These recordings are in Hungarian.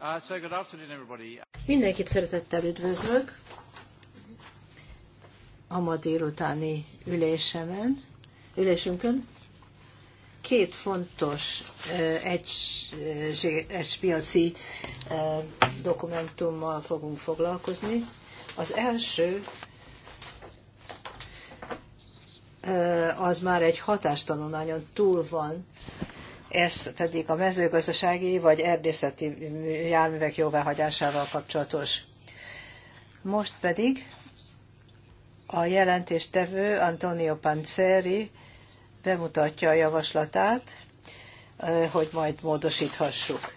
Uh, Mindenkit szeretettel üdvözlök a ma délutáni ülésemen, ülésünkön. Két fontos uh, egységes uh, piaci dokumentummal fogunk foglalkozni. Az első az már egy hatástanulmányon túl van, ez pedig a mezőgazdasági vagy erdészeti járművek jóváhagyásával kapcsolatos. Most pedig a jelentéstevő Antonio Panceri bemutatja a javaslatát, hogy majd módosíthassuk.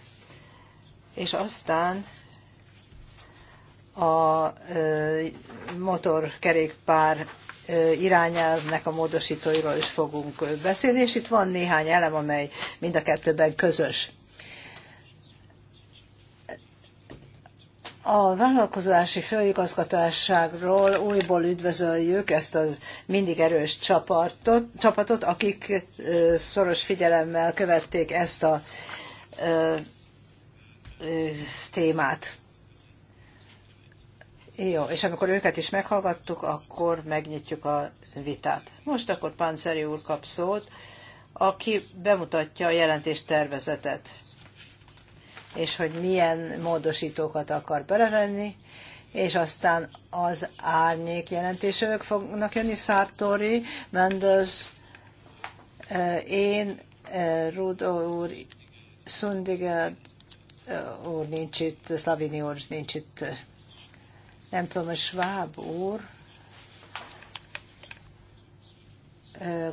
És aztán a motorkerékpár irányelvnek a módosítóiról is fogunk beszélni, és itt van néhány elem, amely mind a kettőben közös. A vállalkozási főigazgatásságról újból üdvözöljük ezt az mindig erős csapatot, csapatot akik szoros figyelemmel követték ezt a témát. Jó, és amikor őket is meghallgattuk, akkor megnyitjuk a vitát. Most akkor Pánceri úr kap szót, aki bemutatja a jelentés tervezetet, és hogy milyen módosítókat akar belevenni, és aztán az árnyék jelentések fognak jönni, Szártori, Menders, eh, én, eh, Rudó úr, Szundiger eh, úr nincs itt, Szlavini úr nincs itt, nem tudom, a Schwab úr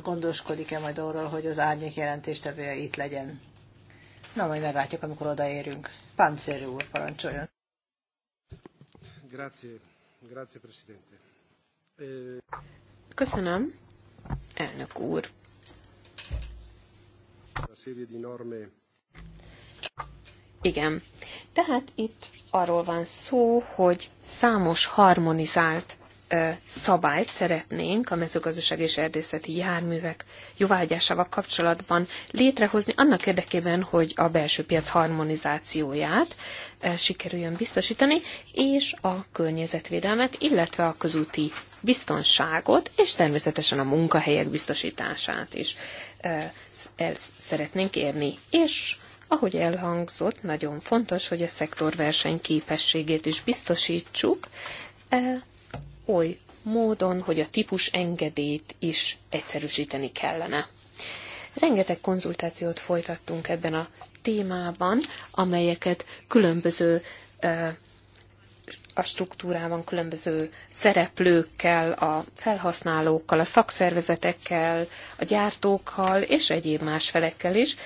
gondoskodik-e majd arról, hogy az árnyék jelentéstevője itt legyen. Na, majd meglátjuk, amikor odaérünk. Páncér úr, parancsoljon. Grazie. Grazie, Presidente. Köszönöm, elnök úr. Igen. Tehát itt arról van szó, hogy számos harmonizált ö, szabályt szeretnénk a mezőgazdaság és erdészeti járművek jóváhagyásával kapcsolatban létrehozni, annak érdekében, hogy a belső piac harmonizációját ö, sikerüljön biztosítani, és a környezetvédelmet, illetve a közúti biztonságot, és természetesen a munkahelyek biztosítását is ö, el szeretnénk érni. És ahogy elhangzott, nagyon fontos, hogy a szektor versenyképességét is biztosítsuk, e, oly módon, hogy a típus engedélyt is egyszerűsíteni kellene. Rengeteg konzultációt folytattunk ebben a témában, amelyeket különböző e, a struktúrában különböző szereplőkkel, a felhasználókkal, a szakszervezetekkel, a gyártókkal és egyéb más felekkel is,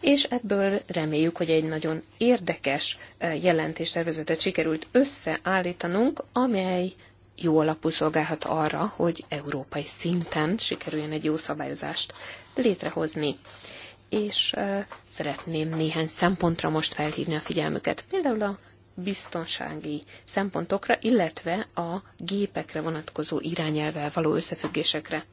és ebből reméljük, hogy egy nagyon érdekes jelentéstervezetet sikerült összeállítanunk, amely jó alapú szolgálhat arra, hogy európai szinten sikerüljön egy jó szabályozást létrehozni. És szeretném néhány szempontra most felhívni a figyelmüket. Például a biztonsági szempontokra, illetve a gépekre vonatkozó irányelvvel való összefüggésekre.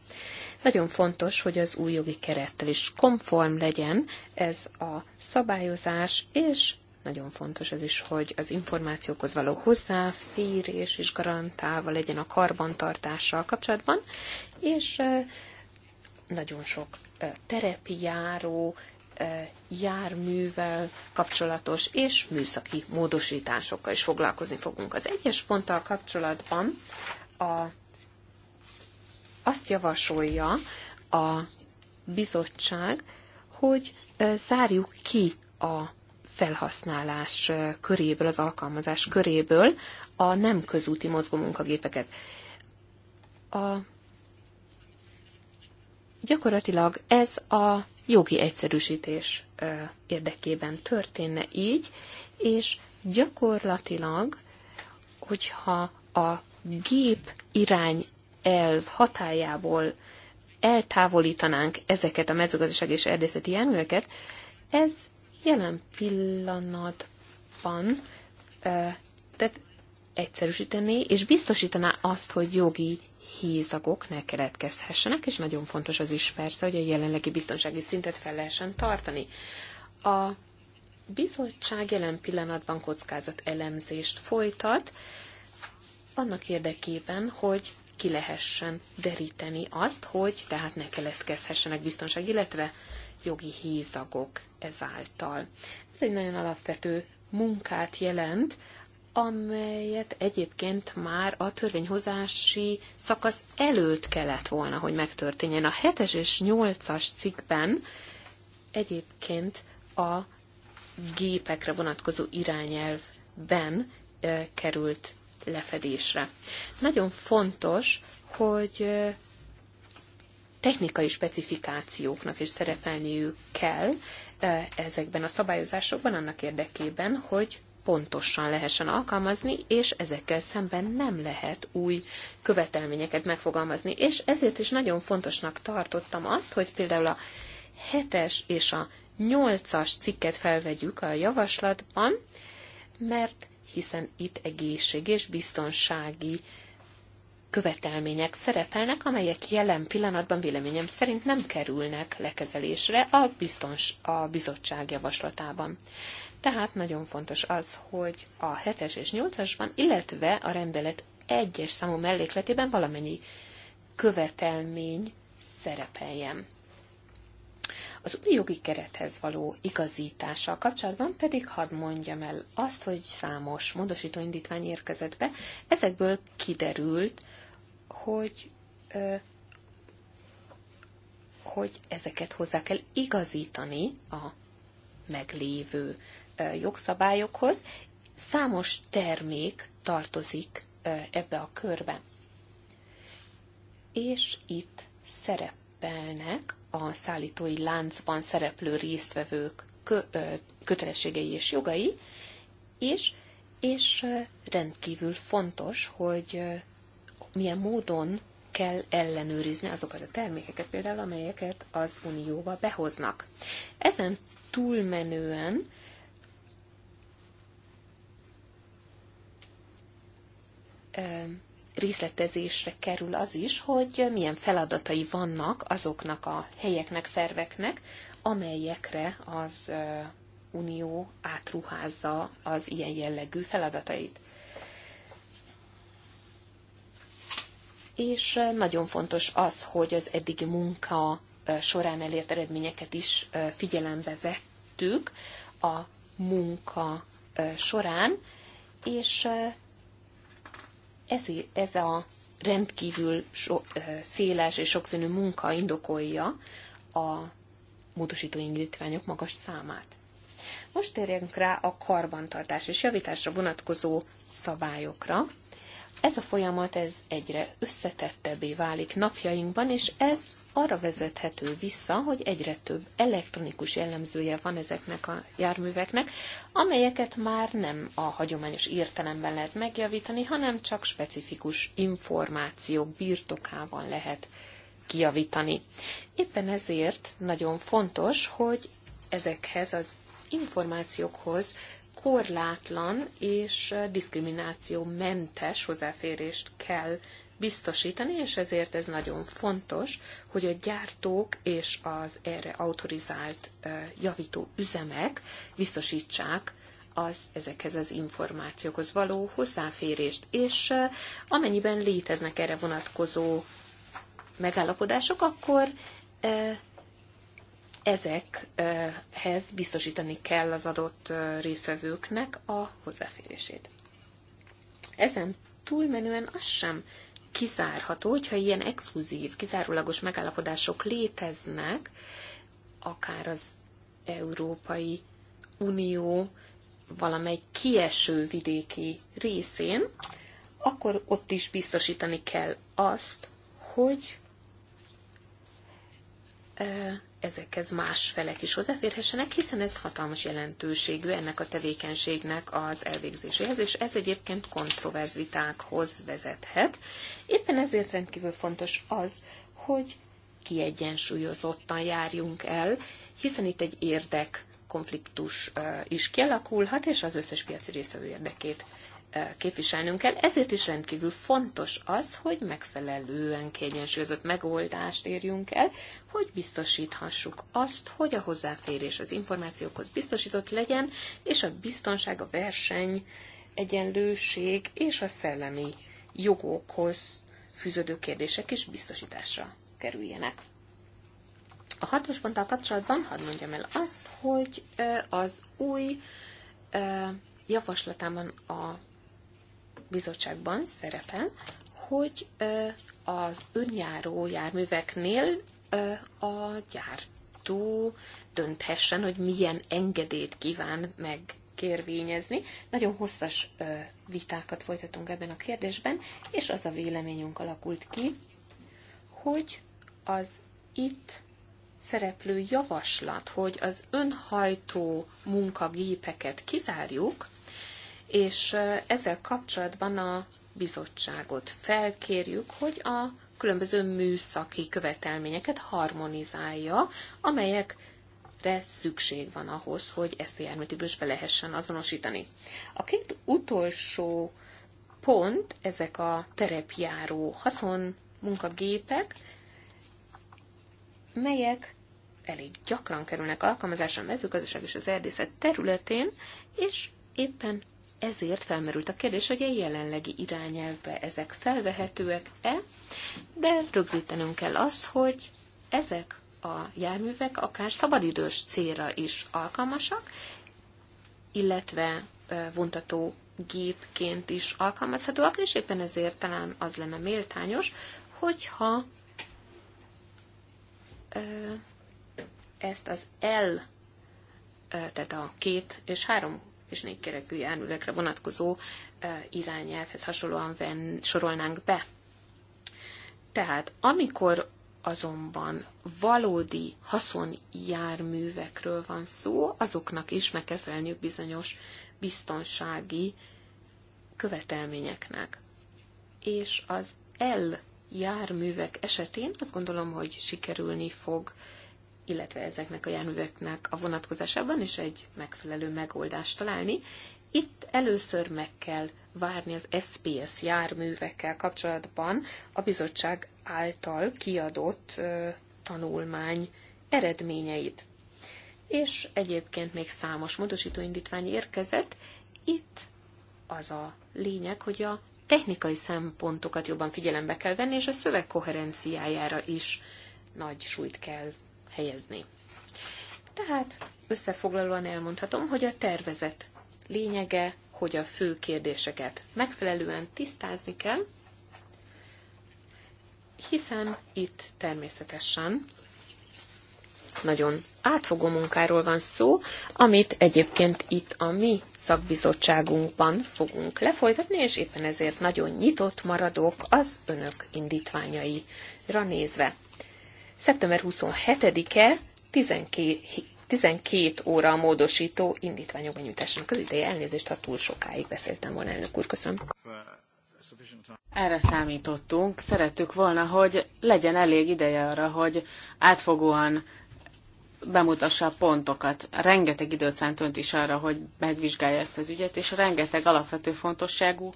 Nagyon fontos, hogy az új jogi kerettel is konform legyen ez a szabályozás, és nagyon fontos az is, hogy az információkhoz való hozzáférés is garantálva legyen a karbantartással kapcsolatban, és nagyon sok terepi járó, járművel kapcsolatos és műszaki módosításokkal is foglalkozni fogunk. Az egyes ponttal kapcsolatban a azt javasolja a bizottság, hogy zárjuk ki a felhasználás köréből, az alkalmazás köréből a nem közúti mozgómunkagépeket. A gyakorlatilag ez a jogi egyszerűsítés érdekében történne így, és gyakorlatilag, hogyha a gép irány elv hatájából eltávolítanánk ezeket a mezőgazdasági és erdészeti járműveket, ez jelen pillanatban tehát egyszerűsítené, és biztosítaná azt, hogy jogi hízagok ne keletkezhessenek, és nagyon fontos az is persze, hogy a jelenlegi biztonsági szintet fel lehessen tartani. A bizottság jelen pillanatban kockázat elemzést folytat, annak érdekében, hogy ki lehessen deríteni azt, hogy tehát ne keletkezhessenek biztonság, illetve jogi hízagok ezáltal. Ez egy nagyon alapvető munkát jelent, amelyet egyébként már a törvényhozási szakasz előtt kellett volna, hogy megtörténjen. A 7-es és 8-as cikkben egyébként a gépekre vonatkozó irányelvben eh, került lefedésre. Nagyon fontos, hogy technikai specifikációknak is szerepelniük kell ezekben a szabályozásokban annak érdekében, hogy pontosan lehessen alkalmazni, és ezekkel szemben nem lehet új követelményeket megfogalmazni. És ezért is nagyon fontosnak tartottam azt, hogy például a 7-es és a 8-as cikket felvegyük a javaslatban, mert hiszen itt egészség és biztonsági követelmények szerepelnek, amelyek jelen pillanatban véleményem szerint nem kerülnek lekezelésre a, biztons, a bizottság javaslatában. Tehát nagyon fontos az, hogy a 7-es és 8-asban, illetve a rendelet 1-es számú mellékletében valamennyi követelmény szerepeljen. Az új jogi kerethez való igazítással kapcsolatban pedig hadd mondjam el azt, hogy számos módosító indítvány érkezett be. Ezekből kiderült, hogy hogy ezeket hozzá kell igazítani a meglévő jogszabályokhoz. Számos termék tartozik ebbe a körbe. És itt szerepelnek a szállítói láncban szereplő résztvevők kö, kötelességei és jogai, és, és rendkívül fontos, hogy milyen módon kell ellenőrizni azokat a termékeket, például amelyeket az Unióba behoznak. Ezen túlmenően részletezésre kerül az is, hogy milyen feladatai vannak azoknak a helyeknek, szerveknek, amelyekre az Unió átruházza az ilyen jellegű feladatait. És nagyon fontos az, hogy az eddigi munka során elért eredményeket is figyelembe vettük a munka során, és ez, ez a rendkívül so, széles és sokszínű munka indokolja a módosító indítványok magas számát. Most térjünk rá a karbantartás és javításra vonatkozó szabályokra. Ez a folyamat ez egyre összetettebbé válik napjainkban, és ez arra vezethető vissza, hogy egyre több elektronikus jellemzője van ezeknek a járműveknek, amelyeket már nem a hagyományos értelemben lehet megjavítani, hanem csak specifikus információk birtokában lehet kijavítani. Éppen ezért nagyon fontos, hogy ezekhez az információkhoz korlátlan és diszkriminációmentes hozzáférést kell biztosítani, és ezért ez nagyon fontos, hogy a gyártók és az erre autorizált javító üzemek biztosítsák az ezekhez az információkhoz való hozzáférést, és amennyiben léteznek erre vonatkozó megállapodások, akkor ezekhez biztosítani kell az adott részvevőknek a hozzáférését. Ezen túlmenően az sem kizárható, hogyha ilyen exkluzív, kizárólagos megállapodások léteznek, akár az Európai Unió valamely kieső vidéki részén, akkor ott is biztosítani kell azt, hogy ezekhez más felek is hozzáférhessenek, hiszen ez hatalmas jelentőségű ennek a tevékenységnek az elvégzéséhez, és ez egyébként kontroverzitákhoz vezethet. Éppen ezért rendkívül fontos az, hogy kiegyensúlyozottan járjunk el, hiszen itt egy érdek konfliktus is kialakulhat, és az összes piaci részvevő érdekét képviselnünk kell, ezért is rendkívül fontos az, hogy megfelelően kiegyensúlyozott megoldást érjünk el, hogy biztosíthassuk azt, hogy a hozzáférés az információkhoz biztosított legyen, és a biztonság, a verseny, egyenlőség és a szellemi jogokhoz fűződő kérdések is biztosításra kerüljenek. A hatos ponttal kapcsolatban hadd mondjam el azt, hogy az új javaslatában a bizottságban szerepel, hogy az önjáró járműveknél a gyártó dönthessen, hogy milyen engedélyt kíván meg kérvényezni. Nagyon hosszas vitákat folytatunk ebben a kérdésben, és az a véleményünk alakult ki, hogy az itt szereplő javaslat, hogy az önhajtó munkagépeket kizárjuk, és ezzel kapcsolatban a bizottságot felkérjük, hogy a különböző műszaki követelményeket harmonizálja, amelyek szükség van ahhoz, hogy ezt a járműtípus lehessen azonosítani. A két utolsó pont, ezek a terepjáró haszon munkagépek, melyek elég gyakran kerülnek alkalmazásra a mezőgazdaság és az erdészet területén, és éppen ezért felmerült a kérdés, hogy a jelenlegi irányelvbe ezek felvehetőek-e, de rögzítenünk kell azt, hogy ezek a járművek akár szabadidős célra is alkalmasak, illetve vontató gépként is alkalmazhatóak, és éppen ezért talán az lenne méltányos, hogyha ezt az L, tehát a két és három és négykerekű járművekre vonatkozó e, irányelvhez hasonlóan ven, sorolnánk be. Tehát amikor azonban valódi haszonjárművekről van szó, azoknak is meg kell felelniük bizonyos biztonsági követelményeknek. És az L járművek esetén azt gondolom, hogy sikerülni fog illetve ezeknek a járműveknek a vonatkozásában is egy megfelelő megoldást találni. Itt először meg kell várni az SPS járművekkel kapcsolatban a bizottság által kiadott tanulmány eredményeit. És egyébként még számos módosítóindítvány érkezett. Itt az a lényeg, hogy a technikai szempontokat jobban figyelembe kell venni, és a szöveg koherenciájára is nagy súlyt kell helyezni. Tehát összefoglalóan elmondhatom, hogy a tervezet lényege, hogy a fő kérdéseket megfelelően tisztázni kell, hiszen itt természetesen nagyon átfogó munkáról van szó, amit egyébként itt a mi szakbizottságunkban fogunk lefolytatni, és éppen ezért nagyon nyitott maradok az önök indítványaira nézve szeptember 27-e 12, 12 óra a módosító indítványok benyújtásának az ideje. Elnézést, ha túl sokáig beszéltem volna, elnök úr, köszönöm. Erre számítottunk. Szerettük volna, hogy legyen elég ideje arra, hogy átfogóan bemutassa a pontokat. Rengeteg időt szánt önt is arra, hogy megvizsgálja ezt az ügyet, és rengeteg alapvető fontosságú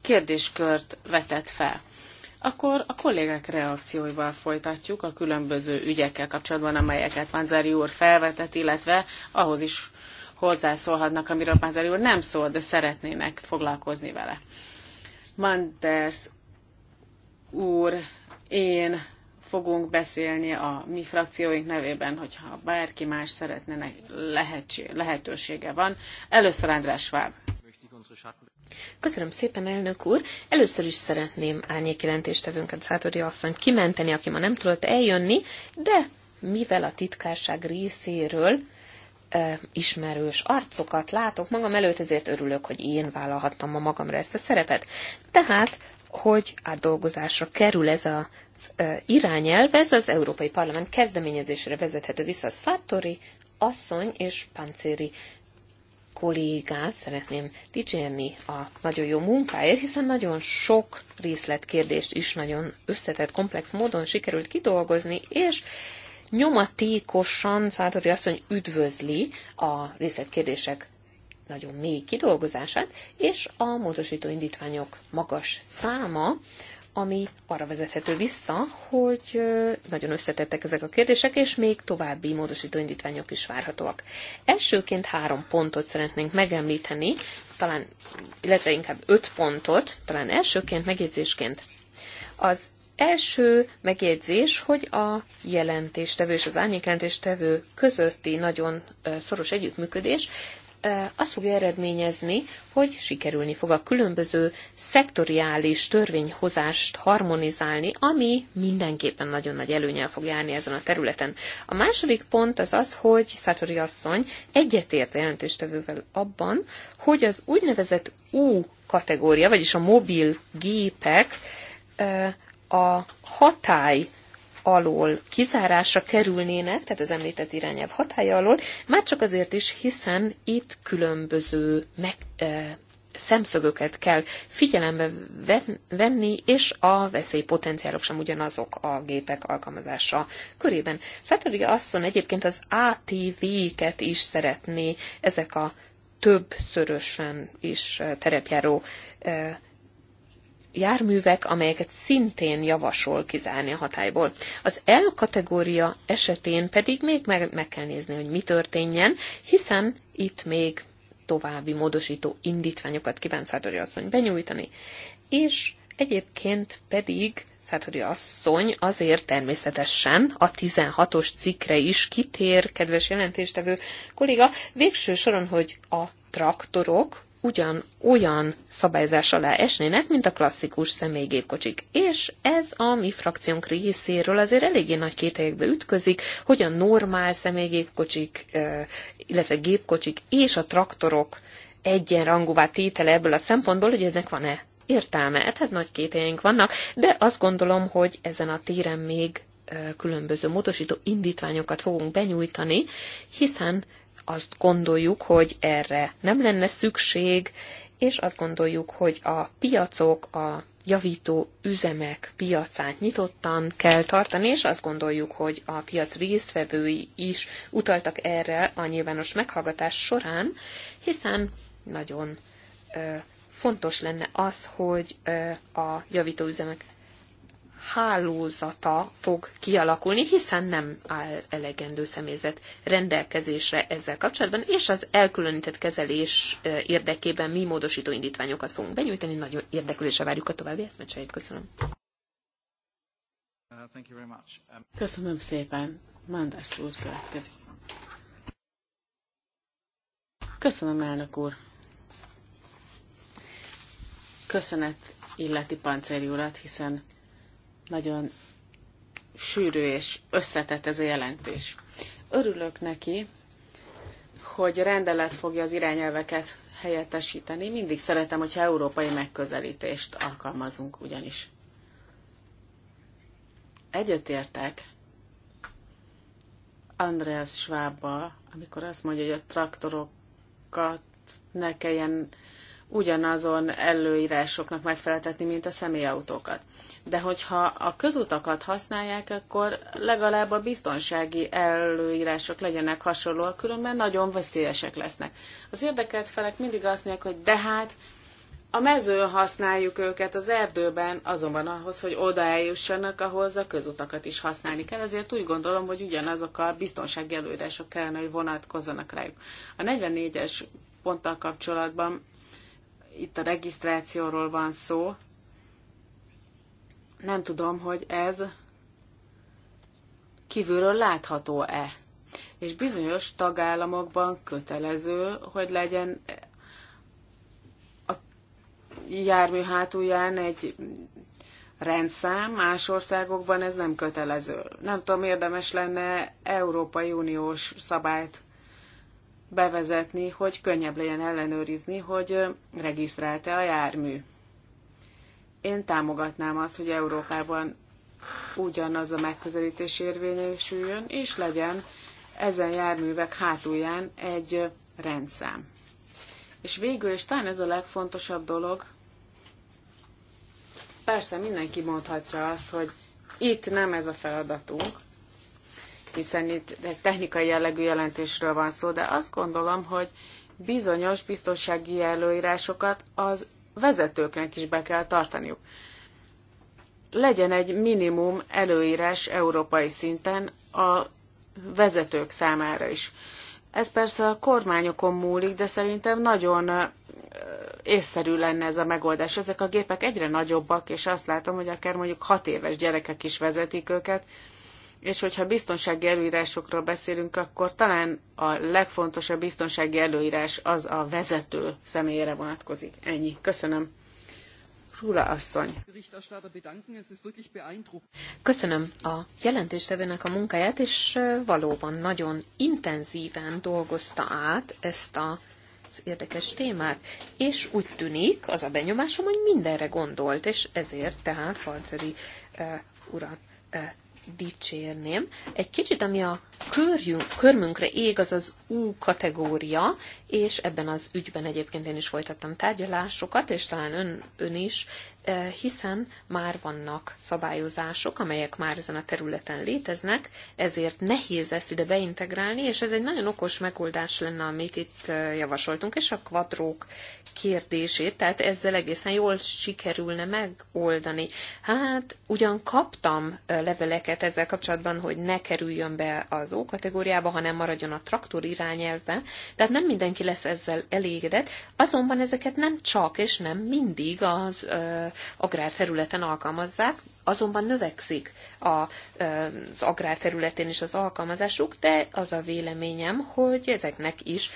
kérdéskört vetett fel. Akkor a kollégák reakcióival folytatjuk a különböző ügyekkel kapcsolatban, amelyeket Manzari úr felvetett, illetve ahhoz is hozzászólhatnak, amiről Manzari úr nem szól, de szeretnének foglalkozni vele. Manders úr, én fogunk beszélni a mi frakcióink nevében, hogyha bárki más szeretne, lehetsége lehetősége van. Először András Schwab. Köszönöm szépen, elnök úr! Először is szeretném árnyékjelentéstevőnket, Szátori asszonyt kimenteni, aki ma nem tudott eljönni, de mivel a titkárság részéről e, ismerős arcokat látok magam előtt, ezért örülök, hogy én vállalhattam ma magamra ezt a szerepet. Tehát, hogy átdolgozásra kerül ez a e, irányelv, ez az Európai Parlament kezdeményezésére vezethető vissza. Szátori asszony és Pancéri kollégát szeretném dicsérni a nagyon jó munkáért, hiszen nagyon sok részletkérdést is nagyon összetett, komplex módon sikerült kidolgozni, és nyomatékosan Szátori asszony üdvözli a részletkérdések nagyon mély kidolgozását, és a módosító indítványok magas száma ami arra vezethető vissza, hogy nagyon összetettek ezek a kérdések, és még további módosító indítványok is várhatóak. Elsőként három pontot szeretnénk megemlíteni, talán, illetve inkább öt pontot, talán elsőként megjegyzésként. Az első megjegyzés, hogy a jelentéstevő és az árnyékjelentéstevő közötti nagyon szoros együttműködés azt fogja eredményezni, hogy sikerülni fog a különböző szektoriális törvényhozást harmonizálni, ami mindenképpen nagyon nagy előnyel fog járni ezen a területen. A második pont az az, hogy Szátori asszony egyetért a jelentéstevővel abban, hogy az úgynevezett U kategória, vagyis a mobil gépek a hatály alól kizárásra kerülnének, tehát az említett irányelv hatája alól, már csak azért is, hiszen itt különböző meg, e, szemszögöket kell figyelembe venni, és a veszélypotenciálok sem ugyanazok a gépek alkalmazása körében. Szátori Asszon egyébként az ATV-ket is szeretné ezek a többszörösen is terepjáró járművek, amelyeket szintén javasol kizárni a hatályból. Az L kategória esetén pedig még meg, meg kell nézni, hogy mi történjen, hiszen itt még további módosító indítványokat kíván Szátori asszony benyújtani, és egyébként pedig Szátori asszony azért természetesen a 16-os cikkre is kitér, kedves jelentéstevő kolléga, végső soron, hogy a traktorok ugyan olyan szabályzás alá esnének, mint a klasszikus személygépkocsik. És ez a mi frakciónk részéről azért eléggé nagy kételyekbe ütközik, hogy a normál személygépkocsik, illetve gépkocsik és a traktorok egyenrangúvá tétele ebből a szempontból, hogy ennek van-e értelme. Tehát hát nagy kételyeink vannak, de azt gondolom, hogy ezen a téren még különböző módosító indítványokat fogunk benyújtani, hiszen azt gondoljuk, hogy erre nem lenne szükség, és azt gondoljuk, hogy a piacok, a javító üzemek piacát nyitottan kell tartani, és azt gondoljuk, hogy a piac résztvevői is utaltak erre a nyilvános meghallgatás során, hiszen nagyon ö, fontos lenne az, hogy ö, a javító üzemek hálózata fog kialakulni, hiszen nem áll elegendő személyzet rendelkezésre ezzel kapcsolatban, és az elkülönített kezelés érdekében mi módosító indítványokat fogunk benyújtani. nagyon érdeklődésre várjuk a további eszmecseit. Köszönöm. Uh, um, Köszönöm szépen. Mandás úr következik. Köszönöm, elnök úr. Köszönet illeti pancéri urat, hiszen nagyon sűrű és összetett ez a jelentés. Örülök neki, hogy rendelet fogja az irányelveket helyettesíteni. Mindig szeretem, hogyha európai megközelítést alkalmazunk ugyanis. Egyetértek Andreas Schwabba, amikor azt mondja, hogy a traktorokat ne kelljen ugyanazon előírásoknak megfeleltetni, mint a személyautókat. De hogyha a közutakat használják, akkor legalább a biztonsági előírások legyenek hasonlóak, különben nagyon veszélyesek lesznek. Az érdekelt felek mindig azt mondják, hogy de hát a mezőn használjuk őket, az erdőben, azonban ahhoz, hogy oda eljussanak, ahhoz a közutakat is használni kell, ezért úgy gondolom, hogy ugyanazok a biztonsági előírások kellene, hogy vonatkozzanak rájuk. A 44-es ponttal kapcsolatban itt a regisztrációról van szó. Nem tudom, hogy ez kívülről látható-e. És bizonyos tagállamokban kötelező, hogy legyen a jármű hátulján egy rendszám, más országokban ez nem kötelező. Nem tudom, érdemes lenne Európai Uniós szabályt bevezetni, hogy könnyebb legyen ellenőrizni, hogy regisztrálte a jármű. Én támogatnám azt, hogy Európában ugyanaz a megközelítés érvényesüljön, és legyen ezen járművek hátulján egy rendszám. És végül, és talán ez a legfontosabb dolog, persze mindenki mondhatja azt, hogy itt nem ez a feladatunk, hiszen itt egy technikai jellegű jelentésről van szó, de azt gondolom, hogy bizonyos biztonsági előírásokat az vezetőknek is be kell tartaniuk. Legyen egy minimum előírás európai szinten a vezetők számára is. Ez persze a kormányokon múlik, de szerintem nagyon észszerű lenne ez a megoldás. Ezek a gépek egyre nagyobbak, és azt látom, hogy akár mondjuk hat éves gyerekek is vezetik őket, és hogyha biztonsági előírásokról beszélünk, akkor talán a legfontosabb biztonsági előírás az a vezető személyére vonatkozik. Ennyi. Köszönöm. Rula asszony. Köszönöm a jelentéstevőnek a munkáját, és valóban nagyon intenzíven dolgozta át ezt a az érdekes témát, és úgy tűnik, az a benyomásom, hogy mindenre gondolt, és ezért tehát Farzeri uh, urat uh, dicsérném. Egy kicsit, ami a körjünk, körmünkre ég, az az U kategória, és ebben az ügyben egyébként én is folytattam tárgyalásokat, és talán ön, ön is hiszen már vannak szabályozások, amelyek már ezen a területen léteznek, ezért nehéz ezt ide beintegrálni, és ez egy nagyon okos megoldás lenne, amit itt javasoltunk, és a kvadrók kérdését, tehát ezzel egészen jól sikerülne megoldani. Hát, ugyan kaptam leveleket ezzel kapcsolatban, hogy ne kerüljön be az O kategóriába, hanem maradjon a traktor irányelvben, tehát nem mindenki lesz ezzel elégedett, azonban ezeket nem csak és nem mindig az agrárterületen alkalmazzák, azonban növekszik a, az agrárterületén is az alkalmazásuk, de az a véleményem, hogy ezeknek is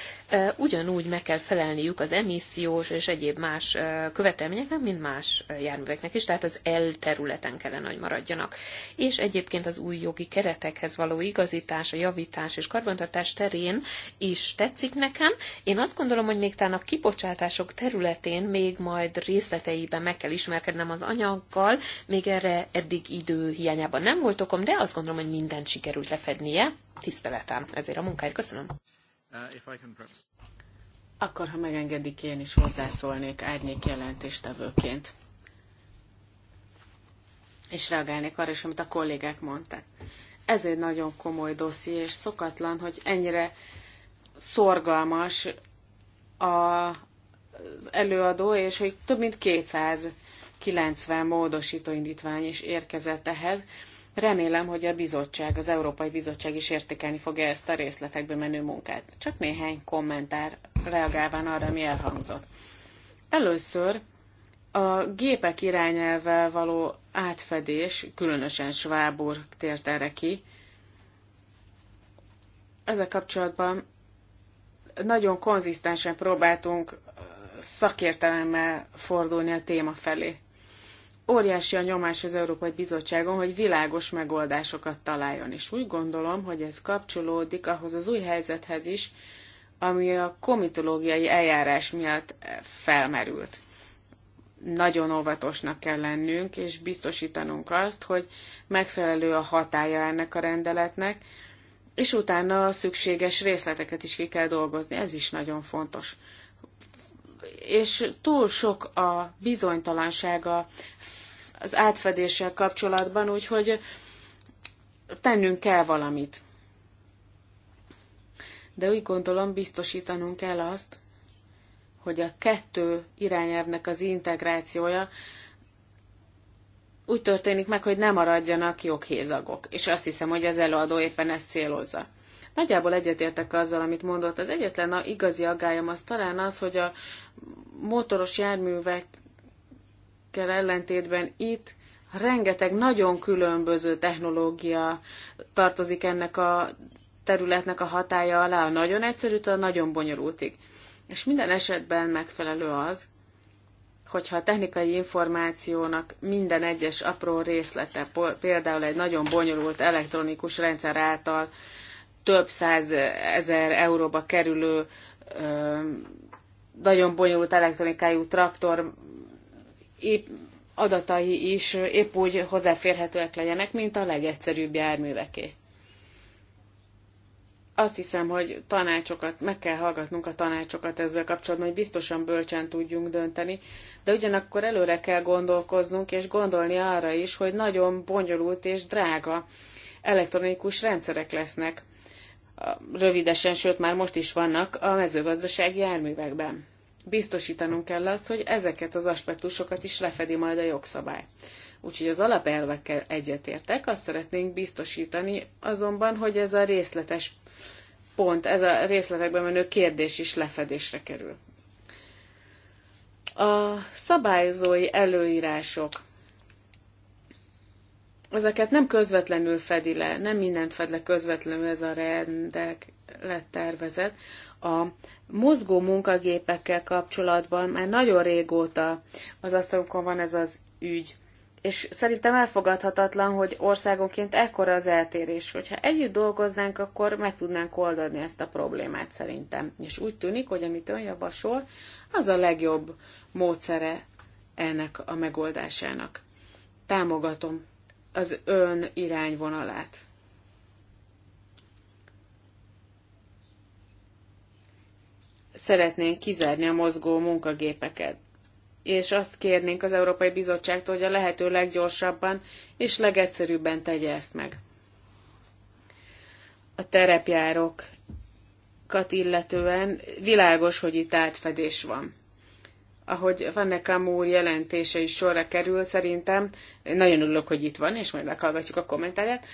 ugyanúgy meg kell felelniük az emissziós és egyéb más követelményeknek, mint más járműveknek is, tehát az L területen kellene, hogy maradjanak. És egyébként az új jogi keretekhez való igazítás, a javítás és karbantartás terén is tetszik nekem. Én azt gondolom, hogy még talán a kibocsátások területén még majd részleteiben meg kell ismerkednem az anyaggal, még erre eddig idő hiányában nem volt okom, de azt gondolom, hogy mindent sikerült lefednie. Tiszteletem ezért a munkáért. Köszönöm. Uh, Akkor, ha megengedik, én is hozzászólnék árnyék jelentéstevőként. És reagálnék arra is, amit a kollégák mondtak. Ez egy nagyon komoly dosszi, és szokatlan, hogy ennyire szorgalmas a, az előadó, és hogy több mint 200 90 módosító indítvány is érkezett ehhez. Remélem, hogy a bizottság, az Európai Bizottság is értékelni fogja ezt a részletekbe menő munkát. Csak néhány kommentár reagálván arra, mi elhangzott. Először a gépek irányelvvel való átfedés, különösen Schwabur tért erre ki, ezzel kapcsolatban nagyon konzisztensen próbáltunk szakértelemmel fordulni a téma felé óriási a nyomás az Európai Bizottságon, hogy világos megoldásokat találjon. És úgy gondolom, hogy ez kapcsolódik ahhoz az új helyzethez is, ami a komitológiai eljárás miatt felmerült. Nagyon óvatosnak kell lennünk, és biztosítanunk azt, hogy megfelelő a hatája ennek a rendeletnek, és utána a szükséges részleteket is ki kell dolgozni. Ez is nagyon fontos és túl sok a bizonytalansága az átfedéssel kapcsolatban, úgyhogy tennünk kell valamit. De úgy gondolom, biztosítanunk kell azt, hogy a kettő irányelvnek az integrációja úgy történik meg, hogy nem maradjanak joghézagok. És azt hiszem, hogy az előadó éppen ezt célozza. Nagyjából egyetértek azzal, amit mondott. Az egyetlen a igazi aggályom az talán az, hogy a motoros járművek ellentétben itt rengeteg nagyon különböző technológia tartozik ennek a területnek a hatája alá, a nagyon egyszerűtől a nagyon bonyolultig. És minden esetben megfelelő az, hogyha a technikai információnak minden egyes apró részlete, például egy nagyon bonyolult elektronikus rendszer által több száz ezer euróba kerülő nagyon bonyolult elektronikájú traktor adatai is épp úgy hozzáférhetőek legyenek, mint a legegyszerűbb járműveké. Azt hiszem, hogy tanácsokat, meg kell hallgatnunk a tanácsokat ezzel kapcsolatban, hogy biztosan bölcsen tudjunk dönteni, de ugyanakkor előre kell gondolkoznunk, és gondolni arra is, hogy nagyon bonyolult és drága elektronikus rendszerek lesznek rövidesen, sőt már most is vannak a mezőgazdasági járművekben biztosítanunk kell azt, hogy ezeket az aspektusokat is lefedi majd a jogszabály. Úgyhogy az alapelvekkel egyetértek, azt szeretnénk biztosítani azonban, hogy ez a részletes pont, ez a részletekben menő kérdés is lefedésre kerül. A szabályozói előírások. Ezeket nem közvetlenül fedi le, nem mindent fed le közvetlenül ez a rendelet tervezet. A mozgó munkagépekkel kapcsolatban már nagyon régóta az asztalunkon van ez az ügy. És szerintem elfogadhatatlan, hogy országonként ekkora az eltérés. Hogyha együtt dolgoznánk, akkor meg tudnánk oldani ezt a problémát szerintem. És úgy tűnik, hogy amit ön javasol, az a legjobb módszere ennek a megoldásának. Támogatom az ön irányvonalát. szeretnénk kizárni a mozgó munkagépeket. És azt kérnénk az Európai Bizottságtól, hogy a lehető leggyorsabban és legegyszerűbben tegye ezt meg. A terepjárókat illetően világos, hogy itt átfedés van ahogy Vannekam úr jelentése is sorra kerül, szerintem nagyon örülök, hogy itt van, és majd meghallgatjuk a kommentárját.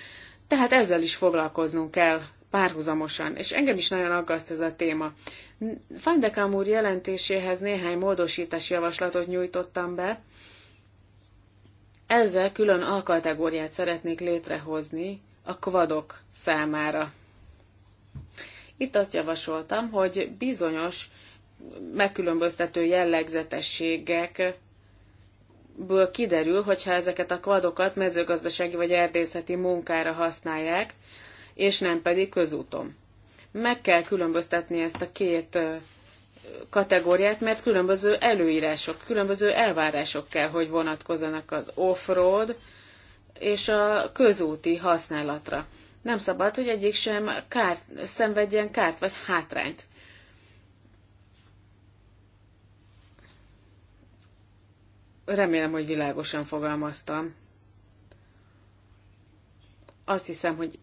Tehát ezzel is foglalkoznunk kell párhuzamosan, és engem is nagyon aggaszt ez a téma. Van úr jelentéséhez néhány módosítási javaslatot nyújtottam be, ezzel külön alkategóriát szeretnék létrehozni a kvadok számára. Itt azt javasoltam, hogy bizonyos megkülönböztető jellegzetességekből kiderül, hogyha ezeket a kvadokat mezőgazdasági vagy erdészeti munkára használják, és nem pedig közúton. Meg kell különböztetni ezt a két kategóriát, mert különböző előírások, különböző elvárások kell, hogy vonatkozzanak az off-road és a közúti használatra. Nem szabad, hogy egyik sem kárt, szenvedjen kárt vagy hátrányt. Remélem, hogy világosan fogalmaztam. Azt hiszem, hogy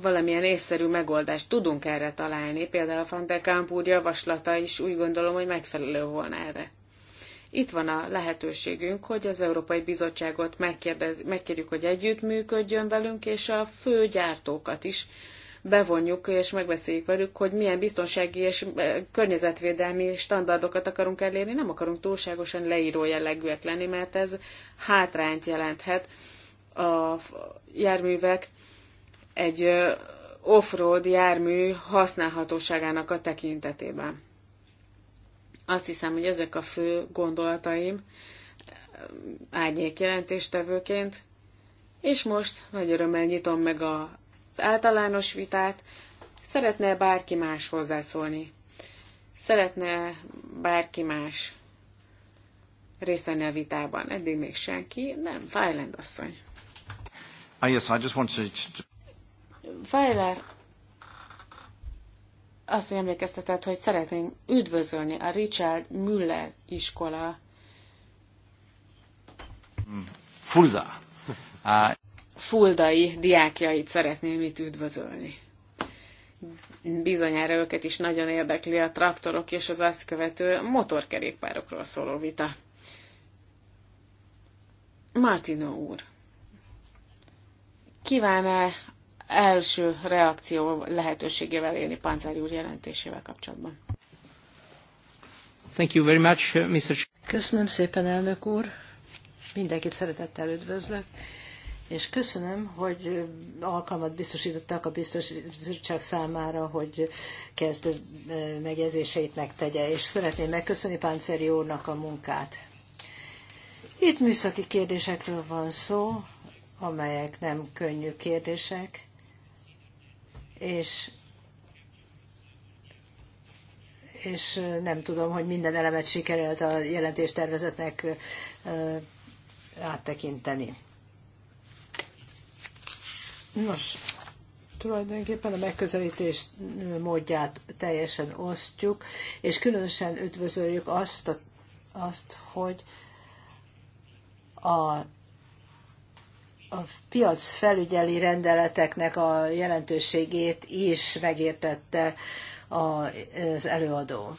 valamilyen észszerű megoldást tudunk erre találni, például a Van de Kamp úr javaslata is úgy gondolom, hogy megfelelő volna erre. Itt van a lehetőségünk, hogy az Európai Bizottságot megkérdez, megkérjük, hogy együttműködjön velünk, és a fő gyártókat is bevonjuk, és megbeszéljük velük, hogy milyen biztonsági és e, környezetvédelmi standardokat akarunk elérni. Nem akarunk túlságosan leíró jellegűek lenni, mert ez hátrányt jelenthet a járművek egy offroad jármű használhatóságának a tekintetében. Azt hiszem, hogy ezek a fő gondolataim árnyék jelentéstevőként, és most nagy örömmel nyitom meg az általános vitát. Szeretne bárki más hozzászólni? Szeretne bárki más részt venni a vitában? Eddig még senki? Nem, Fájlend asszony. Ah, yes, I just wanted to... Weiler azt, hogy emlékeztetett, hogy szeretnénk üdvözölni a Richard Müller iskola. Hmm. Fulda. Fuldai diákjait szeretném itt üdvözölni. Bizonyára őket is nagyon érdekli a traktorok és az azt követő motorkerékpárokról szóló vita. Martino úr, kíván-e első reakció lehetőségével élni panzeri úr jelentésével kapcsolatban. Thank you very much, uh, Mr. Köszönöm szépen, elnök úr. Mindenkit szeretettel üdvözlök. És köszönöm, hogy uh, alkalmat biztosítottak a biztosítság számára, hogy kezdő uh, megjegyzéseit megtegye, és szeretném megköszönni Páncéri úrnak a munkát. Itt műszaki kérdésekről van szó, amelyek nem könnyű kérdések, és és nem tudom, hogy minden elemet sikerült a jelentéstervezetnek áttekinteni. Nos, tulajdonképpen a megközelítés módját teljesen osztjuk, és különösen üdvözöljük azt, a, azt hogy a a piac felügyeli rendeleteknek a jelentőségét is megértette az előadó.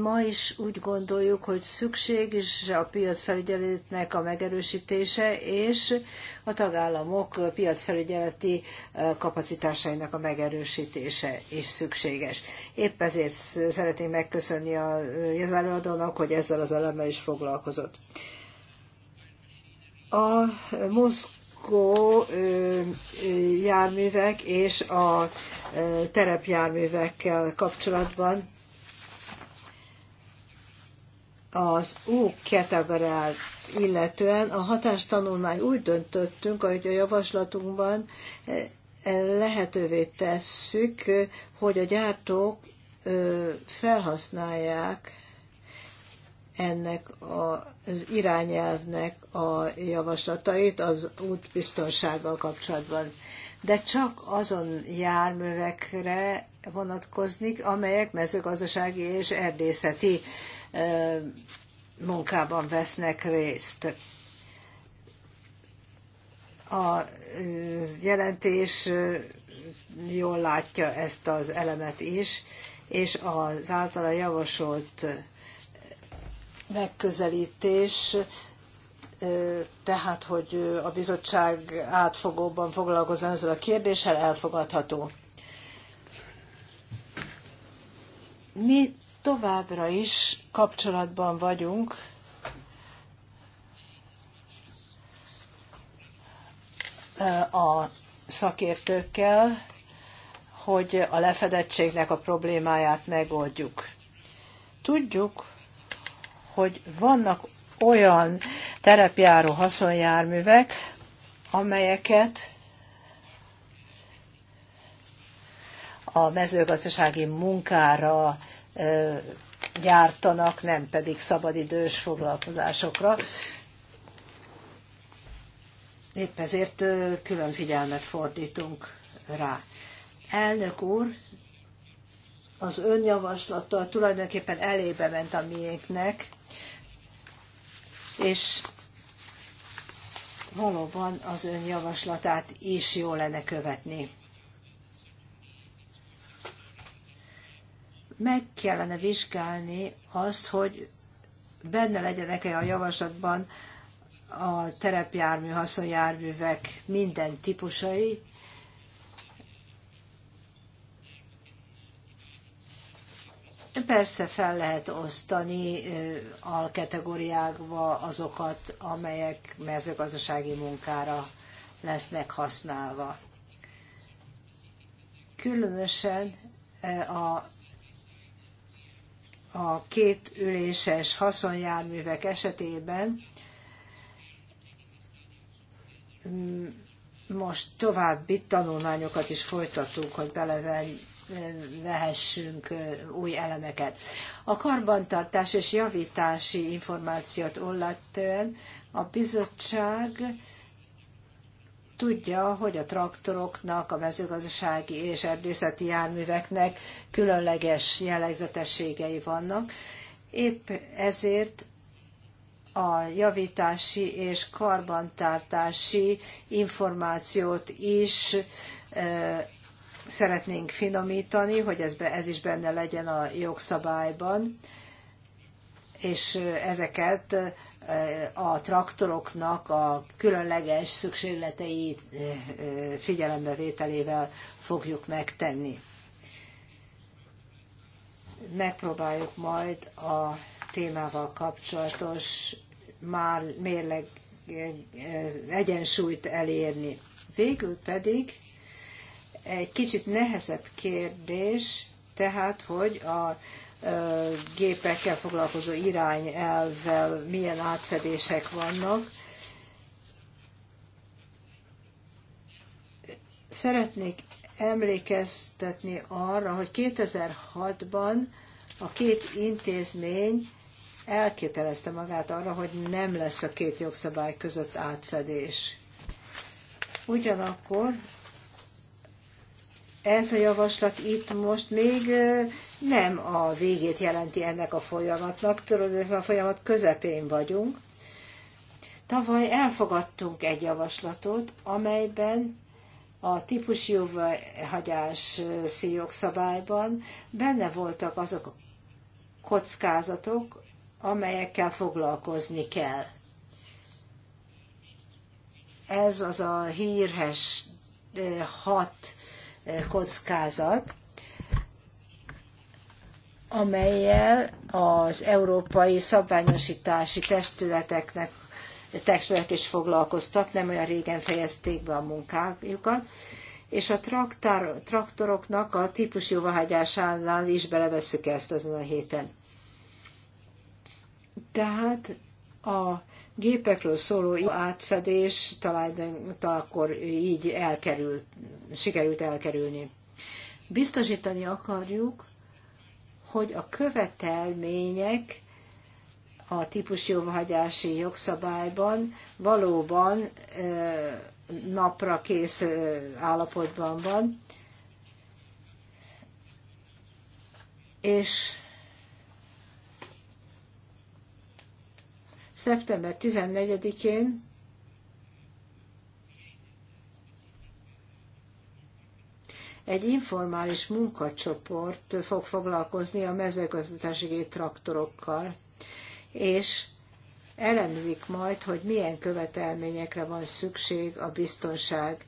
Ma is úgy gondoljuk, hogy szükség is a piacfelügyeletnek a megerősítése és a tagállamok piacfelügyeleti kapacitásainak a megerősítése is szükséges. Épp ezért szeretném megköszönni az előadónak, hogy ezzel az elemmel is foglalkozott. A Moszkó járművek és a terepjárművekkel kapcsolatban az U kategóriát illetően a hatástanulmány úgy döntöttünk, hogy a javaslatunkban lehetővé tesszük, hogy a gyártók felhasználják ennek a, az irányelvnek a javaslatait az útbiztonsággal kapcsolatban. De csak azon járművekre vonatkoznik, amelyek mezőgazdasági és erdészeti munkában vesznek részt. A jelentés jól látja ezt az elemet is, és az általa javasolt megközelítés, tehát, hogy a bizottság átfogóban foglalkozzon ezzel a kérdéssel, elfogadható. Mi továbbra is kapcsolatban vagyunk a szakértőkkel, hogy a lefedettségnek a problémáját megoldjuk. Tudjuk, hogy vannak olyan terepjáró haszonjárművek, amelyeket a mezőgazdasági munkára gyártanak, nem pedig szabadidős foglalkozásokra. Épp ezért külön figyelmet fordítunk rá. Elnök úr, az önjavaslata tulajdonképpen elébe ment a miénknek, és valóban az ön javaslatát is jó lenne követni. Meg kellene vizsgálni azt, hogy benne legyenek-e a javaslatban a terepjármű, haszonjárművek minden típusai, Persze fel lehet osztani alkategóriákba azokat, amelyek mezőgazdasági munkára lesznek használva. Különösen a, a két üléses haszonjárművek esetében most további tanulmányokat is folytatunk, hogy belevenjük vehessünk új elemeket. A karbantartás és javítási információt ollattően a bizottság tudja, hogy a traktoroknak, a mezőgazdasági és erdészeti járműveknek különleges jellegzetességei vannak. Épp ezért a javítási és karbantartási információt is szeretnénk finomítani, hogy ez, be, ez is benne legyen a jogszabályban, és ezeket eh, a traktoroknak a különleges szükségletei eh, figyelembevételével fogjuk megtenni. Megpróbáljuk majd a témával kapcsolatos már mérleg eh, egyensúlyt elérni. Végül pedig egy kicsit nehezebb kérdés, tehát, hogy a gépekkel foglalkozó irányelvvel milyen átfedések vannak. Szeretnék emlékeztetni arra, hogy 2006-ban a két intézmény elkételezte magát arra, hogy nem lesz a két jogszabály között átfedés. Ugyanakkor ez a javaslat itt most még nem a végét jelenti ennek a folyamatnak, tulajdonképpen a folyamat közepén vagyunk. Tavaly elfogadtunk egy javaslatot, amelyben a típusi jóváhagyás szíjogszabályban benne voltak azok a kockázatok, amelyekkel foglalkozni kell. Ez az a hírhes hat kockázat, amelyel az európai szabványosítási testületeknek testület is foglalkoztak, nem olyan régen fejezték be a munkájukat, és a traktár, traktoroknak a típus jóváhagyásánál is belevesszük ezt ezen a héten. Tehát a gépekről szóló átfedés talán akkor így elkerült, sikerült elkerülni. Biztosítani akarjuk, hogy a követelmények a típusjóvahagyási jogszabályban valóban napra kész állapotban van, és szeptember 14-én egy informális munkacsoport fog foglalkozni a mezőgazdasági traktorokkal, és elemzik majd, hogy milyen követelményekre van szükség a biztonság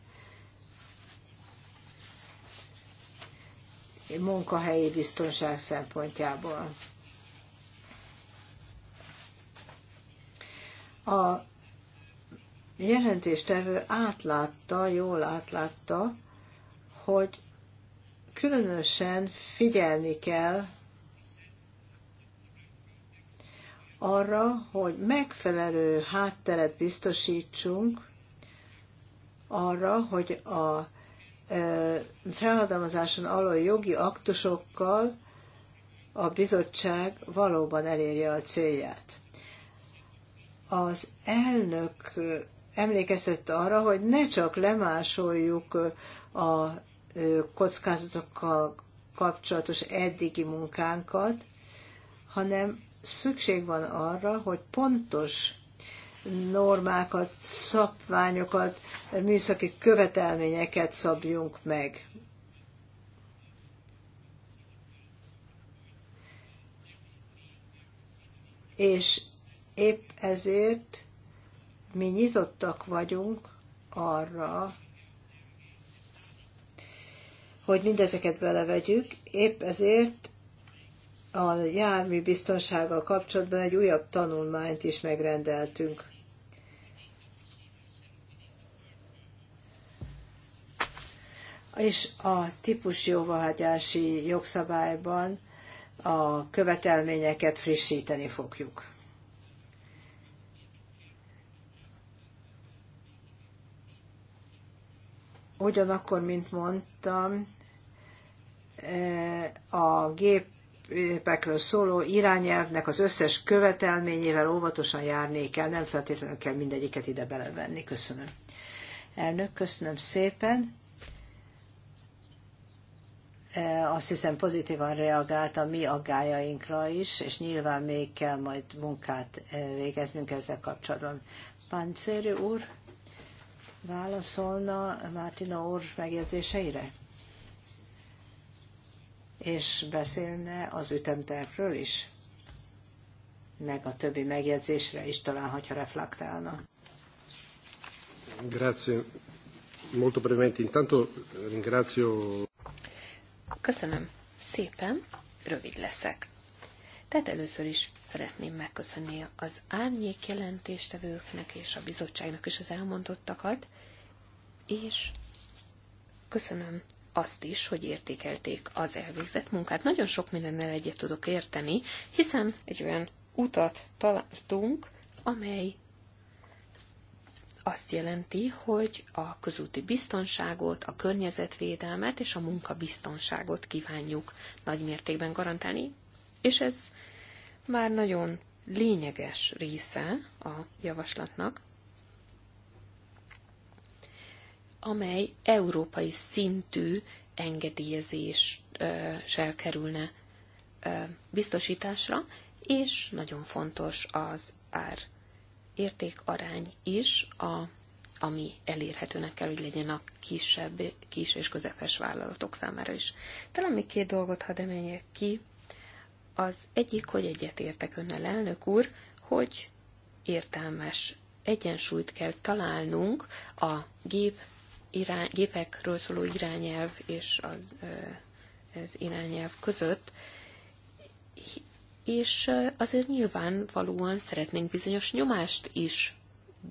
munkahelyi biztonság szempontjából. A jelentéstevő átlátta, jól átlátta, hogy különösen figyelni kell arra, hogy megfelelő hátteret biztosítsunk arra, hogy a felhatalmazáson aló jogi aktusokkal a bizottság valóban elérje a célját. Az elnök emlékeztette arra, hogy ne csak lemásoljuk a kockázatokkal kapcsolatos eddigi munkánkat, hanem szükség van arra, hogy pontos normákat, szabványokat, műszaki követelményeket szabjunk meg. És épp ezért mi nyitottak vagyunk arra, hogy mindezeket belevegyük, épp ezért a jármű biztonsággal kapcsolatban egy újabb tanulmányt is megrendeltünk. És a típus jóváhagyási jogszabályban a követelményeket frissíteni fogjuk. Ugyanakkor, mint mondtam, eh, a gépekről szóló irányelvnek az összes követelményével óvatosan járni kell, nem feltétlenül kell mindegyiket ide belevenni. Köszönöm. Elnök, köszönöm szépen. Eh, azt hiszem pozitívan reagált a mi aggájainkra is, és nyilván még kell majd munkát eh, végeznünk ezzel kapcsolatban. Páncéri úr válaszolna Mártina úr megjegyzéseire? És beszélne az ütemtervről is? Meg a többi megjegyzésre is talán, hogyha reflektálna. Grazie. Molto brevemente. Intanto ringrazio... Köszönöm szépen. Rövid leszek. Tehát először is szeretném megköszönni az árnyék jelentéstevőknek és a bizottságnak is az elmondottakat, és köszönöm azt is, hogy értékelték az elvégzett munkát. Nagyon sok mindennel egyet tudok érteni, hiszen egy olyan utat találtunk, amely azt jelenti, hogy a közúti biztonságot, a környezetvédelmet és a munkabiztonságot kívánjuk nagymértékben garantálni, és ez már nagyon lényeges része a javaslatnak, amely európai szintű engedélyezéssel kerülne biztosításra, és nagyon fontos az ár értékarány is, a, ami elérhetőnek kell, hogy legyen a kisebb, kis és közepes vállalatok számára is. Talán még két dolgot hadd emeljek ki az egyik, hogy egyetértek önnel, elnök úr, hogy értelmes egyensúlyt kell találnunk a gép irány, gépekről szóló irányelv és az, az irányelv között, és azért nyilvánvalóan szeretnénk bizonyos nyomást is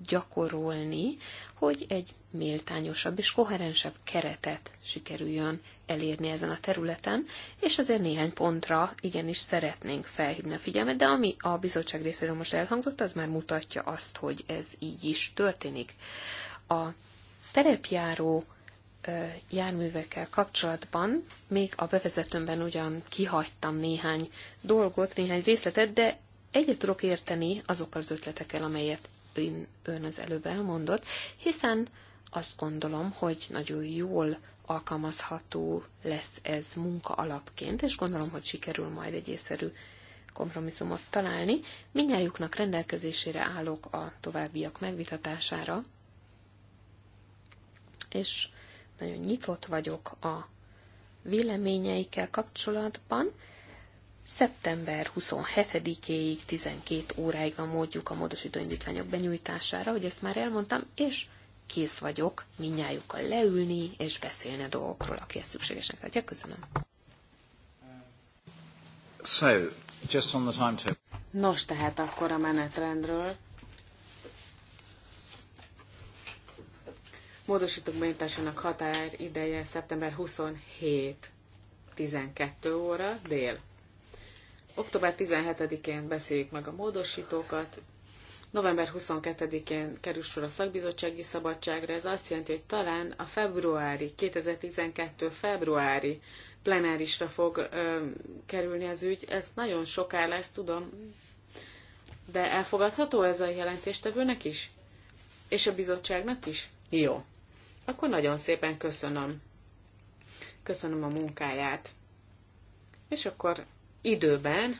gyakorolni, hogy egy méltányosabb és koherensebb keretet sikerüljön elérni ezen a területen, és azért néhány pontra igenis szeretnénk felhívni a figyelmet, de ami a bizottság részéről most elhangzott, az már mutatja azt, hogy ez így is történik. A terepjáró járművekkel kapcsolatban még a bevezetőmben ugyan kihagytam néhány dolgot, néhány részletet, de egyet tudok érteni azokkal az ötletekkel, amelyet ön, ön az előbb elmondott, hiszen azt gondolom, hogy nagyon jól alkalmazható lesz ez munka alapként, és gondolom, hogy sikerül majd egy észszerű kompromisszumot találni. Minnyájuknak rendelkezésére állok a továbbiak megvitatására, és nagyon nyitott vagyok a véleményeikkel kapcsolatban. Szeptember 27-éig 12 óráig van módjuk a módosítóindítványok indítványok benyújtására, hogy ezt már elmondtam, és kész vagyok mindnyájukkal leülni és beszélni a dolgokról, aki ezt szükségesnek tartja. Köszönöm. So, just on the time timetable. Nos, tehát akkor a menetrendről. Módosítók bejutásának határ ideje szeptember 27, 12 óra, dél. Október 17-én beszéljük meg a módosítókat, November 22-én kerül sor a szakbizottsági szabadságra, ez azt jelenti, hogy talán a februári, 2012. februári plenárisra fog ö, kerülni az ügy. Ez nagyon soká lesz, tudom, de elfogadható ez a jelentéstevőnek is? És a bizottságnak is? Jó. Akkor nagyon szépen köszönöm. Köszönöm a munkáját. És akkor időben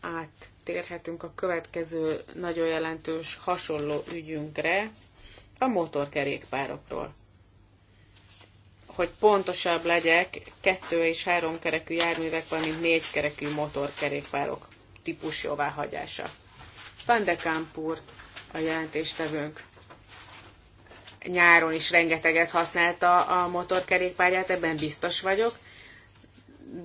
át áttérhetünk a következő nagyon jelentős hasonló ügyünkre, a motorkerékpárokról. Hogy pontosabb legyek, kettő és három kerekű járművek, valamint négy kerekű motorkerékpárok típus jóváhagyása. Van de Kampur a jelentéstevőnk nyáron is rengeteget használta a motorkerékpárját, ebben biztos vagyok,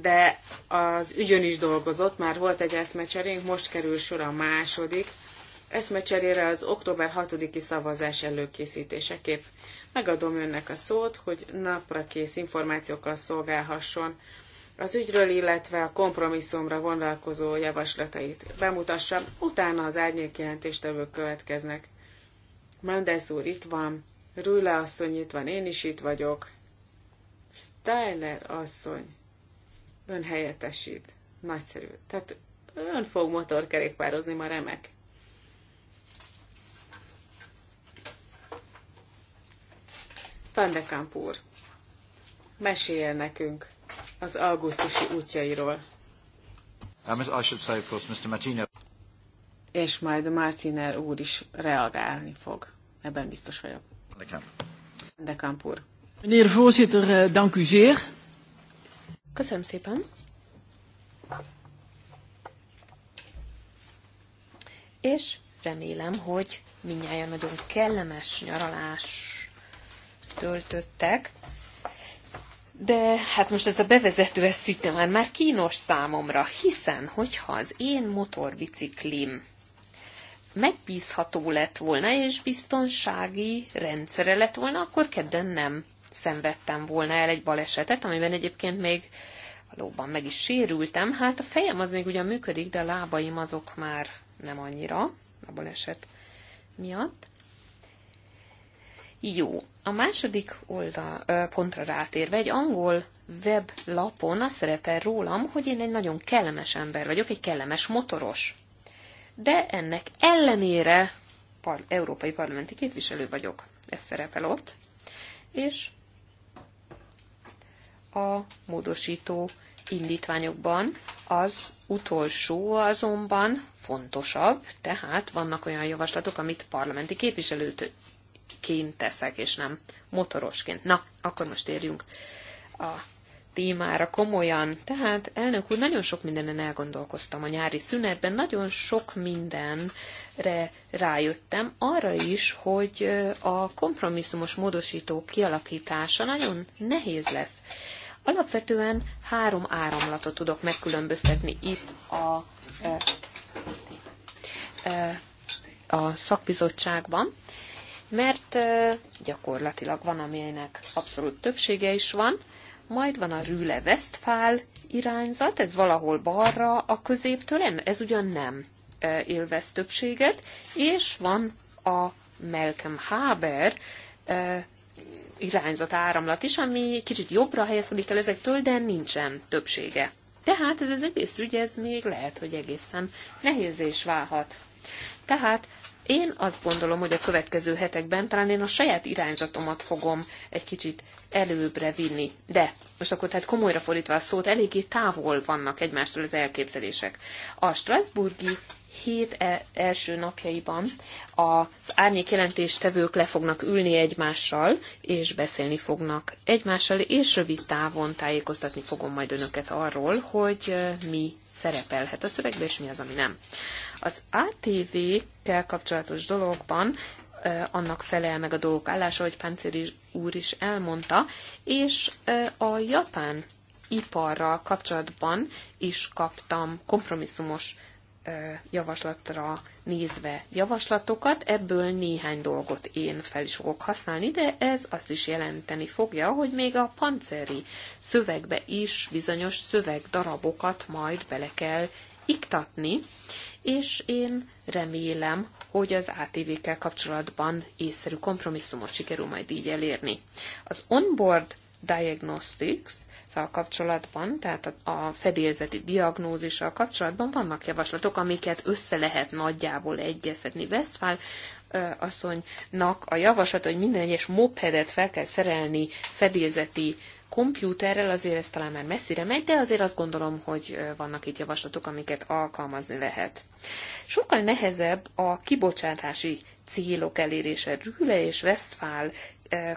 de az ügyön is dolgozott, már volt egy eszmecserénk, most kerül sor a második eszmecserére az október 6-i szavazás előkészítéseképp. Megadom önnek a szót, hogy napra kész információkkal szolgálhasson az ügyről, illetve a kompromisszumra vonalkozó javaslatait bemutassa, utána az árnyék jelentéstevők következnek. Mendez úr itt van, Rüle asszony itt van, én is itt vagyok. Steiner asszony ön helyettesít. Nagyszerű. Tehát ön fog motorkerékpározni, ma remek. Pandekamp úr, mesél nekünk az augusztusi útjairól. Um, I should say, of course, Mr. Martino. És majd Martiner úr is reagálni fog. Ebben biztos vagyok. Pandekamp. Pandekamp úr. Meneer voorzitter, eh, dank u zeer. Köszönöm szépen. És remélem, hogy minnyáján nagyon kellemes nyaralás töltöttek. De hát most ez a bevezető, ez szinte már, már kínos számomra, hiszen hogyha az én motorbiciklim megbízható lett volna, és biztonsági rendszere lett volna, akkor kedden nem szenvedtem volna el egy balesetet, amiben egyébként még valóban meg is sérültem. Hát a fejem az még ugyan működik, de a lábaim azok már nem annyira a baleset miatt. Jó, a második oldal, ö, pontra rátérve egy angol weblapon az szerepel rólam, hogy én egy nagyon kellemes ember vagyok, egy kellemes motoros. De ennek ellenére par- európai parlamenti képviselő vagyok. Ez szerepel ott. És a módosító indítványokban. Az utolsó azonban fontosabb, tehát vannak olyan javaslatok, amit parlamenti képviselőként teszek, és nem motorosként. Na, akkor most érjünk a témára komolyan. Tehát, elnök úr, nagyon sok mindenen elgondolkoztam a nyári szünetben, nagyon sok mindenre rájöttem, arra is, hogy a kompromisszumos módosító kialakítása nagyon nehéz lesz Alapvetően három áramlatot tudok megkülönböztetni itt a, a szakbizottságban, mert gyakorlatilag van, aminek abszolút többsége is van, majd van a Rüle Westfál irányzat, ez valahol balra a középtől, ez ugyan nem élvez többséget, és van a Malcolm Haber irányzat áramlat is, ami kicsit jobbra helyezkedik el ezektől, de nincsen többsége. Tehát ez az egész ügy, ez még lehet, hogy egészen nehéz és válhat. Tehát én azt gondolom, hogy a következő hetekben talán én a saját irányzatomat fogom egy kicsit előbbre vinni. De most akkor tehát komolyra fordítva a szót, eléggé távol vannak egymástól az elképzelések. A Strasburgi hét e- első napjaiban az árnyék jelentéstevők le fognak ülni egymással, és beszélni fognak egymással, és rövid távon tájékoztatni fogom majd önöket arról, hogy mi szerepelhet a szövegben, és mi az, ami nem. Az ATV-kel kapcsolatos dologban annak felel meg a dolgok állása, hogy Páncéri úr is elmondta, és a japán iparral kapcsolatban is kaptam kompromisszumos javaslatra nézve javaslatokat, ebből néhány dolgot én fel is fogok használni, de ez azt is jelenteni fogja, hogy még a panceri szövegbe is bizonyos szövegdarabokat majd bele kell iktatni, és én remélem, hogy az atv kel kapcsolatban észszerű kompromisszumot sikerül majd így elérni. Az onboard Diagnostics fel kapcsolatban, tehát a fedélzeti diagnózissal kapcsolatban vannak javaslatok, amiket össze lehet nagyjából egyeztetni. Westphal asszonynak a javaslat, hogy minden egyes mopedet fel kell szerelni fedélzeti kompjúterrel, azért ez talán már messzire megy, de azért azt gondolom, hogy vannak itt javaslatok, amiket alkalmazni lehet. Sokkal nehezebb a kibocsátási célok elérése. Rüle és Westphal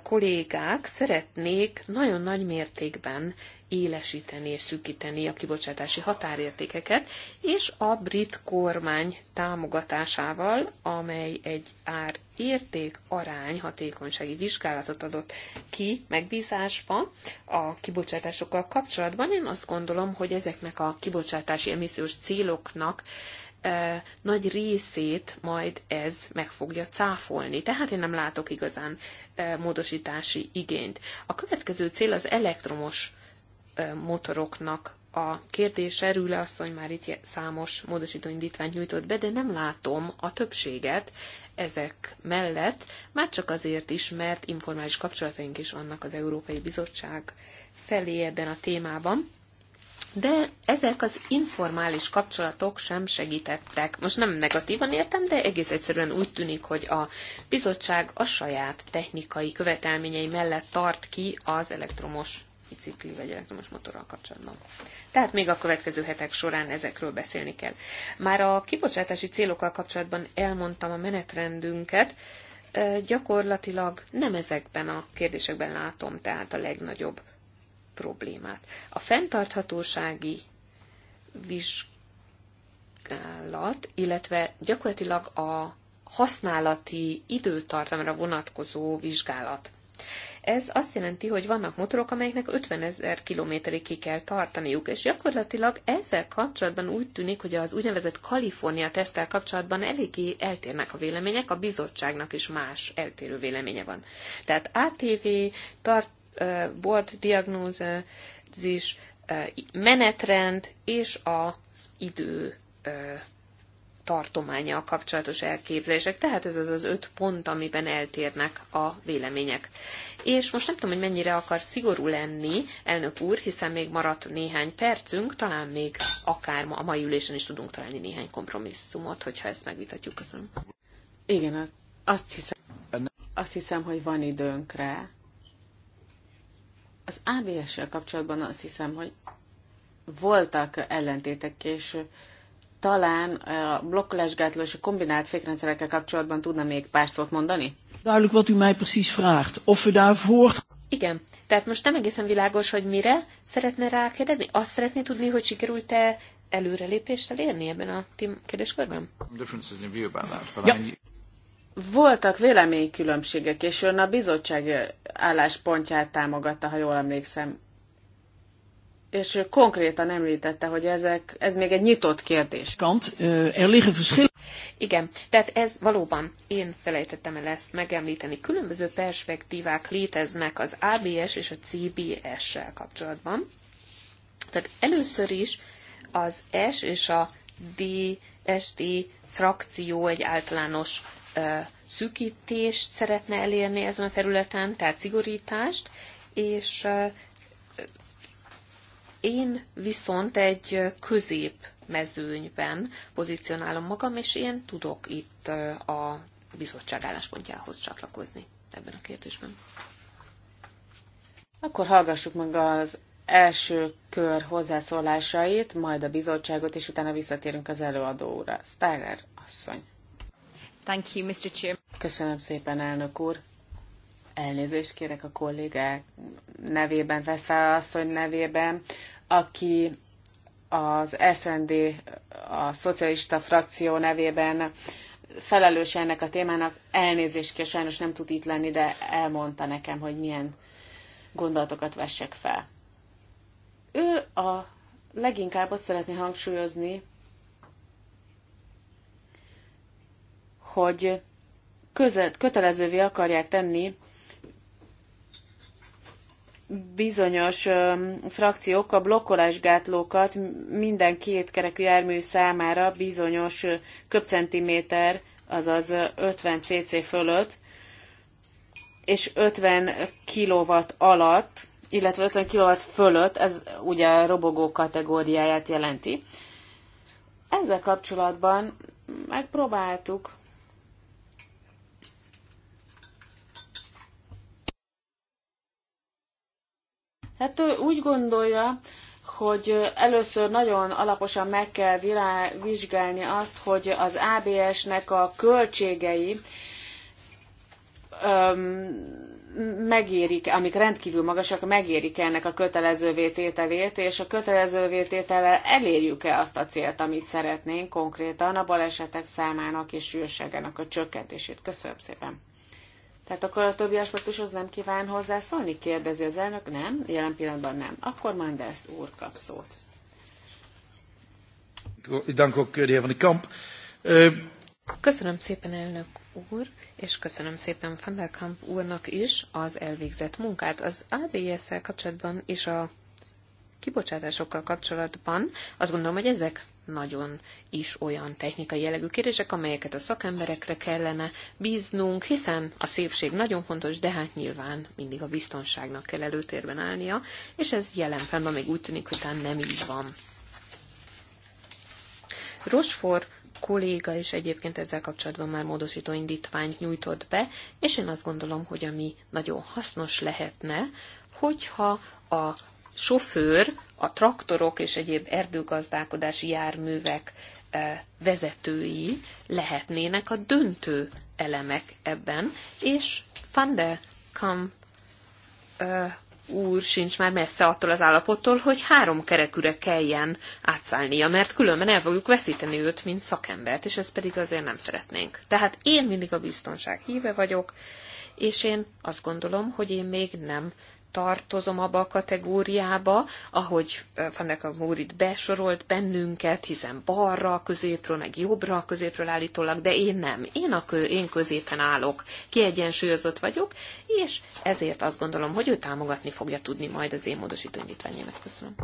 kollégák szeretnék nagyon nagy mértékben élesíteni és szűkíteni a kibocsátási határértékeket, és a brit kormány támogatásával, amely egy árérték arány hatékonysági vizsgálatot adott ki megbízásba a kibocsátásokkal kapcsolatban. Én azt gondolom, hogy ezeknek a kibocsátási emissziós céloknak nagy részét majd ez meg fogja cáfolni. Tehát én nem látok igazán módosítási igényt. A következő cél az elektromos motoroknak a kérdés erről asszony már itt számos módosító indítványt nyújtott be, de nem látom a többséget ezek mellett, már csak azért is, mert informális kapcsolataink is vannak az Európai Bizottság felé ebben a témában de ezek az informális kapcsolatok sem segítettek. Most nem negatívan értem, de egész egyszerűen úgy tűnik, hogy a bizottság a saját technikai követelményei mellett tart ki az elektromos bicikli vagy elektromos motorral kapcsolatban. Tehát még a következő hetek során ezekről beszélni kell. Már a kibocsátási célokkal kapcsolatban elmondtam a menetrendünket, gyakorlatilag nem ezekben a kérdésekben látom tehát a legnagyobb problémát. A fenntarthatósági vizsgálat, illetve gyakorlatilag a használati időtartamra vonatkozó vizsgálat. Ez azt jelenti, hogy vannak motorok, amelyeknek 50 ezer kilométerig ki kell tartaniuk, és gyakorlatilag ezzel kapcsolatban úgy tűnik, hogy az úgynevezett Kalifornia tesztel kapcsolatban eléggé eltérnek a vélemények, a bizottságnak is más eltérő véleménye van. Tehát ATV tart board diagnózis, menetrend és az idő tartománya a kapcsolatos elképzelések, tehát ez az az öt pont, amiben eltérnek a vélemények. És most nem tudom, hogy mennyire akar szigorú lenni, elnök úr, hiszen még maradt néhány percünk, talán még akár a mai ülésen is tudunk találni néhány kompromisszumot, hogyha ezt megvitatjuk. Köszönöm. Igen, azt hiszem, azt hiszem, hogy van időnk rá. Az ABS-sel kapcsolatban azt hiszem, hogy voltak ellentétek, és talán a blokkolásgátló és a kombinált fékrendszerekkel kapcsolatban tudna még pár szót mondani? Duidelijk wat u mij precies vraagt. Of we daarvoor... Igen, tehát most nem egészen világos, hogy mire szeretne rákérdezni. Azt szeretné tudni, hogy sikerült-e előrelépést elérni ebben a kérdéskörben? Ja, voltak véleménykülönbségek, és ön a bizottság álláspontját támogatta, ha jól emlékszem. És ő konkrétan említette, hogy ezek, ez még egy nyitott kérdés. Kant, eh, er liggen verschillen. Igen, tehát ez valóban, én felejtettem el ezt megemlíteni, különböző perspektívák léteznek az ABS és a CBS-sel kapcsolatban. Tehát először is az S és a DSD frakció egy általános szűkítést szeretne elérni ezen a területen, tehát szigorítást, és én viszont egy közép mezőnyben pozícionálom magam, és én tudok itt a bizottság álláspontjához csatlakozni ebben a kérdésben. Akkor hallgassuk meg az első kör hozzászólásait, majd a bizottságot, és utána visszatérünk az előadóra. Steiner asszony. Thank you, Mr. Chair. Köszönöm szépen, elnök úr. Elnézést kérek a kollégák nevében, Veszfál asszony nevében, aki az SND, a szocialista frakció nevében felelős ennek a témának. Elnézést kér, sajnos nem tud itt lenni, de elmondta nekem, hogy milyen gondolatokat vessek fel. Ő a leginkább azt szeretné hangsúlyozni, hogy között, kötelezővé akarják tenni bizonyos ö, frakciók a blokkolásgátlókat minden két kerekű jármű számára bizonyos köpcentiméter, köbcentiméter, azaz 50 cc fölött, és 50 kW alatt, illetve 50 kW fölött, ez ugye a robogó kategóriáját jelenti. Ezzel kapcsolatban megpróbáltuk Hát ő úgy gondolja, hogy először nagyon alaposan meg kell vizsgálni azt, hogy az ABS-nek a költségei öm, megérik, amik rendkívül magasak, megérik -e ennek a kötelező tételét, és a kötelező tétellel elérjük-e azt a célt, amit szeretnénk konkrétan a balesetek számának és sűrűségenek a csökkentését. Köszönöm szépen! Tehát akkor a többi aspektushoz nem kíván hozzászólni? Kérdezi az elnök. Nem, jelen pillanatban nem. Akkor Manders úr kap szót. Eh, köszönöm szépen, elnök úr, és köszönöm szépen Van der Kamp úrnak is az elvégzett munkát. Az ABS-szel kapcsolatban és a kibocsátásokkal kapcsolatban azt gondolom, hogy ezek nagyon is olyan technikai jellegű kérdések, amelyeket a szakemberekre kellene bíznunk, hiszen a szépség nagyon fontos, de hát nyilván mindig a biztonságnak kell előtérben állnia, és ez jelen pillanatban még úgy tűnik, hogy nem így van. Rosfor kolléga is egyébként ezzel kapcsolatban már módosító indítványt nyújtott be, és én azt gondolom, hogy ami nagyon hasznos lehetne, hogyha a sofőr a traktorok és egyéb erdőgazdálkodási járművek e, vezetői lehetnének a döntő elemek ebben, és Van de Kamp e, úr sincs már messze attól az állapottól, hogy három kerekűre kelljen átszállnia, mert különben el fogjuk veszíteni őt, mint szakembert, és ezt pedig azért nem szeretnénk. Tehát én mindig a biztonság híve vagyok, és én azt gondolom, hogy én még nem tartozom abba a kategóriába, ahogy Fannek a Múrit besorolt bennünket, hiszen balra a középről, meg jobbra a középről állítólag, de én nem. Én, a kö, én középen állok, kiegyensúlyozott vagyok, és ezért azt gondolom, hogy ő támogatni fogja tudni majd az én módosító indítványémet. Köszönöm.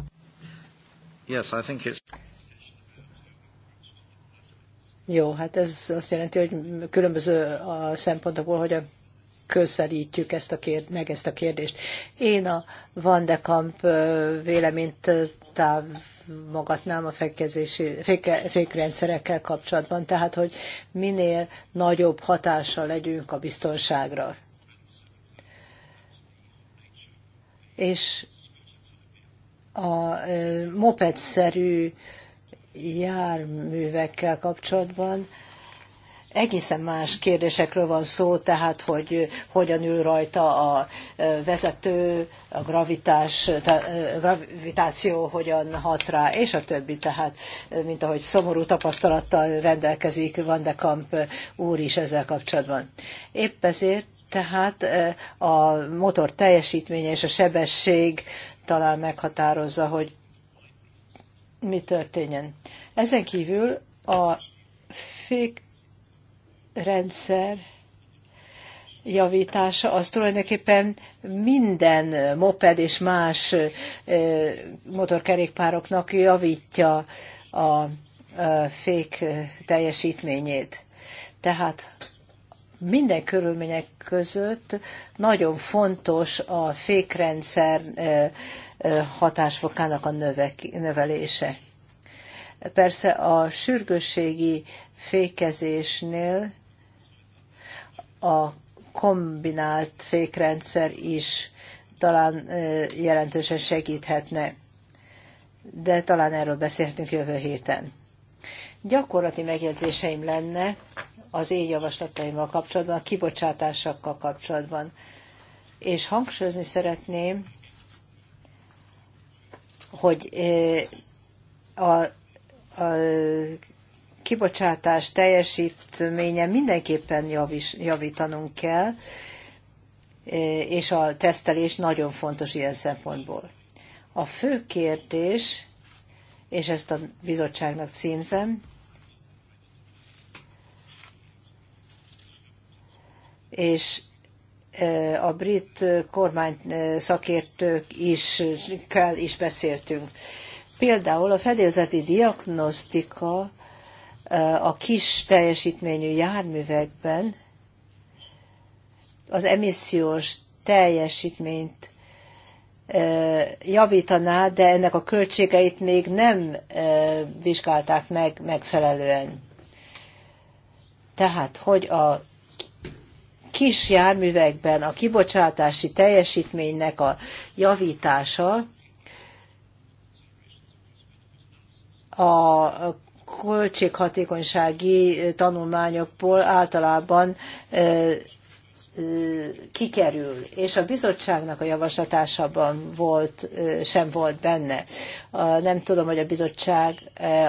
Yes, I think it's... Jó, hát ez azt jelenti, hogy különböző a szempontokból a közelítjük ezt a kérd, meg ezt a kérdést. Én a Van de Kamp véleményt támogatnám a fékezési, féke, fékrendszerekkel kapcsolatban, tehát hogy minél nagyobb hatással legyünk a biztonságra. És a moped szerű járművekkel kapcsolatban egészen más kérdésekről van szó, tehát hogy hogyan ül rajta a vezető, a gravitás, gravitáció hogyan hat rá, és a többi. Tehát, mint ahogy szomorú tapasztalattal rendelkezik Van de Kamp úr is ezzel kapcsolatban. Épp ezért tehát a motor teljesítménye és a sebesség talán meghatározza, hogy mi történjen. Ezen kívül a fék rendszer javítása az tulajdonképpen minden moped és más motorkerékpároknak javítja a fék teljesítményét. Tehát minden körülmények között nagyon fontos a fékrendszer hatásfokának a növelése. Persze a sürgősségi fékezésnél a kombinált fékrendszer is talán jelentősen segíthetne, de talán erről beszélhetünk jövő héten. Gyakorlati megjegyzéseim lenne az én javaslataimmal kapcsolatban, a kibocsátásokkal kapcsolatban. És hangsúlyozni szeretném, hogy a, a kibocsátás teljesítménye mindenképpen javis, javítanunk kell, e, és a tesztelés nagyon fontos ilyen szempontból. A fő kérdés, és ezt a bizottságnak címzem, és e, a brit kormány e, szakértők is, kell is beszéltünk. Például a fedélzeti diagnosztika a kis teljesítményű járművekben az emissziós teljesítményt javítaná, de ennek a költségeit még nem vizsgálták meg megfelelően. Tehát, hogy a kis járművekben a kibocsátási teljesítménynek a javítása a költséghatékonysági eh, tanulmányokból általában eh, eh, kikerül, és a bizottságnak a javaslatásában volt, sem volt benne. Nem tudom, hogy a bizottság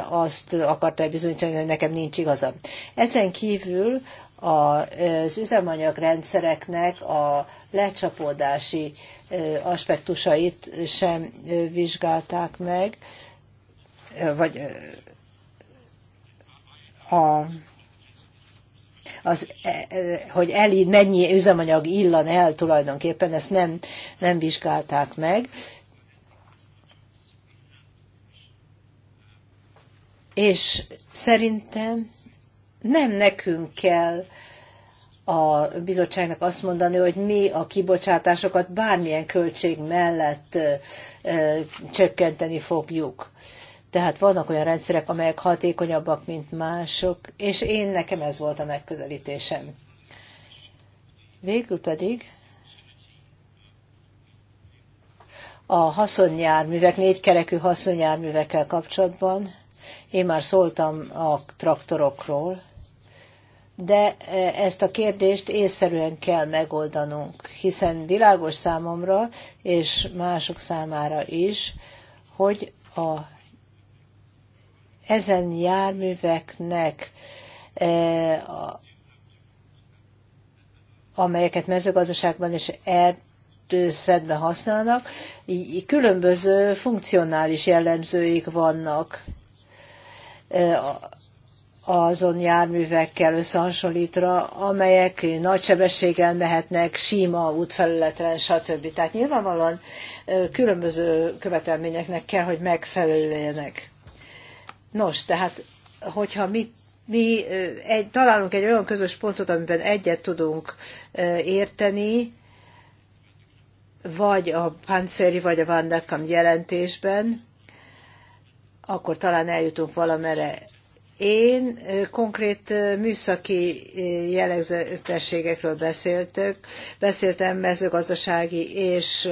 azt akarta bizonyítani, hogy nekem nincs igaza. Ezen kívül az üzemanyagrendszereknek a lecsapódási aspektusait sem vizsgálták meg, vagy a, az, e, e, hogy el, mennyi üzemanyag illan el tulajdonképpen, ezt nem, nem vizsgálták meg. És szerintem nem nekünk kell a bizottságnak azt mondani, hogy mi a kibocsátásokat bármilyen költség mellett ö, ö, csökkenteni fogjuk. Ö, tehát vannak olyan rendszerek, amelyek hatékonyabbak, mint mások, és én nekem ez volt a megközelítésem. Végül pedig a négy kerekű haszonjárművekkel kapcsolatban. Én már szóltam a traktorokról, de e, ezt a kérdést észszerűen kell megoldanunk, hiszen világos számomra és mások számára is, hogy a ezen járműveknek, e, amelyeket mezőgazdaságban és erdőszedben használnak, különböző funkcionális jellemzőik vannak e, azon járművekkel összehasonlítva, amelyek nagy sebességgel mehetnek, síma útfelületen, stb. Tehát nyilvánvalóan e, különböző követelményeknek kell, hogy megfeleljenek. Nos, tehát, hogyha mi, mi egy, találunk egy olyan közös pontot, amiben egyet tudunk érteni, vagy a Panceri, vagy a Vandakam jelentésben, akkor talán eljutunk valamere. Én konkrét műszaki jellegzetességekről beszéltök, beszéltem mezőgazdasági és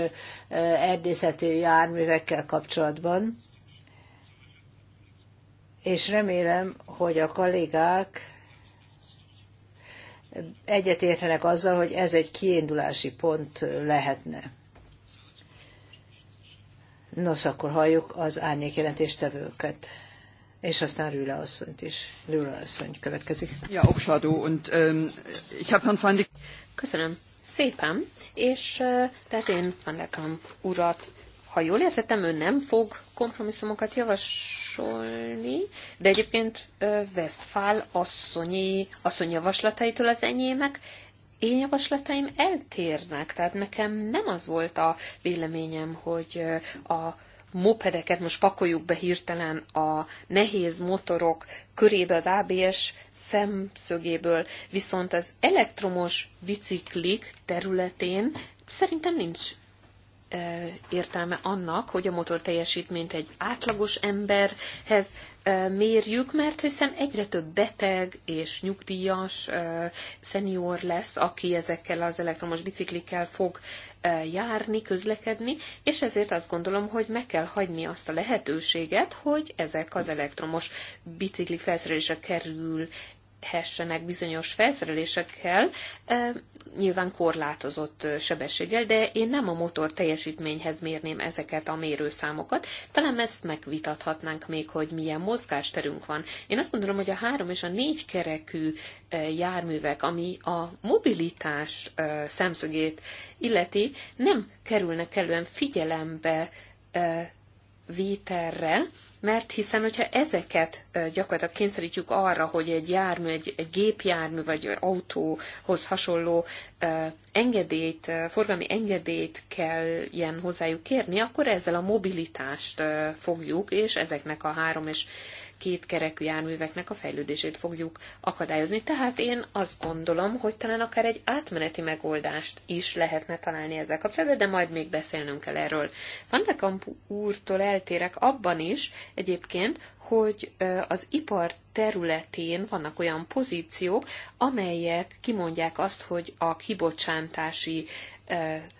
erdészeti járművekkel kapcsolatban és remélem, hogy a kollégák egyetértenek azzal, hogy ez egy kiindulási pont lehetne. Nos, akkor halljuk az árnyékjelentéstevőket. És aztán Rüle asszonyt is. Rüle asszony következik. Ja, auch Shadow. Und ähm, ich hab Herrn Van Köszönöm szépen. És uh, tehát én Van urat, ha jól értettem, ő nem fog kompromisszumokat javas javasolni, de egyébként Westfál asszonyi, asszony javaslataitól az enyémek, én javaslataim eltérnek, tehát nekem nem az volt a véleményem, hogy a mopedeket most pakoljuk be hirtelen a nehéz motorok körébe az ABS szemszögéből, viszont az elektromos biciklik területén szerintem nincs értelme annak, hogy a motor teljesítményt egy átlagos emberhez mérjük, mert hiszen egyre több beteg és nyugdíjas szenior lesz, aki ezekkel az elektromos biciklikkel fog járni, közlekedni, és ezért azt gondolom, hogy meg kell hagyni azt a lehetőséget, hogy ezek az elektromos biciklik felszerelésre kerül működhessenek bizonyos felszerelésekkel, nyilván korlátozott sebességgel, de én nem a motor teljesítményhez mérném ezeket a mérőszámokat. Talán ezt megvitathatnánk még, hogy milyen mozgásterünk van. Én azt gondolom, hogy a három és a négy kerekű járművek, ami a mobilitás szemszögét illeti, nem kerülnek elően figyelembe vételre, mert hiszen, hogyha ezeket gyakorlatilag kényszerítjük arra, hogy egy jármű, egy, egy gépjármű vagy egy autóhoz hasonló engedélyt, forgalmi engedélyt kelljen hozzájuk kérni, akkor ezzel a mobilitást fogjuk, és ezeknek a három és két kerekű járműveknek a fejlődését fogjuk akadályozni. Tehát én azt gondolom, hogy talán akár egy átmeneti megoldást is lehetne találni ezzel kapcsolatban, de majd még beszélnünk kell erről. Van de Kamp úrtól eltérek abban is egyébként, hogy az ipar területén vannak olyan pozíciók, amelyek kimondják azt, hogy a kibocsántási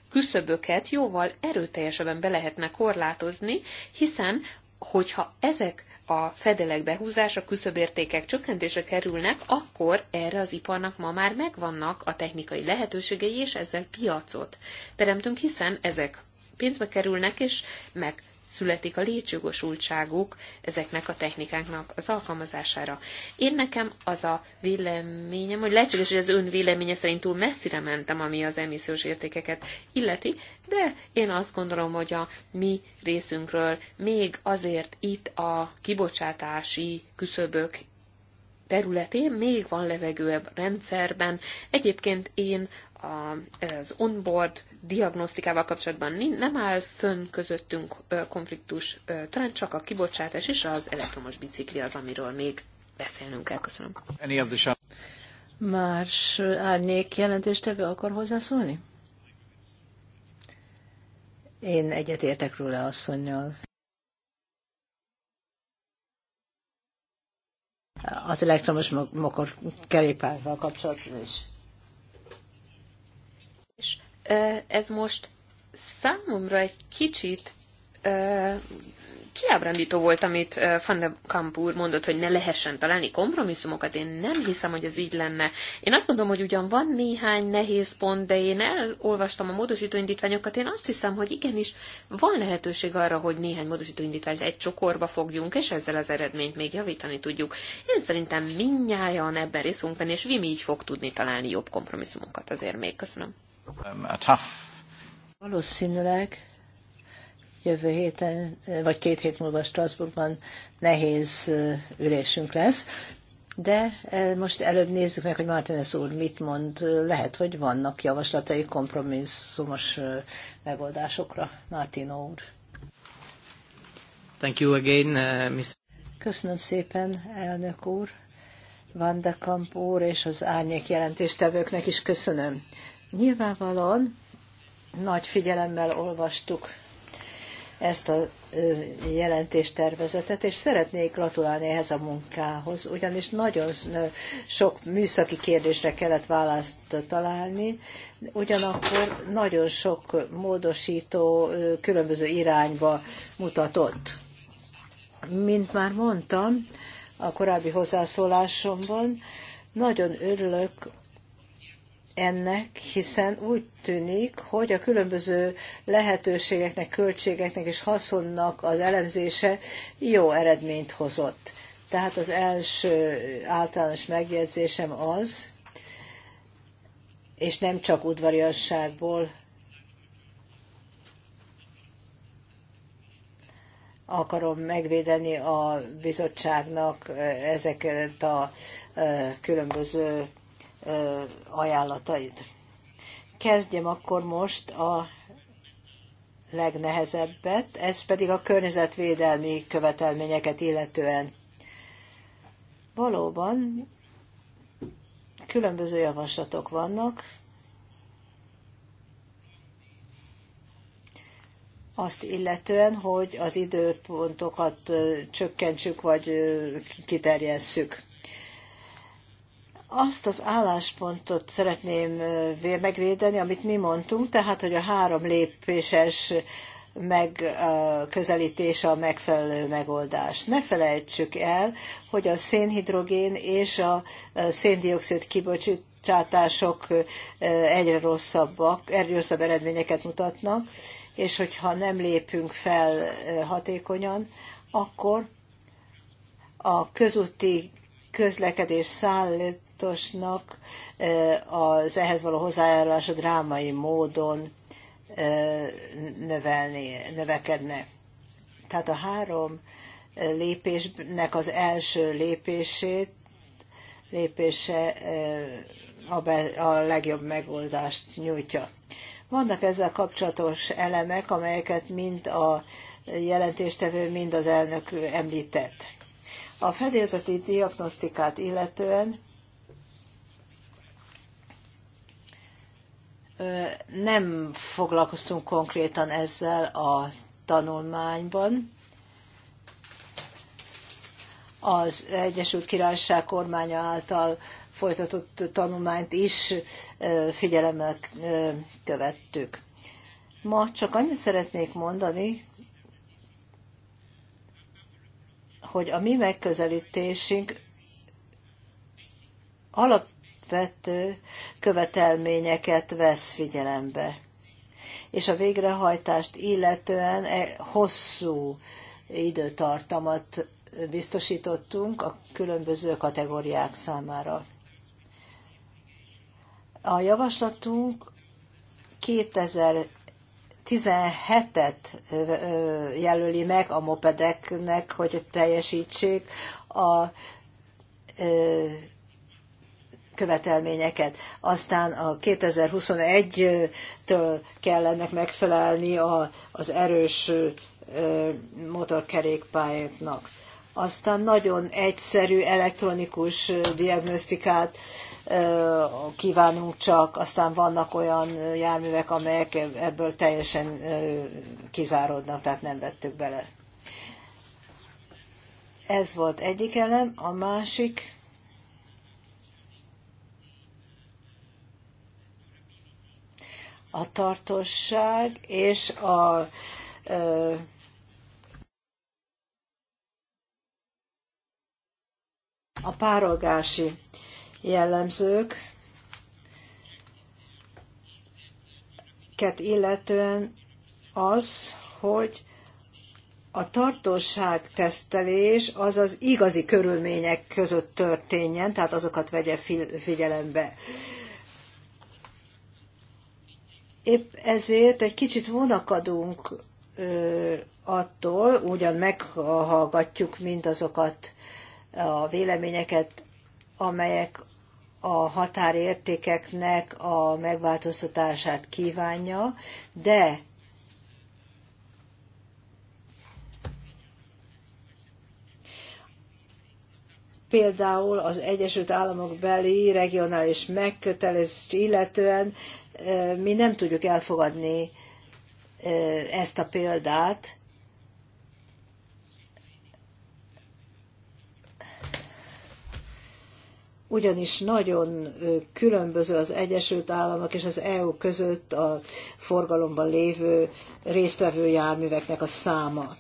küszöböket jóval erőteljesebben be lehetne korlátozni, hiszen hogyha ezek a fedelek behúzása, küszöbértékek csökkentése kerülnek, akkor erre az iparnak ma már megvannak a technikai lehetőségei, és ezzel piacot teremtünk, hiszen ezek pénzbe kerülnek, és meg születik a létjogosultságuk ezeknek a technikáknak az alkalmazására. Én nekem az a véleményem, hogy lehetséges, hogy az ön véleménye szerint túl messzire mentem, ami az emissziós értékeket illeti, de én azt gondolom, hogy a mi részünkről még azért itt a kibocsátási küszöbök területén még van levegő a rendszerben. Egyébként én az onboard diagnosztikával kapcsolatban nem áll fönn közöttünk konfliktus, talán csak a kibocsátás és az elektromos bicikli az, amiről még beszélnünk kell. Köszönöm. Más árnyék jelentéstevő akar hozzászólni? Én egyetértek róla asszonynal. Az elektromos mokor kerékpárral kapcsolatban is ez most számomra egy kicsit kiábrándító volt, amit Van de Kamp úr mondott, hogy ne lehessen találni kompromisszumokat. Én nem hiszem, hogy ez így lenne. Én azt gondolom, hogy ugyan van néhány nehéz pont, de én elolvastam a módosítóindítványokat, én azt hiszem, hogy igenis van lehetőség arra, hogy néhány módosítóindítványt egy csokorba fogjunk, és ezzel az eredményt még javítani tudjuk. Én szerintem minnyáján ebben részünk és Vimi így fog tudni találni jobb kompromisszumokat azért még. Köszönöm. Um, Valószínűleg jövő héten, vagy két hét múlva Strasbourgban nehéz ülésünk lesz, de most előbb nézzük meg, hogy Martinez úr mit mond. Lehet, hogy vannak javaslatai kompromisszumos megoldásokra. Martino úr. Thank you again, uh, Köszönöm szépen, elnök úr. Van de Kamp úr és az árnyék jelentéstevőknek is köszönöm. Nyilvánvalóan nagy figyelemmel olvastuk ezt a jelentéstervezetet, és szeretnék gratulálni ehhez a munkához, ugyanis nagyon sok műszaki kérdésre kellett választ találni, ugyanakkor nagyon sok módosító különböző irányba mutatott. Mint már mondtam a korábbi hozzászólásomban, nagyon örülök ennek, hiszen úgy tűnik, hogy a különböző lehetőségeknek, költségeknek és haszonnak az elemzése jó eredményt hozott. Tehát az első általános megjegyzésem az, és nem csak udvariasságból akarom megvédeni a bizottságnak ezeket a különböző ajánlataid. Kezdjem akkor most a legnehezebbet, ez pedig a környezetvédelmi követelményeket illetően. Valóban különböző javaslatok vannak. Azt illetően, hogy az időpontokat csökkentsük vagy kiterjesszük azt az álláspontot szeretném megvédeni, amit mi mondtunk, tehát, hogy a három lépéses megközelítése a megfelelő megoldás. Ne felejtsük el, hogy a szénhidrogén és a széndiokszid kibocsátások egyre rosszabbak, egyre rosszabb eredményeket mutatnak, és hogyha nem lépünk fel hatékonyan, akkor a közúti közlekedés szállít biztosnak az ehhez való hozzájárulás a drámai módon növelni, növekedne. Tehát a három lépésnek az első lépését, lépése a, be, a legjobb megoldást nyújtja. Vannak ezzel kapcsolatos elemek, amelyeket mind a jelentéstevő, mind az elnök említett. A fedélzeti diagnosztikát illetően nem foglalkoztunk konkrétan ezzel a tanulmányban. Az Egyesült Királyság kormánya által folytatott tanulmányt is figyelemmel követtük. Ma csak annyit szeretnék mondani, hogy a mi megközelítésünk alap alapvető követelményeket vesz figyelembe. És a végrehajtást illetően e hosszú időtartamat biztosítottunk a különböző kategóriák számára. A javaslatunk 2017-et jelöli meg a mopedeknek, hogy teljesítsék a követelményeket. Aztán a 2021-től kell ennek megfelelni a, az erős motorkerékpályáknak. Aztán nagyon egyszerű elektronikus diagnosztikát kívánunk csak, aztán vannak olyan járművek, amelyek ebből teljesen kizáródnak, tehát nem vettük bele. Ez volt egyik elem, a másik a tartosság és a a párolgási jellemzők illetően az, hogy a tartóság tesztelés az az igazi körülmények között történjen, tehát azokat vegye figyelembe. Épp ezért egy kicsit vonakodunk attól, ugyan meghallgatjuk mindazokat a véleményeket, amelyek a határértékeknek a megváltoztatását kívánja, de például az Egyesült Államok beli regionális megkötelezést illetően mi nem tudjuk elfogadni ezt a példát, ugyanis nagyon különböző az Egyesült Államok és az EU között a forgalomban lévő résztvevő járműveknek a száma.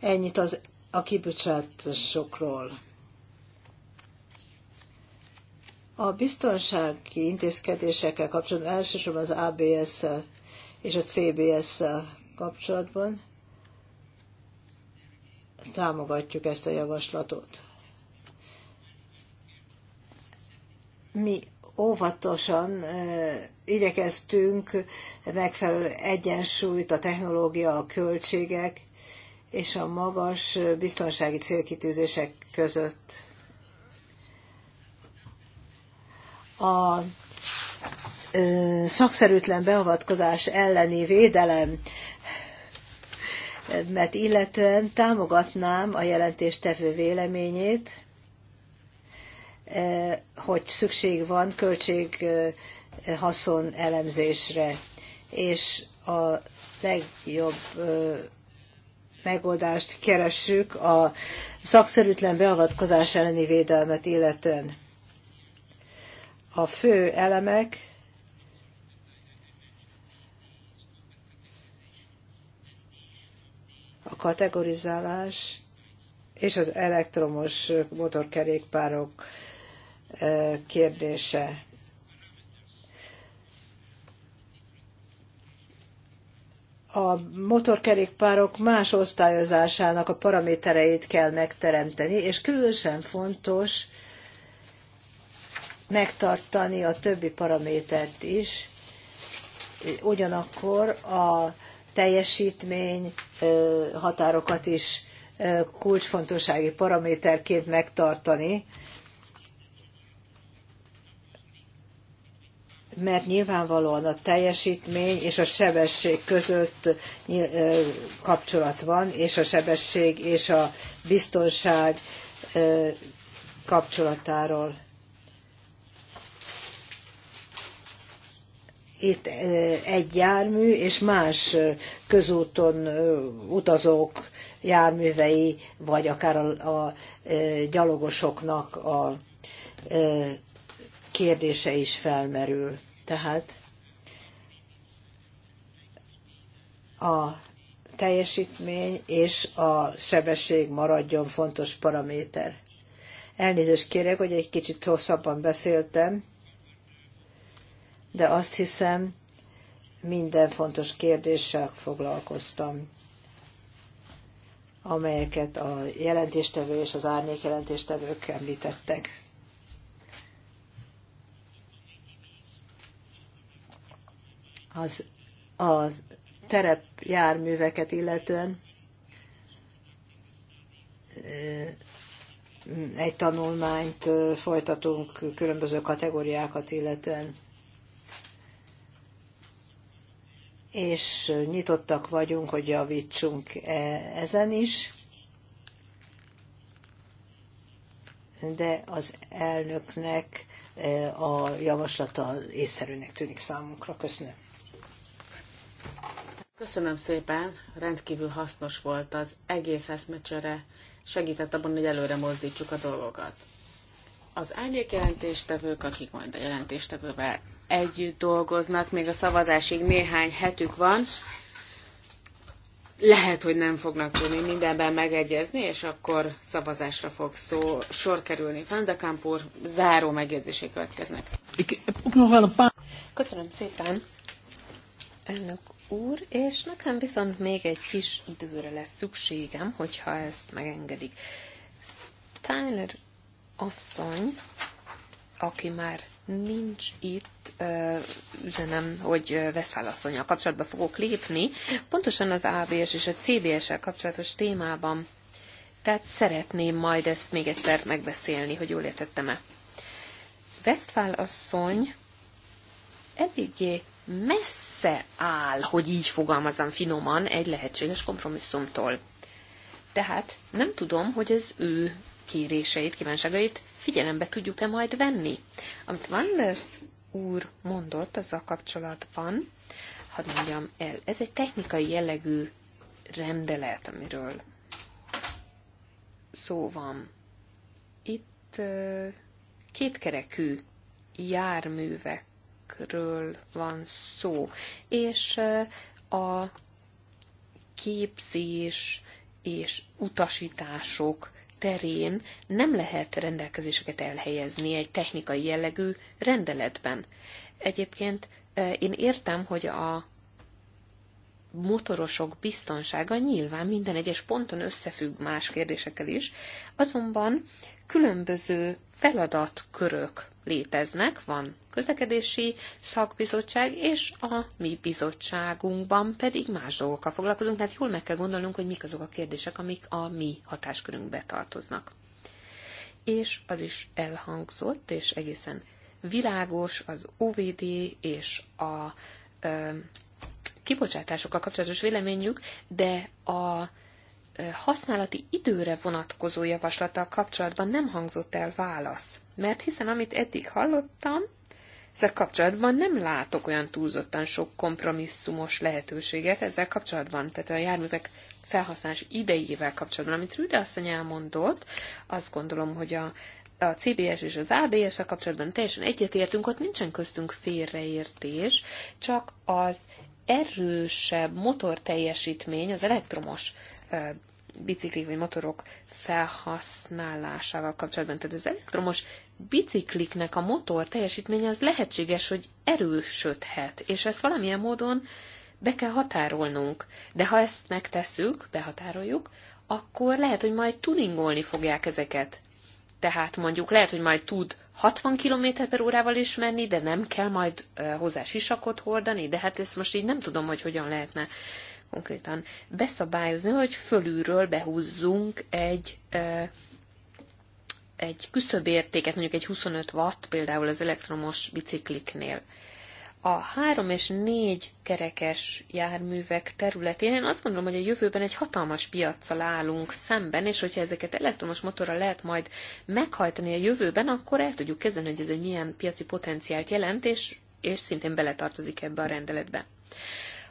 Ennyit az a kibocsátásokról. A biztonsági intézkedésekkel kapcsolatban, elsősorban az ABS-szel és a CBS-szel kapcsolatban támogatjuk ezt a javaslatot. Mi óvatosan igyekeztünk megfelelő egyensúlyt a technológia, a költségek és a magas biztonsági célkitűzések között a szakszerűtlen beavatkozás elleni védelem mert illetően támogatnám a jelentéstevő véleményét, hogy szükség van költséghaszon elemzésre, és a legjobb megoldást keressük a szakszerűtlen beavatkozás elleni védelmet illetően a fő elemek a kategorizálás és az elektromos motorkerékpárok eh, kérdése. A motorkerékpárok más osztályozásának a paramétereit kell megteremteni, és különösen fontos, megtartani a többi paramétert is, ugyanakkor a teljesítmény határokat is kulcsfontossági paraméterként megtartani, mert nyilvánvalóan a teljesítmény és a sebesség között kapcsolat van, és a sebesség és a biztonság kapcsolatáról itt egy jármű és más közúton utazók járművei, vagy akár a, a gyalogosoknak a kérdése is felmerül. Tehát a teljesítmény és a sebesség maradjon fontos paraméter. Elnézést kérek, hogy egy kicsit hosszabban beszéltem, de azt hiszem, minden fontos kérdéssel foglalkoztam, amelyeket a jelentéstevő és az árnyék jelentéstevők említettek. Az, a terepjárműveket illetően egy tanulmányt folytatunk különböző kategóriákat illetően. és nyitottak vagyunk, hogy javítsunk e, ezen is. De az elnöknek e, a javaslata észszerűnek tűnik számunkra. Köszönöm. Köszönöm szépen, rendkívül hasznos volt az egész eszmecsere, segített abban, hogy előre mozdítsuk a dolgokat. Az árnyék jelentéstevők, akik majd a jelentéstevővel együtt dolgoznak, még a szavazásig néhány hetük van. Lehet, hogy nem fognak tudni mindenben megegyezni, és akkor szavazásra fog szó, sor kerülni. Fendekamp úr, záró megjegyzésé következnek. Köszönöm szépen, elnök úr, és nekem viszont még egy kis időre lesz szükségem, hogyha ezt megengedik. Tyler asszony, aki már nincs itt, üzenem, hogy Veszfálasszonyjal kapcsolatba fogok lépni, pontosan az ABS és a CBS-el kapcsolatos témában. Tehát szeretném majd ezt még egyszer megbeszélni, hogy jól értettem-e. Westphal asszony eléggé messze áll, hogy így fogalmazom finoman, egy lehetséges kompromisszumtól. Tehát nem tudom, hogy az ő kéréseit, kívánságait figyelembe tudjuk-e majd venni. Amit Wanders úr mondott azzal kapcsolatban, hadd mondjam el, ez egy technikai jellegű rendelet, amiről szó van. Itt kétkerekű járművekről van szó, és a képzés és utasítások terén nem lehet rendelkezéseket elhelyezni egy technikai jellegű rendeletben. Egyébként e, én értem, hogy a motorosok biztonsága nyilván minden egyes ponton összefügg más kérdésekkel is, azonban különböző feladatkörök léteznek, van közlekedési szakbizottság, és a mi bizottságunkban pedig más dolgokkal foglalkozunk, tehát jól meg kell gondolnunk, hogy mik azok a kérdések, amik a mi hatáskörünkbe tartoznak. És az is elhangzott, és egészen világos az OVD és a ö, kibocsátásokkal kapcsolatos véleményük, de a használati időre vonatkozó javaslattal kapcsolatban nem hangzott el válasz. Mert hiszen amit eddig hallottam, ezzel kapcsolatban nem látok olyan túlzottan sok kompromisszumos lehetőséget ezzel kapcsolatban, tehát a járművek felhasználás idejével kapcsolatban. Amit Rüde asszony elmondott, azt gondolom, hogy a a CBS és az ABS-sel kapcsolatban teljesen egyetértünk, ott nincsen köztünk félreértés, csak az erősebb motor teljesítmény az elektromos biciklik vagy motorok felhasználásával kapcsolatban. Tehát az elektromos bicikliknek a motor teljesítménye az lehetséges, hogy erősödhet, és ezt valamilyen módon be kell határolnunk. De ha ezt megtesszük, behatároljuk, akkor lehet, hogy majd tuningolni fogják ezeket. Tehát mondjuk lehet, hogy majd tud 60 km per órával is menni, de nem kell majd hozzá sisakot hordani, de hát ezt most így nem tudom, hogy hogyan lehetne konkrétan beszabályozni, hogy fölülről behúzzunk egy egy küszöbértéket, mondjuk egy 25 watt például az elektromos bicikliknél. A három és négy kerekes járművek területén én azt gondolom, hogy a jövőben egy hatalmas piaccal állunk szemben, és hogyha ezeket elektromos motorra lehet majd meghajtani a jövőben, akkor el tudjuk kezdeni, hogy ez egy milyen piaci potenciált jelent, és, és szintén beletartozik ebbe a rendeletbe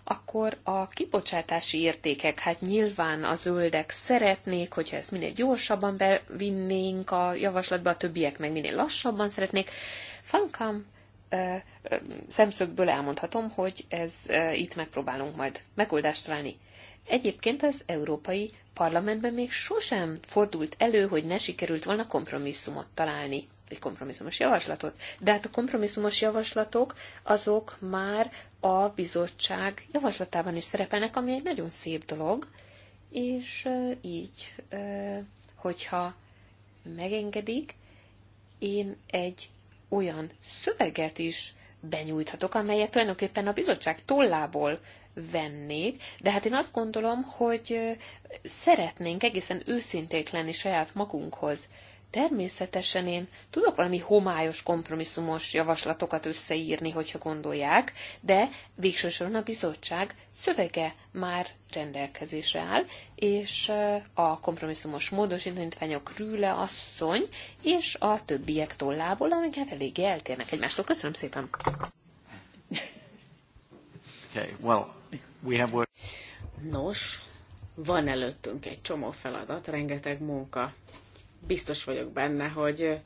akkor a kibocsátási értékek, hát nyilván a zöldek szeretnék, hogyha ezt minél gyorsabban bevinnénk a javaslatba, a többiek meg minél lassabban szeretnék. Fankam szemszögből elmondhatom, hogy ez itt megpróbálunk majd megoldást találni. Egyébként az Európai Parlamentben még sosem fordult elő, hogy ne sikerült volna kompromisszumot találni egy kompromisszumos javaslatot. De hát a kompromisszumos javaslatok azok már a bizottság javaslatában is szerepelnek, ami egy nagyon szép dolog, és így, hogyha megengedik, én egy olyan szöveget is benyújthatok, amelyet tulajdonképpen a bizottság tollából vennék, de hát én azt gondolom, hogy szeretnénk egészen őszinték lenni saját magunkhoz Természetesen én tudok valami homályos, kompromisszumos javaslatokat összeírni, hogyha gondolják, de végsősorban soron a bizottság szövege már rendelkezésre áll, és a kompromisszumos módosítványok Rüle asszony és a többiek tollából, amik hát eléggé eltérnek egymástól. Köszönöm szépen! Okay, well, we have work. Nos, van előttünk egy csomó feladat, rengeteg munka biztos vagyok benne, hogy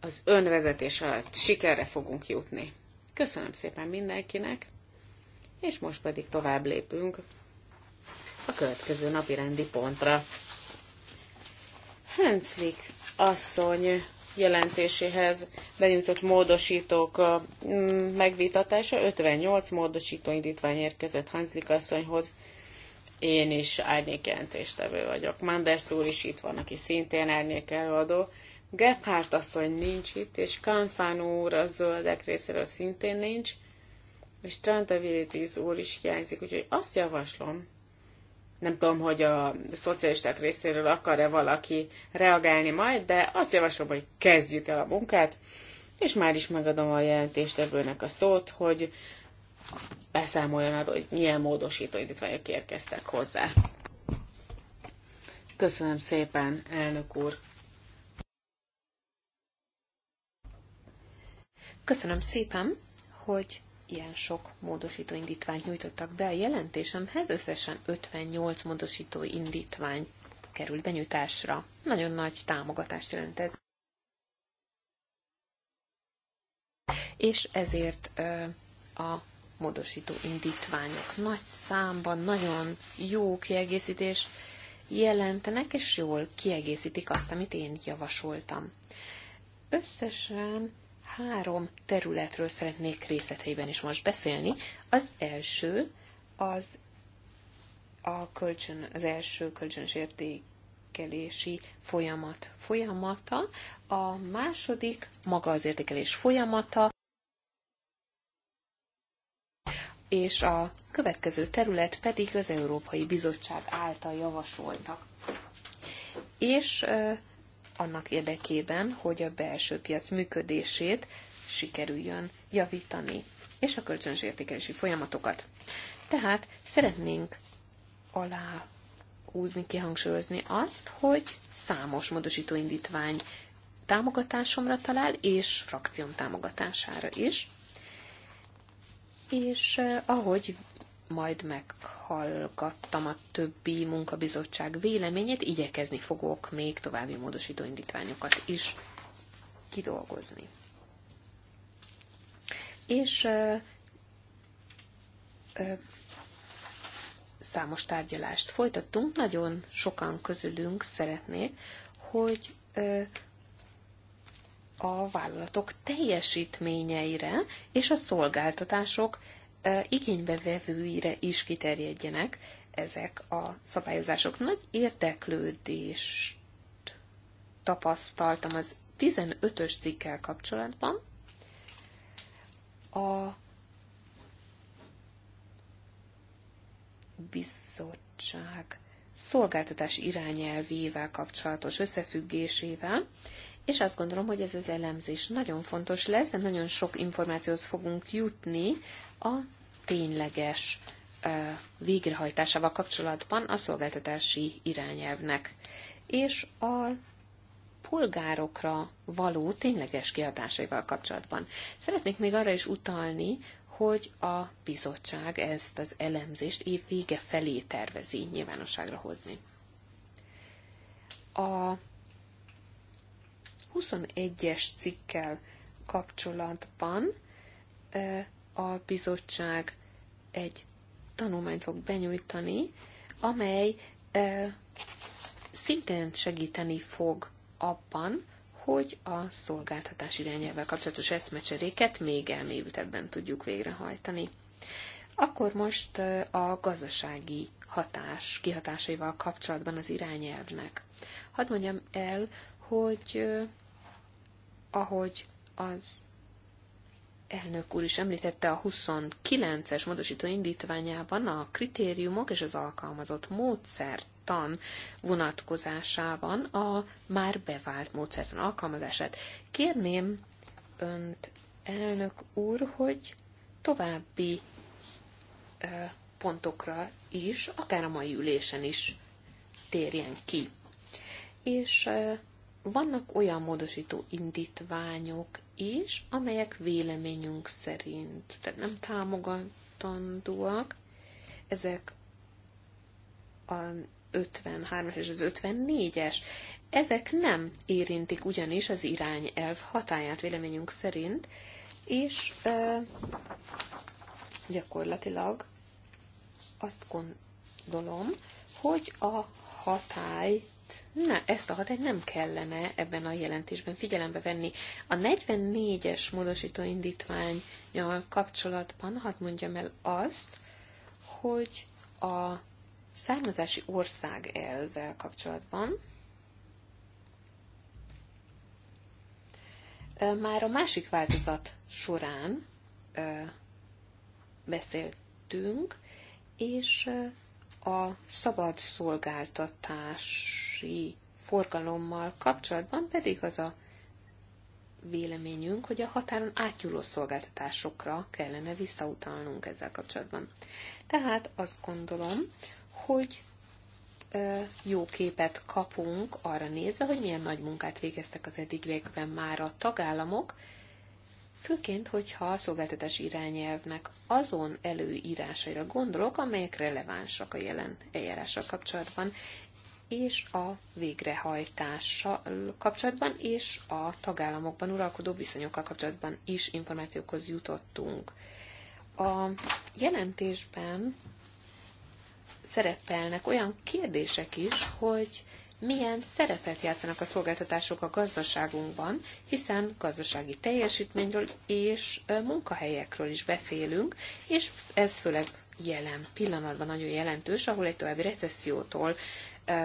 az önvezetés alatt sikerre fogunk jutni. Köszönöm szépen mindenkinek, és most pedig tovább lépünk a következő napi rendi pontra. Henslik asszony jelentéséhez benyújtott módosítók megvitatása. 58 módosító indítvány érkezett Hanslik asszonyhoz. Én is árnyékjelentéstevő vagyok. Manders úr is itt van, aki szintén árnyékelőadó. Gephardt asszony nincs itt, és Kanfán úr a zöldek részéről szintén nincs, és Trantavilitis úr is hiányzik, úgyhogy azt javaslom, nem tudom, hogy a szocialisták részéről akar-e valaki reagálni majd, de azt javaslom, hogy kezdjük el a munkát, és már is megadom a jelentéstevőnek a szót, hogy beszámoljon arról, hogy milyen módosító indítványok érkeztek hozzá. Köszönöm szépen, elnök úr! Köszönöm szépen, hogy ilyen sok módosító indítványt nyújtottak be a jelentésemhez, összesen 58 módosító indítvány került benyújtásra. Nagyon nagy támogatást jelent ez. És ezért a módosító indítványok nagy számban, nagyon jó kiegészítés jelentenek, és jól kiegészítik azt, amit én javasoltam. Összesen három területről szeretnék részleteiben is most beszélni. Az első az a kölcsön, az első kölcsönös értékelési folyamat folyamata, a második maga az értékelés folyamata, és a következő terület pedig az Európai Bizottság által javasoltak. És annak érdekében, hogy a belső piac működését sikerüljön javítani, és a kölcsönös értékelési folyamatokat. Tehát szeretnénk alá húzni, kihangsúlyozni azt, hogy számos módosítóindítvány indítvány támogatásomra talál, és frakcióm támogatására is és eh, ahogy majd meghallgattam a többi munkabizottság véleményét, igyekezni fogok még további módosító indítványokat is kidolgozni. És ö, eh, ö, eh, számos tárgyalást folytattunk, nagyon sokan közülünk szeretnék, hogy ö, a vállalatok teljesítményeire és a szolgáltatások igénybevevőire is kiterjedjenek ezek a szabályozások. Nagy érdeklődést tapasztaltam az 15-ös cikkel kapcsolatban. A bizottság szolgáltatás irányelvével kapcsolatos összefüggésével, és azt gondolom, hogy ez az elemzés nagyon fontos lesz, de nagyon sok információhoz fogunk jutni a tényleges végrehajtásával kapcsolatban a szolgáltatási irányelvnek, és a polgárokra való tényleges kiadásaival kapcsolatban. Szeretnék még arra is utalni, hogy a bizottság ezt az elemzést év vége felé tervezi nyilvánosságra hozni. A 21-es cikkel kapcsolatban a bizottság egy tanulmányt fog benyújtani, amely szintén segíteni fog abban, hogy a szolgáltatás irányelvvel kapcsolatos eszmecseréket még elmélyültebben tudjuk végrehajtani. Akkor most a gazdasági hatás kihatásaival kapcsolatban az irányelvnek. Hadd mondjam el, hogy ahogy az elnök úr is említette a 29-es módosító indítványában a kritériumok és az alkalmazott módszertan vonatkozásában a már bevált módszertan alkalmazását. Kérném önt, elnök úr, hogy további pontokra is, akár a mai ülésen is térjen ki. És vannak olyan módosító indítványok is, amelyek véleményünk szerint, tehát nem támogatandóak, ezek a 53-as és az 54-es. Ezek nem érintik ugyanis az irányelv hatáját véleményünk szerint, és ö, gyakorlatilag azt gondolom, hogy a hatály Hát, na, ezt a hatályt nem kellene ebben a jelentésben figyelembe venni. A 44-es módosítóindítványjal kapcsolatban hadd mondjam el azt, hogy a származási ország elvvel kapcsolatban már a másik változat során beszéltünk, és a szabad szolgáltatási forgalommal kapcsolatban pedig az a véleményünk, hogy a határon átnyúló szolgáltatásokra kellene visszautalnunk ezzel kapcsolatban. Tehát azt gondolom, hogy jó képet kapunk arra nézve, hogy milyen nagy munkát végeztek az eddigiekben már a tagállamok, főként, hogyha a szolgáltatás irányelvnek azon előírásaira gondolok, amelyek relevánsak a jelen eljárással kapcsolatban, és a végrehajtással kapcsolatban, és a tagállamokban uralkodó viszonyokkal kapcsolatban is információkhoz jutottunk. A jelentésben szerepelnek olyan kérdések is, hogy milyen szerepet játszanak a szolgáltatások a gazdaságunkban, hiszen gazdasági teljesítményről és munkahelyekről is beszélünk, és ez főleg jelen pillanatban nagyon jelentős, ahol egy további recessziótól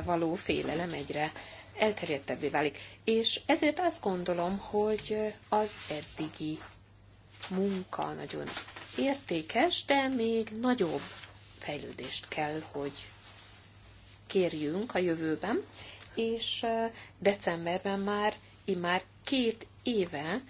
való félelem egyre elterjedtebbé válik. És ezért azt gondolom, hogy az eddigi munka nagyon értékes, de még nagyobb fejlődést kell, hogy kérjünk a jövőben, és decemberben már, én már két éve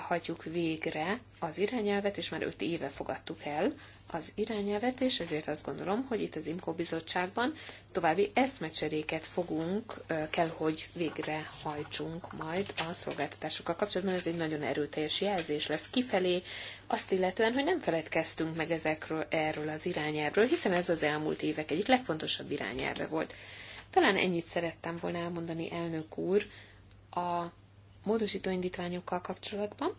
hagyjuk végre az irányelvet, és már öt éve fogadtuk el az irányelvet, és ezért azt gondolom, hogy itt az IMKO bizottságban további eszmecseréket fogunk, kell, hogy végrehajtsunk majd a szolgáltatásokkal kapcsolatban. Ez egy nagyon erőteljes jelzés lesz kifelé, azt illetően, hogy nem feledkeztünk meg ezekről, erről az irányelvről, hiszen ez az elmúlt évek egyik legfontosabb irányelve volt. Talán ennyit szerettem volna elmondani, elnök úr, a módosító indítványokkal kapcsolatban,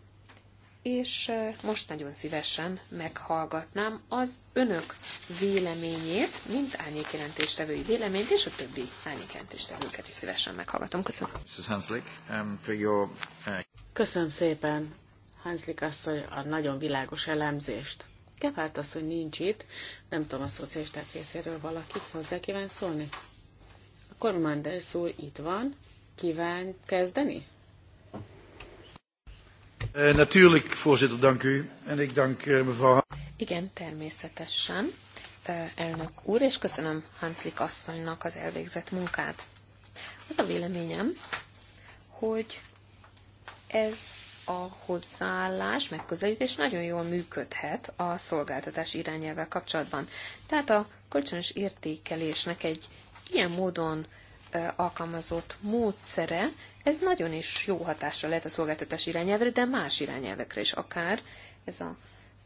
és most nagyon szívesen meghallgatnám az önök véleményét, mint árnyékjelentéstevői véleményt, és a többi árnyékjelentéstevőket is szívesen meghallgatom. Köszönöm. Hanslick, um, for your, uh, Köszönöm szépen, Hanslik asszony, a nagyon világos elemzést. az, hogy nincs itt, nem tudom, a szocialisták részéről valaki hozzá kíván szólni. Akkor Manders úr itt van, kíván kezdeni? Eh, natuurlijk, voorzitter, dank u. En ik dank eh, mevrouw... Igen, természetesen, eh, elnök úr, és köszönöm Hanslik asszonynak az elvégzett munkát. Az a véleményem, hogy ez a hozzáállás, megközelítés nagyon jól működhet a szolgáltatás irányelvvel kapcsolatban. Tehát a kölcsönös értékelésnek egy ilyen módon alkalmazott módszere ez nagyon is jó hatásra lehet a szolgáltatás irányelvre, de más irányelvekre is akár ez a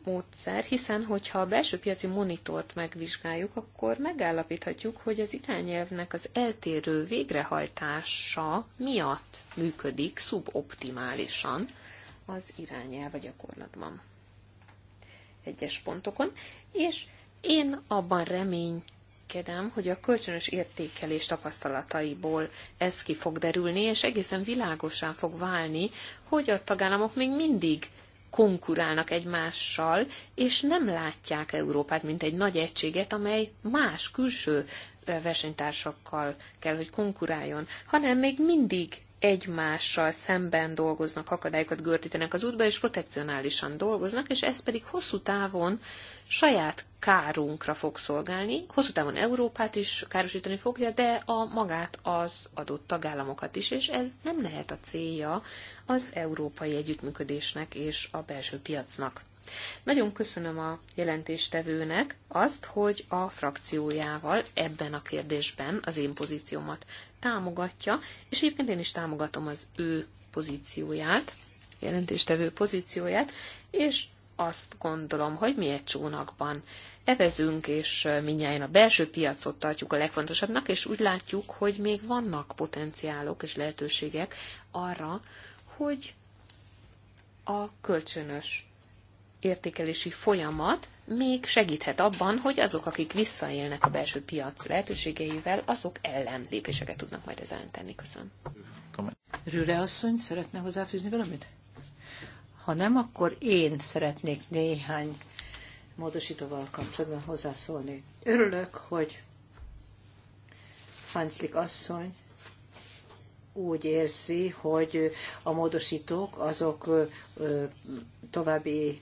módszer, hiszen hogyha a belső piaci monitort megvizsgáljuk, akkor megállapíthatjuk, hogy az irányelvnek az eltérő végrehajtása miatt működik szuboptimálisan az irányelv a gyakorlatban. Egyes pontokon, és én abban remény reménykedem, hogy a kölcsönös értékelés tapasztalataiból ez ki fog derülni, és egészen világosan fog válni, hogy a tagállamok még mindig konkurálnak egymással, és nem látják Európát, mint egy nagy egységet, amely más külső versenytársakkal kell, hogy konkuráljon, hanem még mindig egymással szemben dolgoznak, akadályokat gördítenek az útba, és protekcionálisan dolgoznak, és ez pedig hosszú távon saját kárunkra fog szolgálni, hosszú távon Európát is károsítani fogja, de a magát az adott tagállamokat is, és ez nem lehet a célja az európai együttműködésnek és a belső piacnak. Nagyon köszönöm a jelentéstevőnek azt, hogy a frakciójával ebben a kérdésben az én pozíciómat támogatja, és egyébként én is támogatom az ő pozícióját, jelentéstevő pozícióját, és azt gondolom, hogy mi egy csónakban evezünk, és minnyáján a belső piacot tartjuk a legfontosabbnak, és úgy látjuk, hogy még vannak potenciálok és lehetőségek arra, hogy a kölcsönös értékelési folyamat még segíthet abban, hogy azok, akik visszaélnek a belső piac lehetőségeivel, azok ellen lépéseket tudnak majd ezen tenni. Köszönöm. Rüle asszony, szeretne hozzáfűzni valamit? Ha nem, akkor én szeretnék néhány módosítóval kapcsolatban hozzászólni. Örülök, hogy Fánclik asszony úgy érzi, hogy a módosítók azok további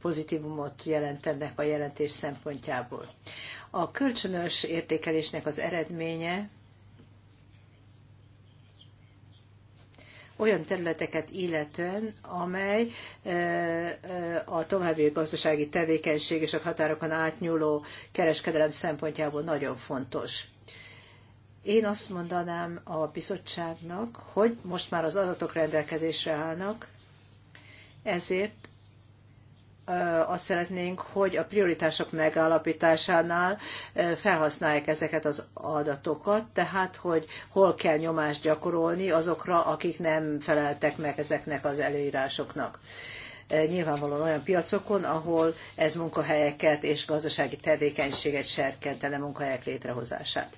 pozitívumot jelentenek a jelentés szempontjából. A kölcsönös értékelésnek az eredménye olyan területeket illetően, amely a további gazdasági tevékenység és a határokon átnyúló kereskedelem szempontjából nagyon fontos. Én azt mondanám a bizottságnak, hogy most már az adatok rendelkezésre állnak, ezért azt szeretnénk, hogy a prioritások megállapításánál felhasználják ezeket az adatokat, tehát hogy hol kell nyomást gyakorolni azokra, akik nem feleltek meg ezeknek az előírásoknak. Nyilvánvalóan olyan piacokon, ahol ez munkahelyeket és gazdasági tevékenységet serkentene munkahelyek létrehozását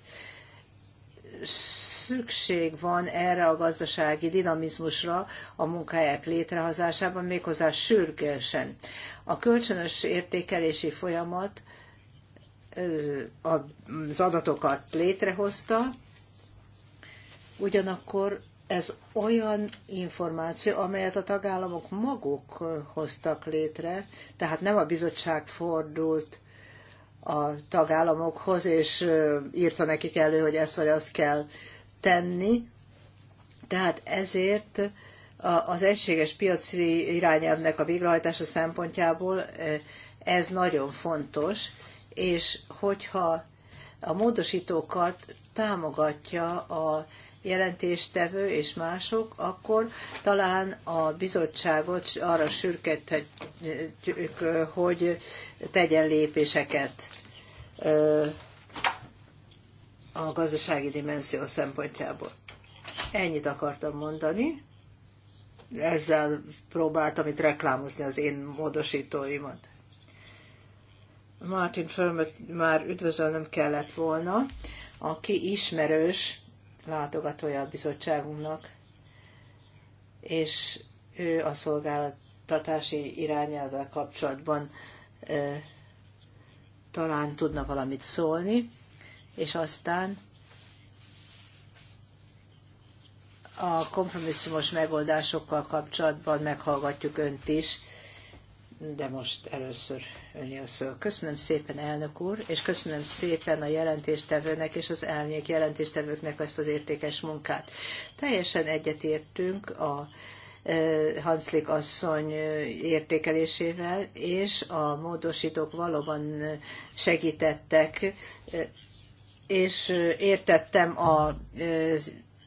szükség van erre a gazdasági dinamizmusra a munkahelyek létrehozásában, méghozzá sürgősen. A kölcsönös értékelési folyamat az adatokat létrehozta, ugyanakkor ez olyan információ, amelyet a tagállamok maguk hoztak létre, tehát nem a bizottság fordult a tagállamokhoz, és írta nekik elő, hogy ezt vagy azt kell tenni. Tehát ezért az egységes piaci irányelvnek a végrehajtása szempontjából ez nagyon fontos, és hogyha a módosítókat támogatja a jelentéstevő és mások, akkor talán a bizottságot arra sürkedhetjük, hogy tegyen lépéseket a gazdasági dimenzió szempontjából. Ennyit akartam mondani. Ezzel próbáltam itt reklámozni az én módosítóimat. Martin Fölmöt már üdvözölnöm kellett volna, aki ismerős látogatója a bizottságunknak, és ő a szolgáltatási irányelvvel kapcsolatban talán tudna valamit szólni, és aztán a kompromisszumos megoldásokkal kapcsolatban meghallgatjuk önt is, de most először önél szó. Köszönöm szépen, elnök úr, és köszönöm szépen a jelentéstevőnek és az elnyék jelentéstevőknek ezt az értékes munkát. Teljesen egyetértünk a e, Hanslik asszony értékelésével, és a módosítók valóban segítettek, e, és értettem a e,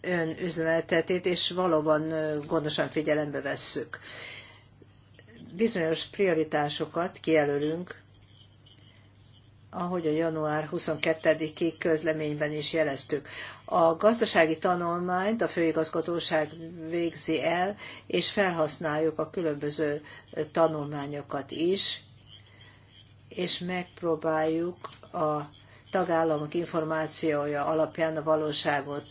ön üzenetetét, és valóban gondosan figyelembe vesszük bizonyos prioritásokat kijelölünk, ahogy a január 22-i közleményben is jeleztük. A gazdasági tanulmányt a főigazgatóság végzi el, és felhasználjuk a különböző tanulmányokat is, és megpróbáljuk a tagállamok információja alapján a valóságot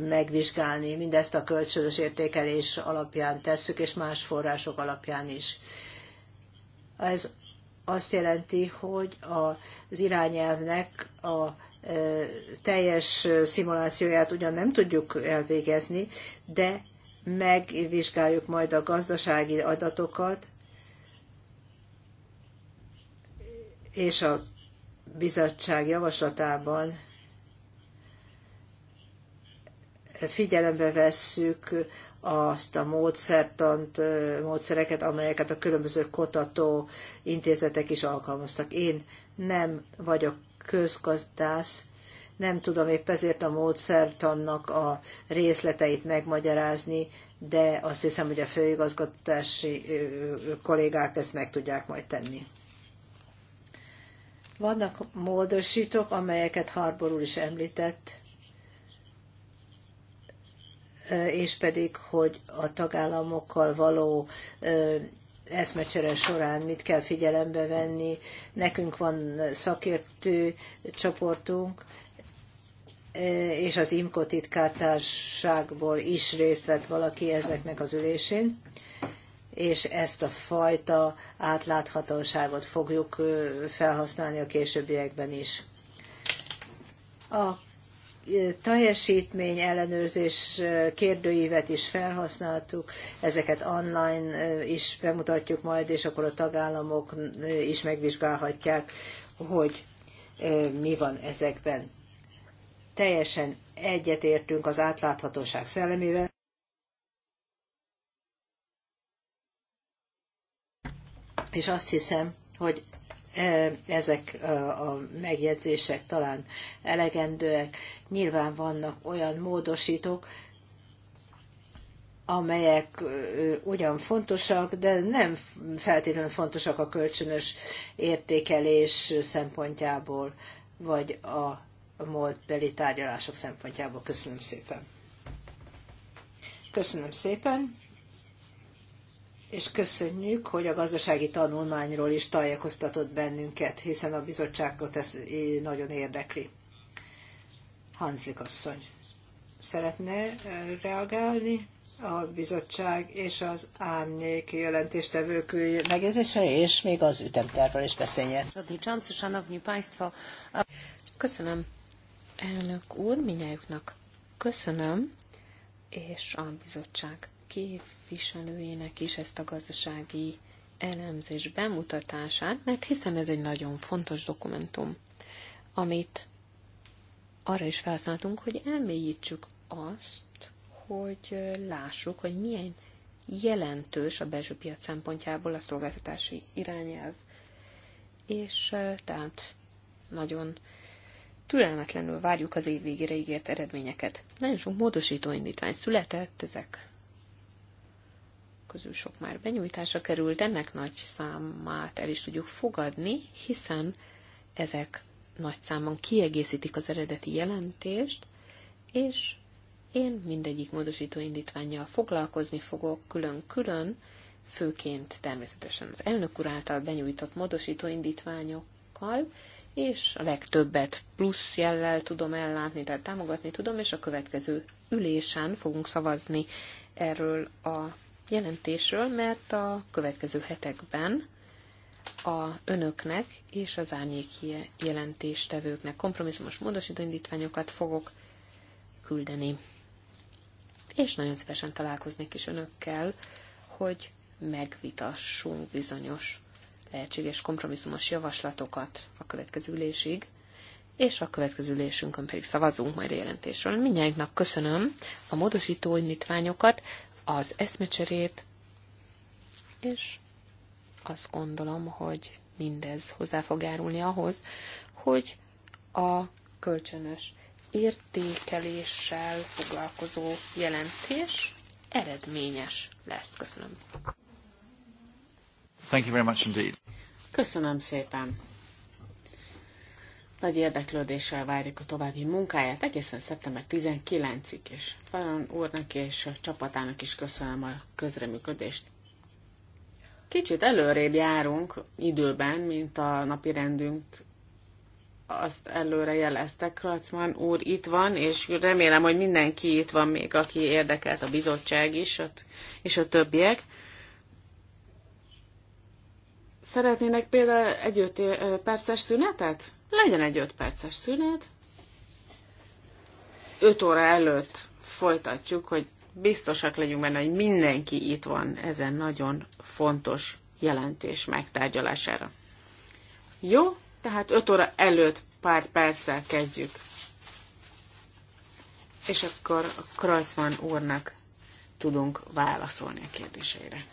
megvizsgálni. Mindezt a kölcsönös értékelés alapján tesszük, és más források alapján is. Ez azt jelenti, hogy az irányelvnek a teljes szimulációját ugyan nem tudjuk elvégezni, de megvizsgáljuk majd a gazdasági adatokat, és a bizottság javaslatában figyelembe vesszük azt a módszertant, módszereket, amelyeket a különböző kotató intézetek is alkalmaztak. Én nem vagyok közgazdász, nem tudom épp ezért a módszertannak a részleteit megmagyarázni, de azt hiszem, hogy a főigazgatási kollégák ezt meg tudják majd tenni. Vannak módosítók, amelyeket Harbor úr is említett, és pedig, hogy a tagállamokkal való eszmecsere során mit kell figyelembe venni. Nekünk van szakértő csoportunk, és az IMCO titkártárságból is részt vett valaki ezeknek az ülésén és ezt a fajta átláthatóságot fogjuk felhasználni a későbbiekben is. A teljesítmény ellenőrzés kérdőívet is felhasználtuk, ezeket online is bemutatjuk majd, és akkor a tagállamok is megvizsgálhatják, hogy mi van ezekben. Teljesen egyetértünk az átláthatóság szellemével, És azt hiszem, hogy e, ezek e, a megjegyzések talán elegendőek. Nyilván vannak olyan módosítók, amelyek e, ugyan fontosak, de nem feltétlenül fontosak a kölcsönös értékelés szempontjából, vagy a múltbeli tárgyalások szempontjából. Köszönöm szépen. Köszönöm szépen és köszönjük, hogy a gazdasági tanulmányról is tájékoztatott bennünket, hiszen a bizottságot ez nagyon érdekli. Hanzlik asszony szeretne eh, reagálni a bizottság és az árnyék jelentéstevők megjegyzésre, és még az ütemtervről is beszéljen. Köszönöm, elnök úr, minnyájuknak köszönöm, és a bizottság képviselőjének is ezt a gazdasági elemzés bemutatását, mert hiszen ez egy nagyon fontos dokumentum, amit arra is felszálltunk, hogy elmélyítsük azt, hogy lássuk, hogy milyen jelentős a belső piac szempontjából a szolgáltatási irányelv. És tehát nagyon türelmetlenül várjuk az év végére ígért eredményeket. Nagyon sok módosító indítvány született, ezek közül sok már benyújtásra került, ennek nagy számát el is tudjuk fogadni, hiszen ezek nagy számban kiegészítik az eredeti jelentést, és én mindegyik módosító indítványjal foglalkozni fogok külön-külön, főként természetesen az elnök úr által benyújtott módosító indítványokkal, és a legtöbbet plusz jellel tudom ellátni, tehát támogatni tudom, és a következő ülésen fogunk szavazni erről a jelentésről, mert a következő hetekben a önöknek és az árnyék jelentéstevőknek kompromisszumos módosítóindítványokat fogok küldeni. És nagyon szívesen találkoznék is önökkel, hogy megvitassunk bizonyos lehetséges kompromisszumos javaslatokat a következő ülésig, és a következő ülésünkön pedig szavazunk majd a jelentésről. Mindjárt köszönöm a módosító indítványokat, az eszmecserét, és azt gondolom, hogy mindez hozzá fog járulni ahhoz, hogy a kölcsönös értékeléssel foglalkozó jelentés eredményes lesz. Köszönöm. Thank you very much indeed. Köszönöm szépen. Nagy érdeklődéssel várjuk a további munkáját egészen szeptember 19-ig, és Faron úrnak és a csapatának is köszönöm a közreműködést. Kicsit előrébb járunk időben, mint a napi rendünk azt előre jeleztek, Kracman úr itt van, és remélem, hogy mindenki itt van még, aki érdekelt, a bizottság is, és a többiek. Szeretnének például egy perces szünetet? Legyen egy 5 perces szünet. 5 óra előtt folytatjuk, hogy biztosak legyünk benne, hogy mindenki itt van ezen nagyon fontos jelentés megtárgyalására. Jó, tehát 5 óra előtt pár perccel kezdjük. És akkor a Kreuzmann úrnak tudunk válaszolni a kérdéseire.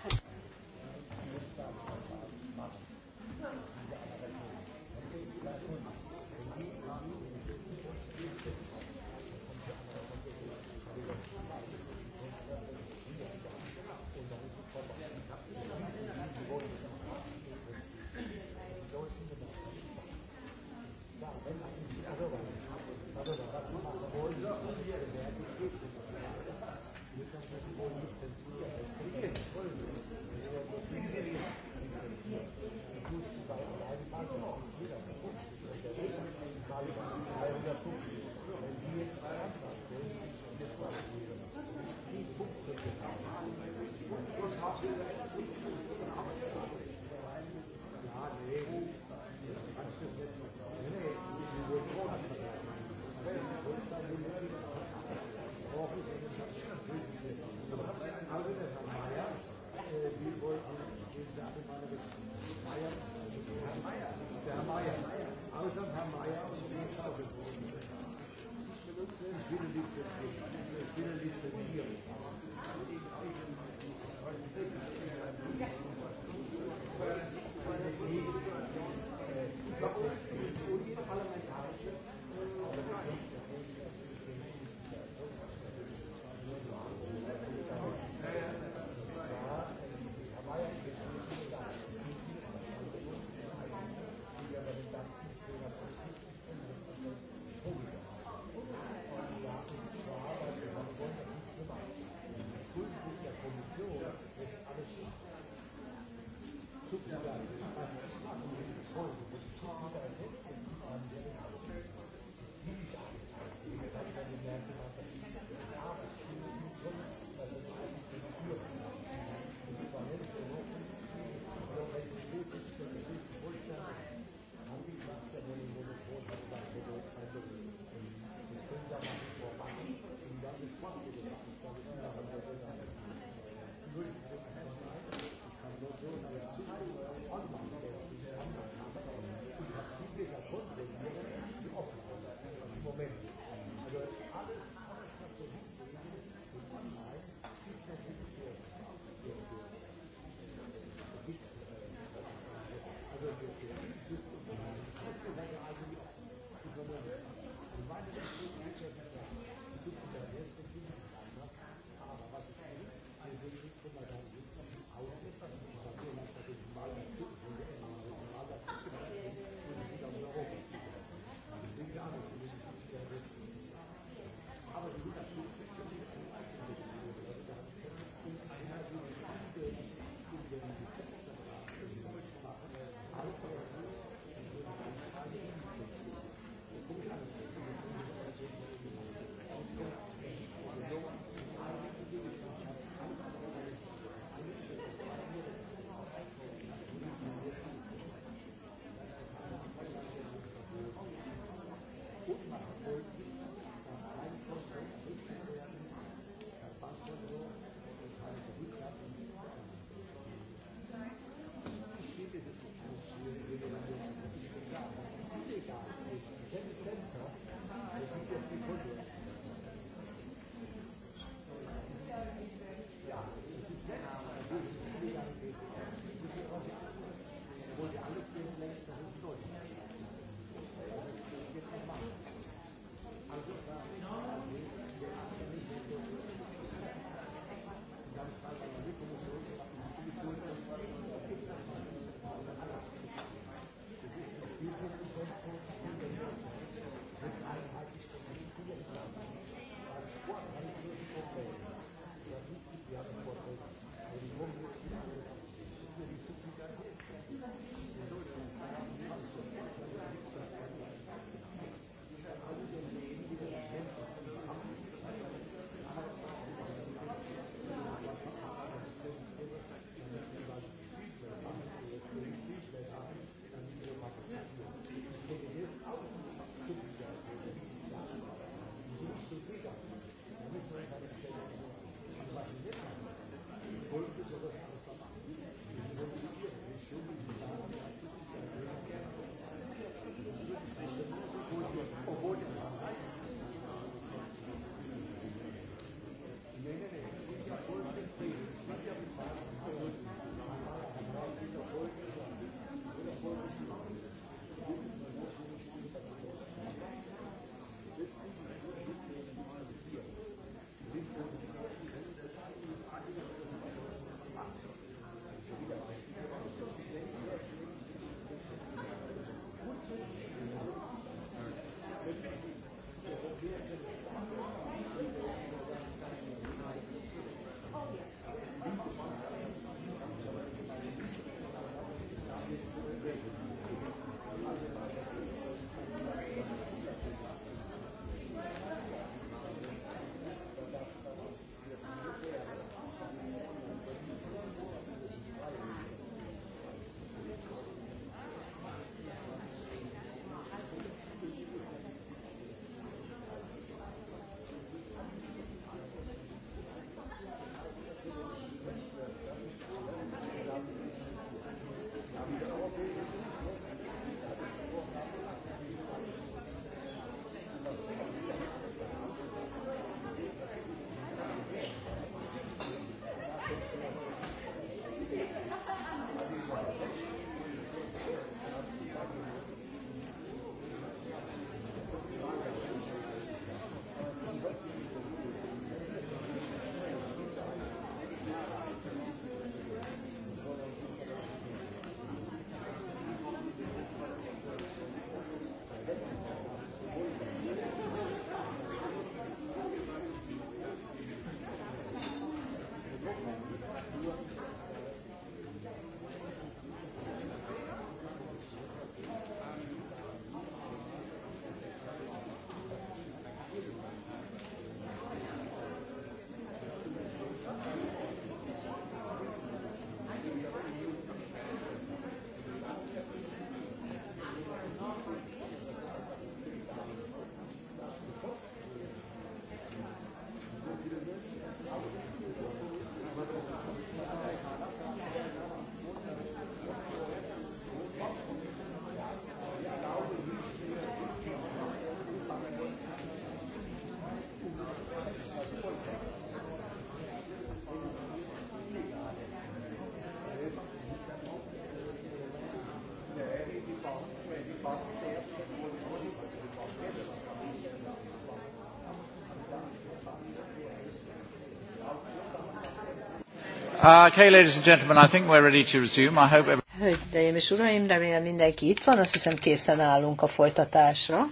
Okay, ladies and gentlemen, I think we're ready to resume. I hope Hölgyeim és uraim, remélem mindenki itt van, azt hiszem készen állunk a folytatásra.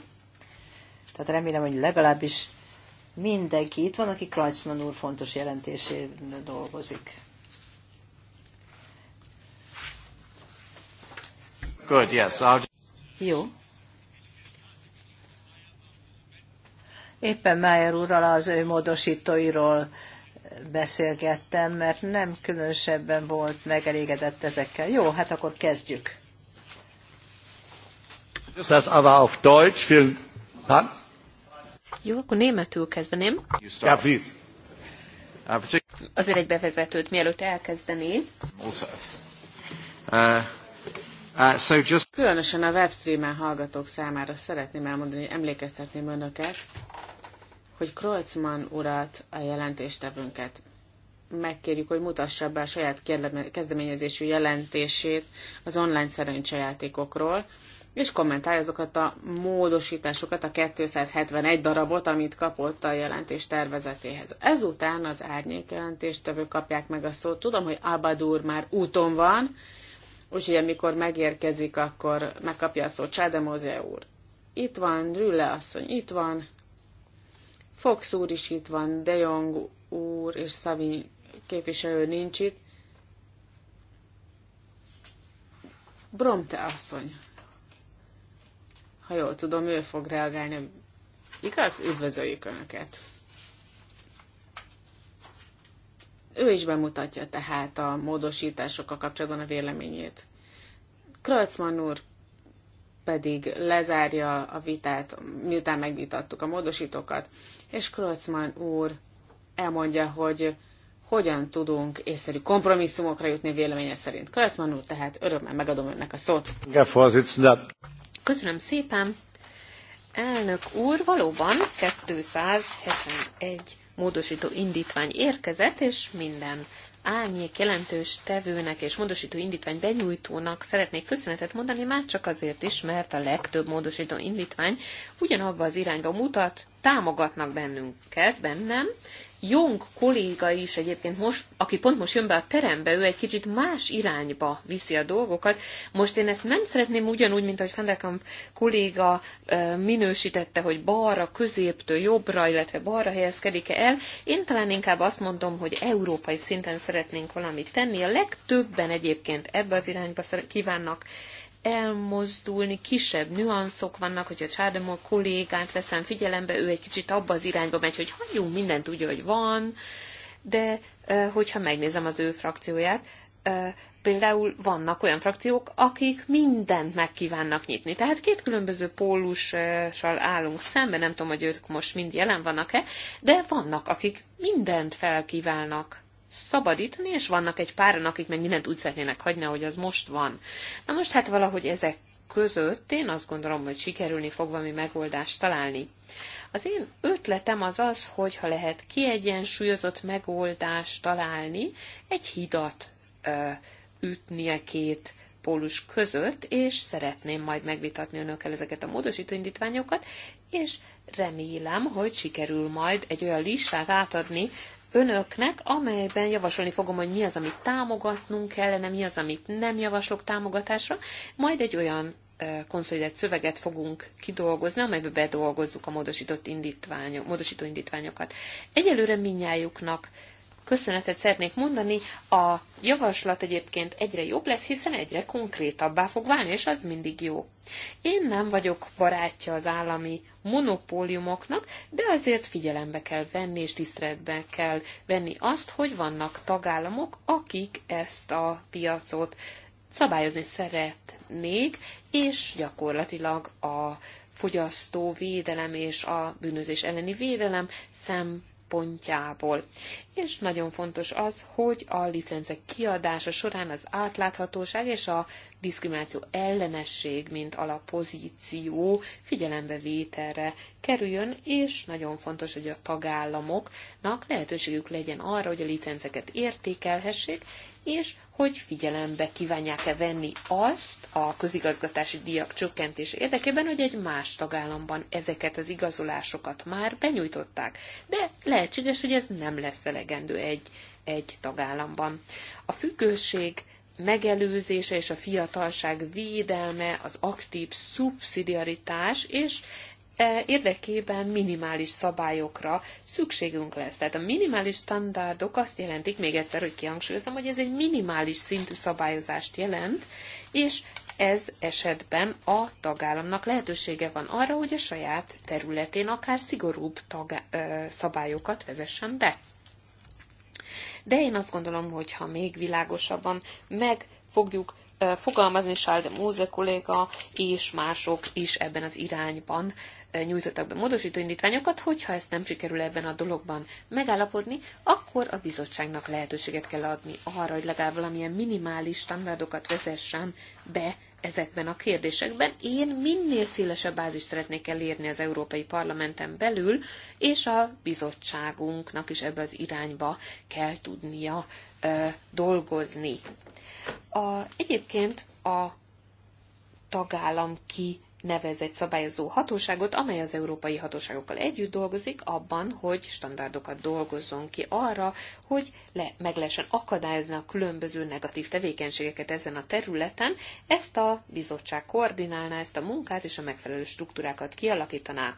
Tehát remélem, hogy legalábbis mindenki itt van, aki Kreitzmann úr fontos jelentésén dolgozik. Good, yes. I'll... Jó. Éppen Meyer úrral az ő módosítóiról beszélgettem, mert nem különösebben volt megelégedett ezekkel. Jó, hát akkor kezdjük. Das aber auf Deutsch. Vielen Dank. Jó, akkor németül kezdeném. Ja, please. Azért egy bevezetőt, mielőtt elkezdené. Uh, uh, Különösen a webstreamen hallgatók számára szeretném elmondani, hogy emlékeztetném önöket, hogy Krolcman urat, a jelentéstevőnket megkérjük, hogy mutassa be a saját kezdeményezésű jelentését az online szerencsejátékokról, és kommentálja azokat a módosításokat, a 271 darabot, amit kapott a jelentés tervezetéhez. Ezután az árnyék jelentéstevő kapják meg a szót. Tudom, hogy Abadur már úton van, úgyhogy amikor megérkezik, akkor megkapja a szót Csádemóze úr. Itt van, Rülle asszony, itt van, Fox úr is itt van, De Jong úr és Szavi képviselő nincs itt. Bromte asszony. Ha jól tudom, ő fog reagálni. Igaz? Üdvözöljük Önöket! Ő is bemutatja tehát a módosításokkal kapcsolatban a véleményét. Kralcman úr pedig lezárja a vitát, miután megvitattuk a módosítókat, és Krocman úr elmondja, hogy hogyan tudunk észszerű kompromisszumokra jutni véleménye szerint. Krocman úr, tehát örömmel megadom önnek a szót. Köszönöm szépen. Elnök úr, valóban 271 módosító indítvány érkezett, és minden árnyék jelentős tevőnek és módosító indítvány benyújtónak szeretnék köszönetet mondani, már csak azért is, mert a legtöbb módosító indítvány ugyanabba az irányba mutat, támogatnak bennünket, bennem. Jong kolléga is egyébként most, aki pont most jön be a terembe, ő egy kicsit más irányba viszi a dolgokat. Most én ezt nem szeretném ugyanúgy, mint ahogy Fendekamp kolléga minősítette, hogy balra, középtől jobbra, illetve balra helyezkedik -e el. Én talán inkább azt mondom, hogy európai szinten szeretnénk valamit tenni. A legtöbben egyébként ebbe az irányba kívánnak elmozdulni, kisebb nüanszok vannak, hogyha Csárdemol kollégát veszem figyelembe, ő egy kicsit abba az irányba megy, hogy hagyjunk mindent úgy, hogy van, de hogyha megnézem az ő frakcióját, például vannak olyan frakciók, akik mindent megkívánnak nyitni. Tehát két különböző pólussal állunk szemben, nem tudom, hogy ők most mind jelen vannak-e, de vannak, akik mindent felkívánnak szabadítani, és vannak egy páran, akik meg mindent úgy szeretnének hagyni, ahogy az most van. Na most hát valahogy ezek között én azt gondolom, hogy sikerülni fog valami megoldást találni. Az én ötletem az az, hogy ha lehet kiegyensúlyozott megoldást találni, egy hidat ö, ütni a két pólus között, és szeretném majd megvitatni önökkel ezeket a módosító indítványokat, és remélem, hogy sikerül majd egy olyan listát átadni önöknek, amelyben javasolni fogom, hogy mi az, amit támogatnunk kellene, mi az, amit nem javaslok támogatásra, majd egy olyan konszolidált szöveget fogunk kidolgozni, amelybe bedolgozzuk a módosított indítványok, módosító indítványokat. Egyelőre minnyájuknak köszönetet szeretnék mondani. A javaslat egyébként egyre jobb lesz, hiszen egyre konkrétabbá fog válni, és az mindig jó. Én nem vagyok barátja az állami monopóliumoknak, de azért figyelembe kell venni, és tiszteletbe kell venni azt, hogy vannak tagállamok, akik ezt a piacot szabályozni szeretnék, és gyakorlatilag a fogyasztó védelem és a bűnözés elleni védelem szem szempontjából. És nagyon fontos az, hogy a licencek kiadása során az átláthatóság és a diszkrimináció ellenesség, mint alapozíció figyelembe vételre kerüljön, és nagyon fontos, hogy a tagállamoknak lehetőségük legyen arra, hogy a licenceket értékelhessék, és hogy figyelembe kívánják-e venni azt a közigazgatási díjak csökkentés érdekében, hogy egy más tagállamban ezeket az igazolásokat már benyújtották. De lehetséges, hogy ez nem lesz elegendő egy, egy tagállamban. A függőség megelőzése és a fiatalság védelme, az aktív szubszidiaritás és E, érdekében minimális szabályokra szükségünk lesz. Tehát a minimális standardok azt jelentik, még egyszer, hogy kihangsúlyozom, hogy ez egy minimális szintű szabályozást jelent, és ez esetben a tagállamnak lehetősége van arra, hogy a saját területén akár szigorúbb tag e, szabályokat vezessen be. De én azt gondolom, hogy ha még világosabban meg fogjuk e, fogalmazni, Sálde Móze kolléga és mások is ebben az irányban nyújtottak be módosító indítványokat, hogyha ezt nem sikerül ebben a dologban megállapodni, akkor a bizottságnak lehetőséget kell adni arra, hogy legalább valamilyen minimális standardokat vezessen be ezekben a kérdésekben. Én minél szélesebb bázis szeretnék elérni az Európai Parlamenten belül, és a bizottságunknak is ebbe az irányba kell tudnia ö, dolgozni. A, egyébként a tagállam ki nevez egy szabályozó hatóságot, amely az európai hatóságokkal együtt dolgozik abban, hogy standardokat dolgozzon ki arra, hogy le, meg lehessen akadályozni a különböző negatív tevékenységeket ezen a területen. Ezt a bizottság koordinálná, ezt a munkát és a megfelelő struktúrákat kialakítaná.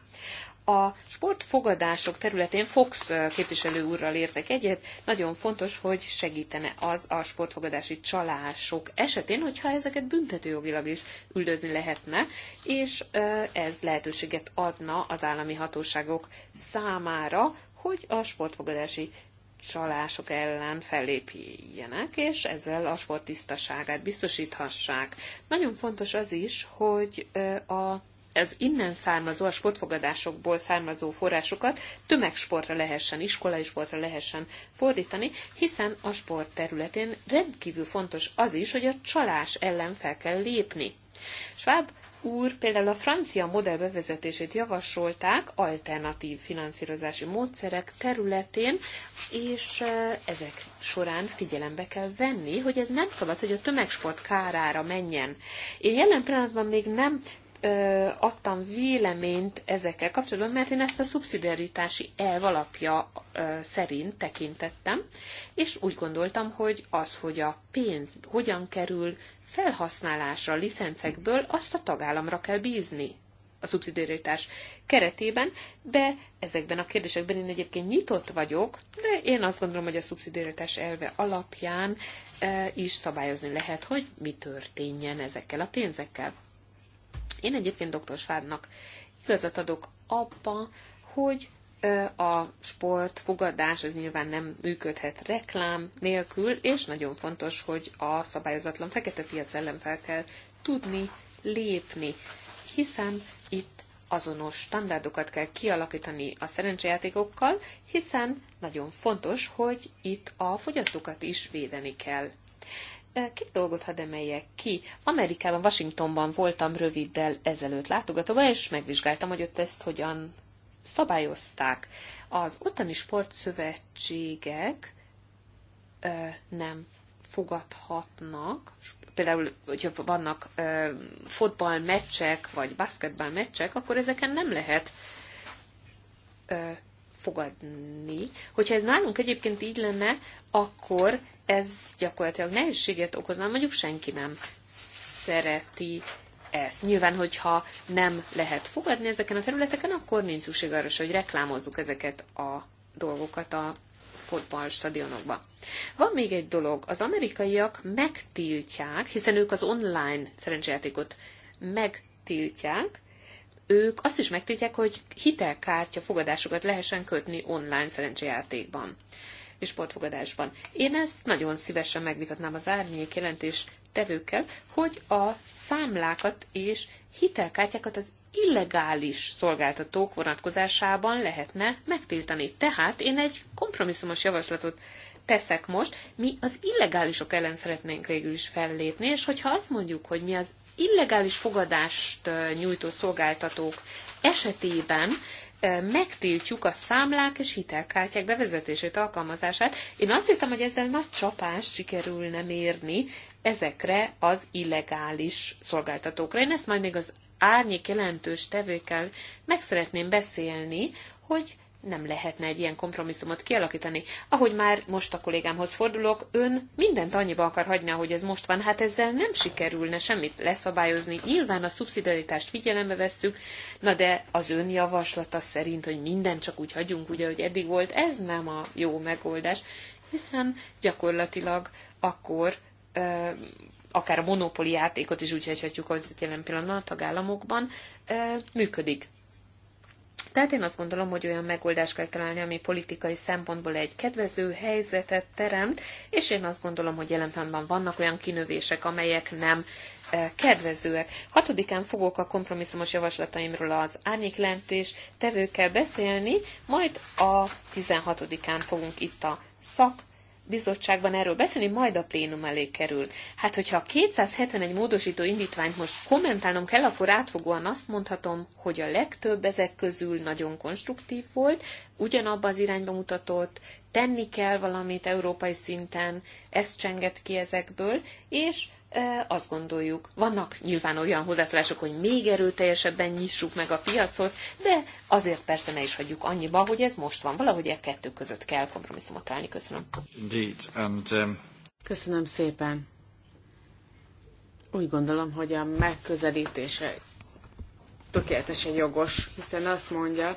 A sportfogadások területén Fox eh, képviselő úrral értek egyet, nagyon fontos, hogy segítene az a sportfogadási csalások esetén, hogyha ezeket büntetőjogilag is üldözni lehetne, és eh, ez lehetőséget adna az állami hatóságok számára, hogy a sportfogadási csalások ellen fellépjenek, és ezzel a sport tisztaságát biztosíthassák. Nagyon fontos az is, hogy eh, a az innen származó, a sportfogadásokból származó forrásokat tömegsportra lehessen, iskolai sportra lehessen fordítani, hiszen a sport területén rendkívül fontos az is, hogy a csalás ellen fel kell lépni. Schwab úr például a francia modell bevezetését javasolták alternatív finanszírozási módszerek területén, és ezek során figyelembe kell venni, hogy ez nem szabad, hogy a tömegsport kárára menjen. Én jelen pillanatban még nem ö, adtam véleményt ezekkel kapcsolatban, mert én ezt a szubszidiaritási elv alapja ö, szerint tekintettem, és úgy gondoltam, hogy az, hogy a pénz hogyan kerül felhasználásra a licencekből, azt a tagállamra kell bízni a szubszidiaritás keretében, de ezekben a kérdésekben én egyébként nyitott vagyok, de én azt gondolom, hogy a szubszidiaritás elve alapján e, is szabályozni lehet, hogy mi történjen ezekkel a pénzekkel. Én egyébként dr. Svábnak igazat adok abba, hogy a sport fogadás az nyilván nem működhet reklám nélkül, és nagyon fontos, hogy a szabályozatlan fekete piac ellen fel kell tudni lépni, hiszen itt azonos standardokat kell kialakítani a szerencsejátékokkal, hiszen nagyon fontos, hogy itt a fogyasztókat is védeni kell két dolgot hadd emeljek ki. Amerikában, Washingtonban voltam röviddel ezelőtt látogatóban, és megvizsgáltam, hogy ott ezt hogyan szabályozták. Az ottani sportszövetségek nem fogadhatnak, például, hogyha vannak ö, fotballmeccsek, vagy basketballmeccsek, akkor ezeken nem lehet fogadni. Hogyha ez nálunk egyébként így lenne, akkor ez gyakorlatilag nehézséget okozna, mondjuk senki nem szereti ezt. Nyilván, hogyha nem lehet fogadni ezeken a területeken, akkor nincs szükség arra, hogy reklámozzuk ezeket a dolgokat a futballstadionokba. Van még egy dolog, az amerikaiak megtiltják, hiszen ők az online szerencsejátékot megtiltják, ők azt is megtiltják, hogy hitelkártya fogadásokat lehessen kötni online szerencsejátékban és sportfogadásban. Én ezt nagyon szívesen megvitatnám az árnyék jelentés tevőkkel, hogy a számlákat és hitelkártyákat az illegális szolgáltatók vonatkozásában lehetne megtiltani. Tehát én egy kompromisszumos javaslatot teszek most, mi az illegálisok ellen szeretnénk végül is fellépni, és hogyha azt mondjuk, hogy mi az illegális fogadást nyújtó szolgáltatók esetében megtiltjuk a számlák és hitelkártyák bevezetését, alkalmazását. Én azt hiszem, hogy ezzel nagy csapást sikerülne mérni ezekre az illegális szolgáltatókra. Én ezt majd még az árnyék jelentős tevékkel meg szeretném beszélni, hogy nem lehetne egy ilyen kompromisszumot kialakítani. Ahogy már most a kollégámhoz fordulok, ön mindent annyiba akar hagyni, ahogy ez most van, hát ezzel nem sikerülne semmit leszabályozni. Nyilván a szubszidiaritást figyelembe vesszük, na de az ön javaslata szerint, hogy minden csak úgy hagyunk, ugye, hogy eddig volt, ez nem a jó megoldás, hiszen gyakorlatilag akkor ö, akár a monopóli játékot is úgy hagyhatjuk, az jelen pillanatban a tagállamokban ö, működik. Tehát én azt gondolom, hogy olyan megoldást kell találni, ami politikai szempontból egy kedvező helyzetet teremt, és én azt gondolom, hogy jelen pillanatban vannak olyan kinövések, amelyek nem eh, kedvezőek. Hatodikán fogok a kompromisszumos javaslataimról az árnyéklentés tevőkkel beszélni, majd a 16-án fogunk itt a szak bizottságban erről beszélni, majd a plénum elé kerül. Hát, hogyha a 271 módosító indítványt most kommentálnom kell, akkor átfogóan azt mondhatom, hogy a legtöbb ezek közül nagyon konstruktív volt, ugyanabba az irányba mutatott, tenni kell valamit európai szinten, ezt csenget ki ezekből, és azt gondoljuk, vannak nyilván olyan hozzászólások, hogy még erőteljesebben nyissuk meg a piacot, de azért persze ne is hagyjuk annyiba, hogy ez most van. Valahogy a e kettő között kell kompromisszumot találni. Köszönöm. Indeed. And, um... Köszönöm szépen. Úgy gondolom, hogy a megközelítése tökéletesen jogos, hiszen azt mondja,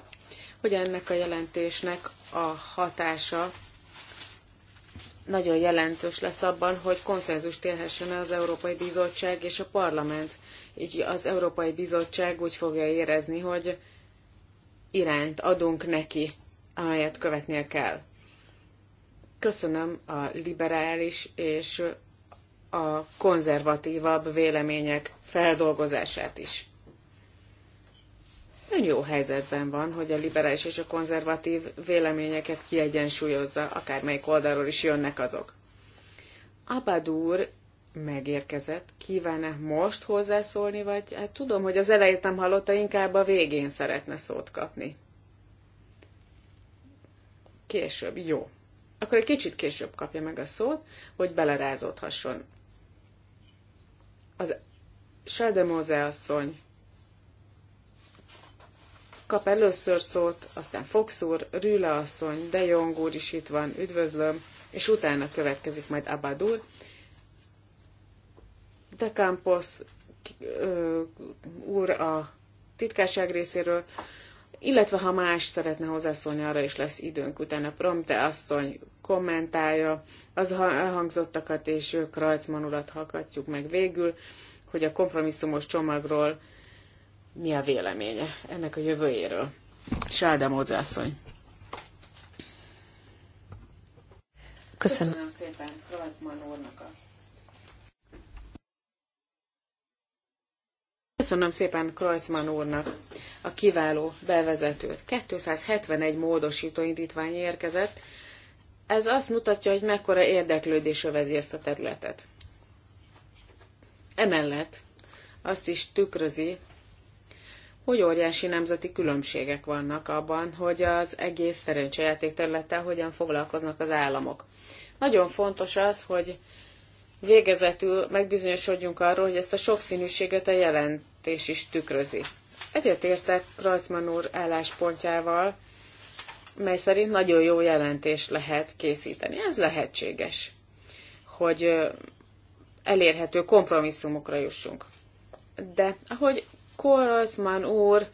hogy ennek a jelentésnek a hatása nagyon jelentős lesz abban, hogy konszenzust érhessen az Európai Bizottság és a Parlament. Így az Európai Bizottság úgy fogja érezni, hogy irányt adunk neki, amelyet követnie kell. Köszönöm a liberális és a konzervatívabb vélemények feldolgozását is ön jó helyzetben van, hogy a liberális és a konzervatív véleményeket kiegyensúlyozza, akármelyik oldalról is jönnek azok. Abad úr megérkezett. kíván-e most hozzászólni, vagy hát tudom, hogy az elejét nem hallotta, inkább a végén szeretne szót kapni. Később, jó. Akkor egy kicsit később kapja meg a szót, hogy belerázódhasson. Az Seldemóze asszony kap először szót, aztán Fox úr, Rüle asszony, De Jong úr is itt van, üdvözlöm, és utána következik majd Abad úr. De Campos úr a titkárság részéről, illetve ha más szeretne hozzászólni, arra is lesz időnk. Utána Promte asszony kommentálja az elhangzottakat, és Krajcman urat hallgatjuk meg végül, hogy a kompromisszumos csomagról mi a véleménye ennek a jövőjéről. Sáda Mózászony. Köszönöm. Köszönöm szépen Kralcman úrnak a Köszönöm szépen Kreuzmann úrnak a kiváló bevezetőt. 271 módosító indítvány érkezett. Ez azt mutatja, hogy mekkora érdeklődés övezi ezt a területet. Emellett azt is tükrözi, hogy óriási nemzeti különbségek vannak abban, hogy az egész szerencsejáték területtel hogyan foglalkoznak az államok. Nagyon fontos az, hogy végezetül megbizonyosodjunk arról, hogy ezt a sokszínűséget a jelentés is tükrözi. Egyetértek Krajcman úr álláspontjával, mely szerint nagyon jó jelentést lehet készíteni. Ez lehetséges, hogy elérhető kompromisszumokra jussunk. De ahogy Korolcman úr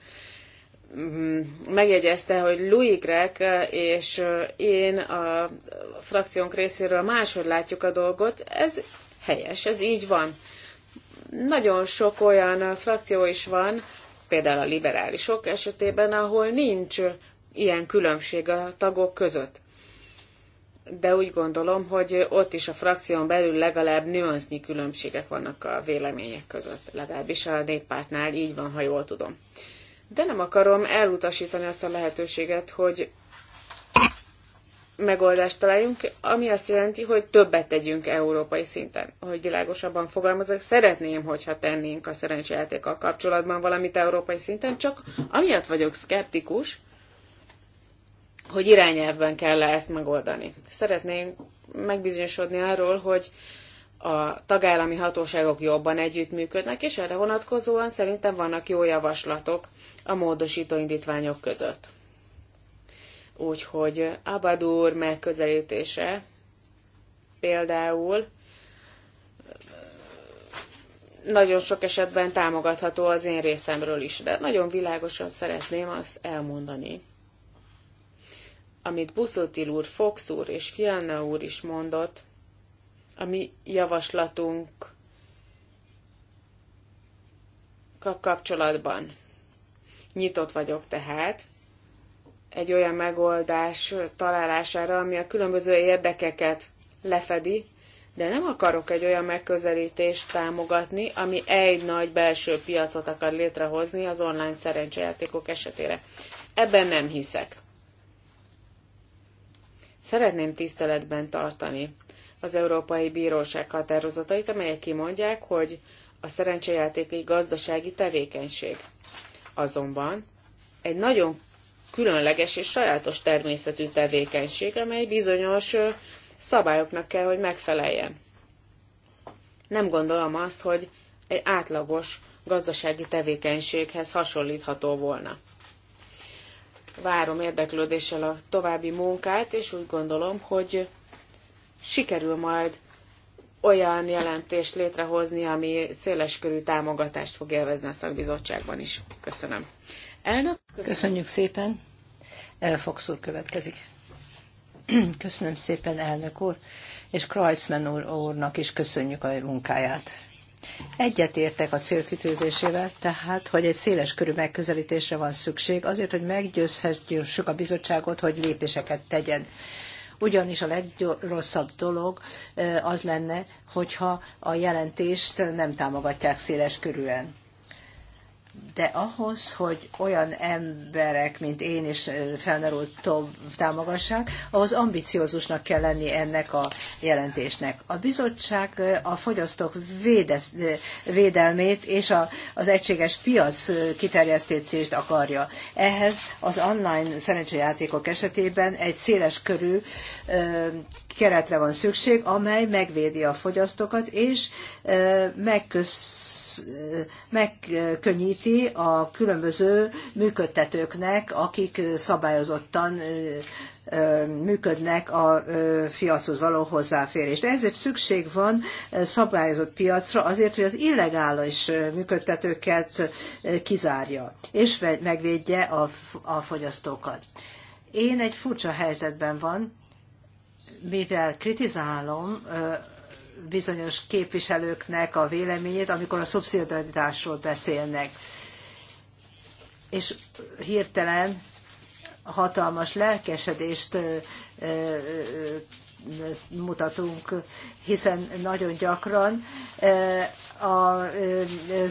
mm, megjegyezte, hogy Louis Grek és én a frakciónk részéről máshogy látjuk a dolgot. Ez helyes, ez így van. Nagyon sok olyan frakció is van, például a liberálisok esetében, ahol nincs ilyen különbség a tagok között de úgy gondolom, hogy ott is a frakción belül legalább nüansznyi különbségek vannak a vélemények között, legalábbis a néppártnál így van, ha jól tudom. De nem akarom elutasítani azt a lehetőséget, hogy megoldást találjunk, ami azt jelenti, hogy többet tegyünk európai szinten. Hogy világosabban fogalmazok, szeretném, hogyha tennénk a szerencsejátékkal kapcsolatban valamit európai szinten, csak amiatt vagyok szkeptikus, hogy irányelvben kell -e ezt megoldani. Szeretném megbizonyosodni arról, hogy a tagállami hatóságok jobban együttműködnek, és erre vonatkozóan szerintem vannak jó javaslatok a módosító indítványok között. Úgyhogy Abadur megközelítése például nagyon sok esetben támogatható az én részemről is, de nagyon világosan szeretném azt elmondani, amit Buszotil úr, Fox úr és Fialna úr is mondott, a mi javaslatunk kapcsolatban. Nyitott vagyok tehát egy olyan megoldás találására, ami a különböző érdekeket lefedi, de nem akarok egy olyan megközelítést támogatni, ami egy nagy belső piacot akar létrehozni az online szerencsejátékok esetére. Ebben nem hiszek. Szeretném tiszteletben tartani az Európai Bíróság határozatait, amelyek kimondják, hogy a szerencsejáték egy gazdasági tevékenység. Azonban egy nagyon különleges és sajátos természetű tevékenység, amely bizonyos szabályoknak kell, hogy megfeleljen. Nem gondolom azt, hogy egy átlagos gazdasági tevékenységhez hasonlítható volna várom érdeklődéssel a további munkát, és úgy gondolom, hogy sikerül majd olyan jelentést létrehozni, ami körű támogatást fog élvezni a szakbizottságban is. Köszönöm. Elnök, köszönöm. Köszönjük szépen. Fox úr következik. Köszönöm szépen, elnök úr, és Kreuzmann úr, úrnak is köszönjük a munkáját. Egyetértek a célkütőzésével, tehát, hogy egy széles körű megközelítésre van szükség, azért, hogy meggyőzhessük a bizottságot, hogy lépéseket tegyen. Ugyanis a legrosszabb dolog eh, az lenne, hogyha a jelentést nem támogatják széles körűen de ahhoz, hogy olyan emberek, mint én is felnerült támogassák, ahhoz ambiciózusnak kell lenni ennek a jelentésnek. A bizottság a fogyasztók védez, védelmét és a, az egységes piac kiterjesztését akarja. Ehhez az online szerencsejátékok esetében egy széles körű keretre van szükség, amely megvédi a fogyasztókat és megköz, megkönnyíti segíti a különböző működtetőknek, akik szabályozottan működnek a piachoz való hozzáférést. De ezért szükség van szabályozott piacra azért, hogy az illegális működtetőket kizárja, és megvédje a, a fogyasztókat. Én egy furcsa helyzetben van, mivel kritizálom bizonyos képviselőknek a véleményét, amikor a szubszidiaritásról beszélnek és hirtelen hatalmas lelkesedést mutatunk, hiszen nagyon gyakran a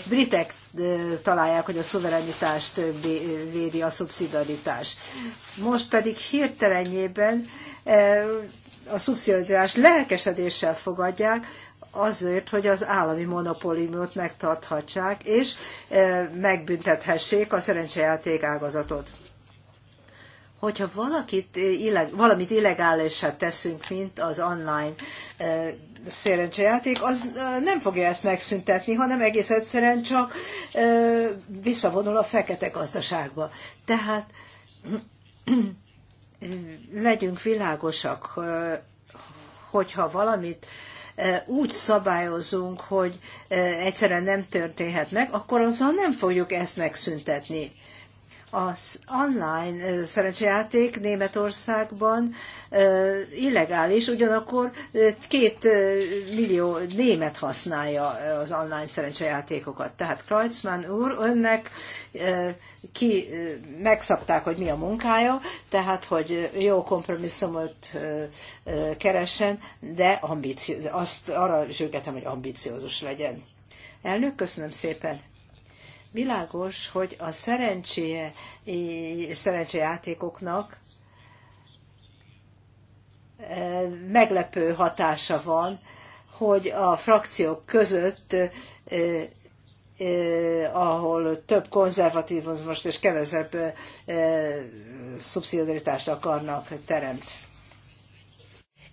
britek találják, hogy a szuverenitást védi a szubszidaritás. Most pedig hirtelenjében a szubszidaritás lelkesedéssel fogadják, azért, hogy az állami monopóliumot megtarthatsák, és e, megbüntethessék a szerencsejáték ágazatot. Hogyha valakit, valamit illegálisra teszünk, mint az online e, szerencsejáték, az e, nem fogja ezt megszüntetni, hanem egész egyszerűen csak visszavonul a fekete gazdaságba. Tehát legyünk világosak, hogyha valamit úgy szabályozunk, hogy eh, egyszerűen nem történhet meg, akkor azzal nem fogjuk ezt megszüntetni. Az online szerencsejáték Németországban illegális, ugyanakkor két millió német használja az online szerencsejátékokat. Tehát Kreutzmann úr, önnek ki megszabták, hogy mi a munkája, tehát hogy jó kompromisszumot keressen, de ambíció, azt arra zsörgetem, hogy ambiciózus legyen. Elnök, köszönöm szépen. Világos, hogy a szerencséje, szerencséjátékoknak e, meglepő hatása van, hogy a frakciók között, e, e, ahol több most és kevesebb szubszidiaritást akarnak teremt,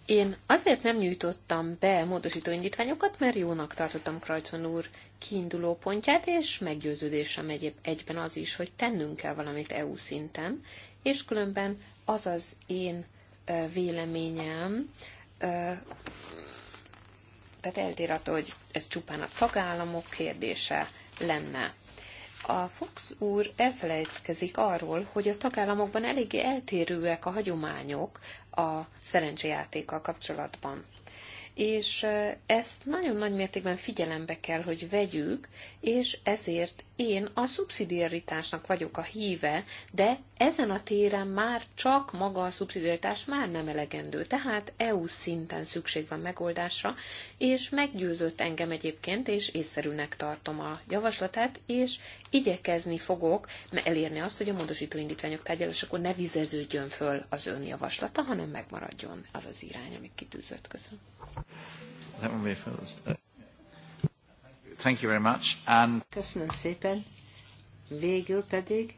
én azért nem nyújtottam be módosító indítványokat, mert jónak tartottam Krajcon úr kiinduló pontját, és meggyőződésem egyéb egyben az is, hogy tennünk kell valamit EU szinten, és különben az az én véleményem, tehát eltér attól, hogy ez csupán a tagállamok kérdése lenne. A Fox úr elfelejtkezik arról, hogy a tagállamokban eléggé eltérőek a hagyományok a szerencsejátékkal kapcsolatban. És ezt nagyon nagy mértékben figyelembe kell, hogy vegyük, és ezért én a szubszidiaritásnak vagyok a híve, de ezen a téren már csak maga a szubszidiaritás már nem elegendő, tehát EU szinten szükség van megoldásra, és meggyőzött engem egyébként, és észszerűnek tartom a javaslatát, és igyekezni fogok elérni azt, hogy a módosító indítványok tárgyalásakor ne vizeződjön föl az ön javaslata, hanem megmaradjon az az irány, amit kitűzött. Köszönöm. Thank you very much. And... Köszönöm szépen. Végül pedig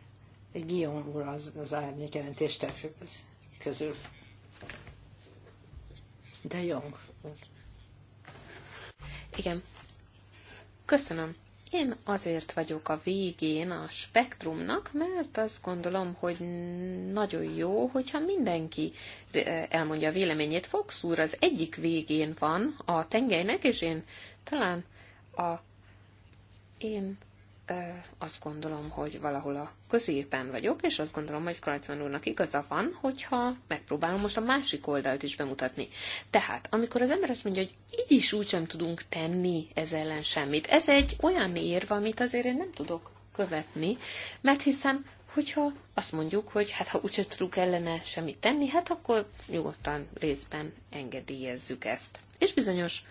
Guillaume úr az, az árnyék jelentést közül. De jó. Igen. Köszönöm. Én azért vagyok a végén a spektrumnak, mert azt gondolom, hogy nagyon jó, hogyha mindenki eh, elmondja a véleményét. Fox úr az egyik végén van a tengelynek, és én talán a én azt gondolom, hogy valahol a középen vagyok, és azt gondolom, hogy Krajcman úrnak igaza van, hogyha megpróbálom most a másik oldalt is bemutatni. Tehát, amikor az ember azt mondja, hogy így is úgy sem tudunk tenni ez ellen semmit, ez egy olyan érv, amit azért én nem tudok követni, mert hiszen hogyha azt mondjuk, hogy hát ha úgyse tudunk ellene semmit tenni, hát akkor nyugodtan részben engedélyezzük ezt. És bizonyos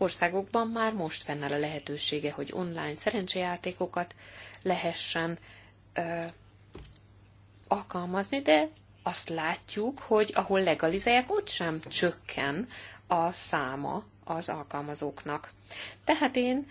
országokban már most fennáll a lehetősége, hogy online szerencsejátékokat lehessen ö, alkalmazni, de azt látjuk, hogy ahol legalizálják, ott sem csökken a száma az alkalmazóknak. Tehát én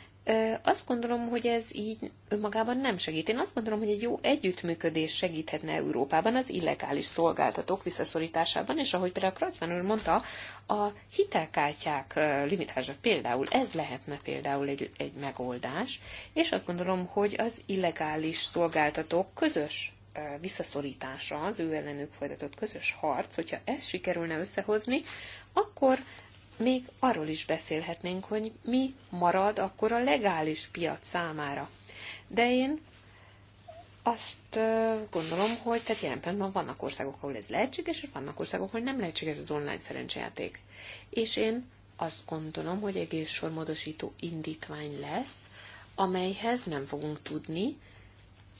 azt gondolom, hogy ez így önmagában nem segít. Én azt gondolom, hogy egy jó együttműködés segíthetne Európában az illegális szolgáltatók visszaszorításában, és ahogy például Kratman úr mondta, a hitelkártyák limitása például, ez lehetne például egy, egy megoldás, és azt gondolom, hogy az illegális szolgáltatók közös visszaszorítása, az ő ellenük folytatott közös harc, hogyha ezt sikerülne összehozni, akkor még arról is beszélhetnénk, hogy mi marad akkor a legális piac számára. De én azt gondolom, hogy tehát jelen pillanatban vannak országok, ahol ez lehetséges, és vannak országok, ahol nem lehetséges az online szerencsejáték. És én azt gondolom, hogy egész sormódosító indítvány lesz, amelyhez nem fogunk tudni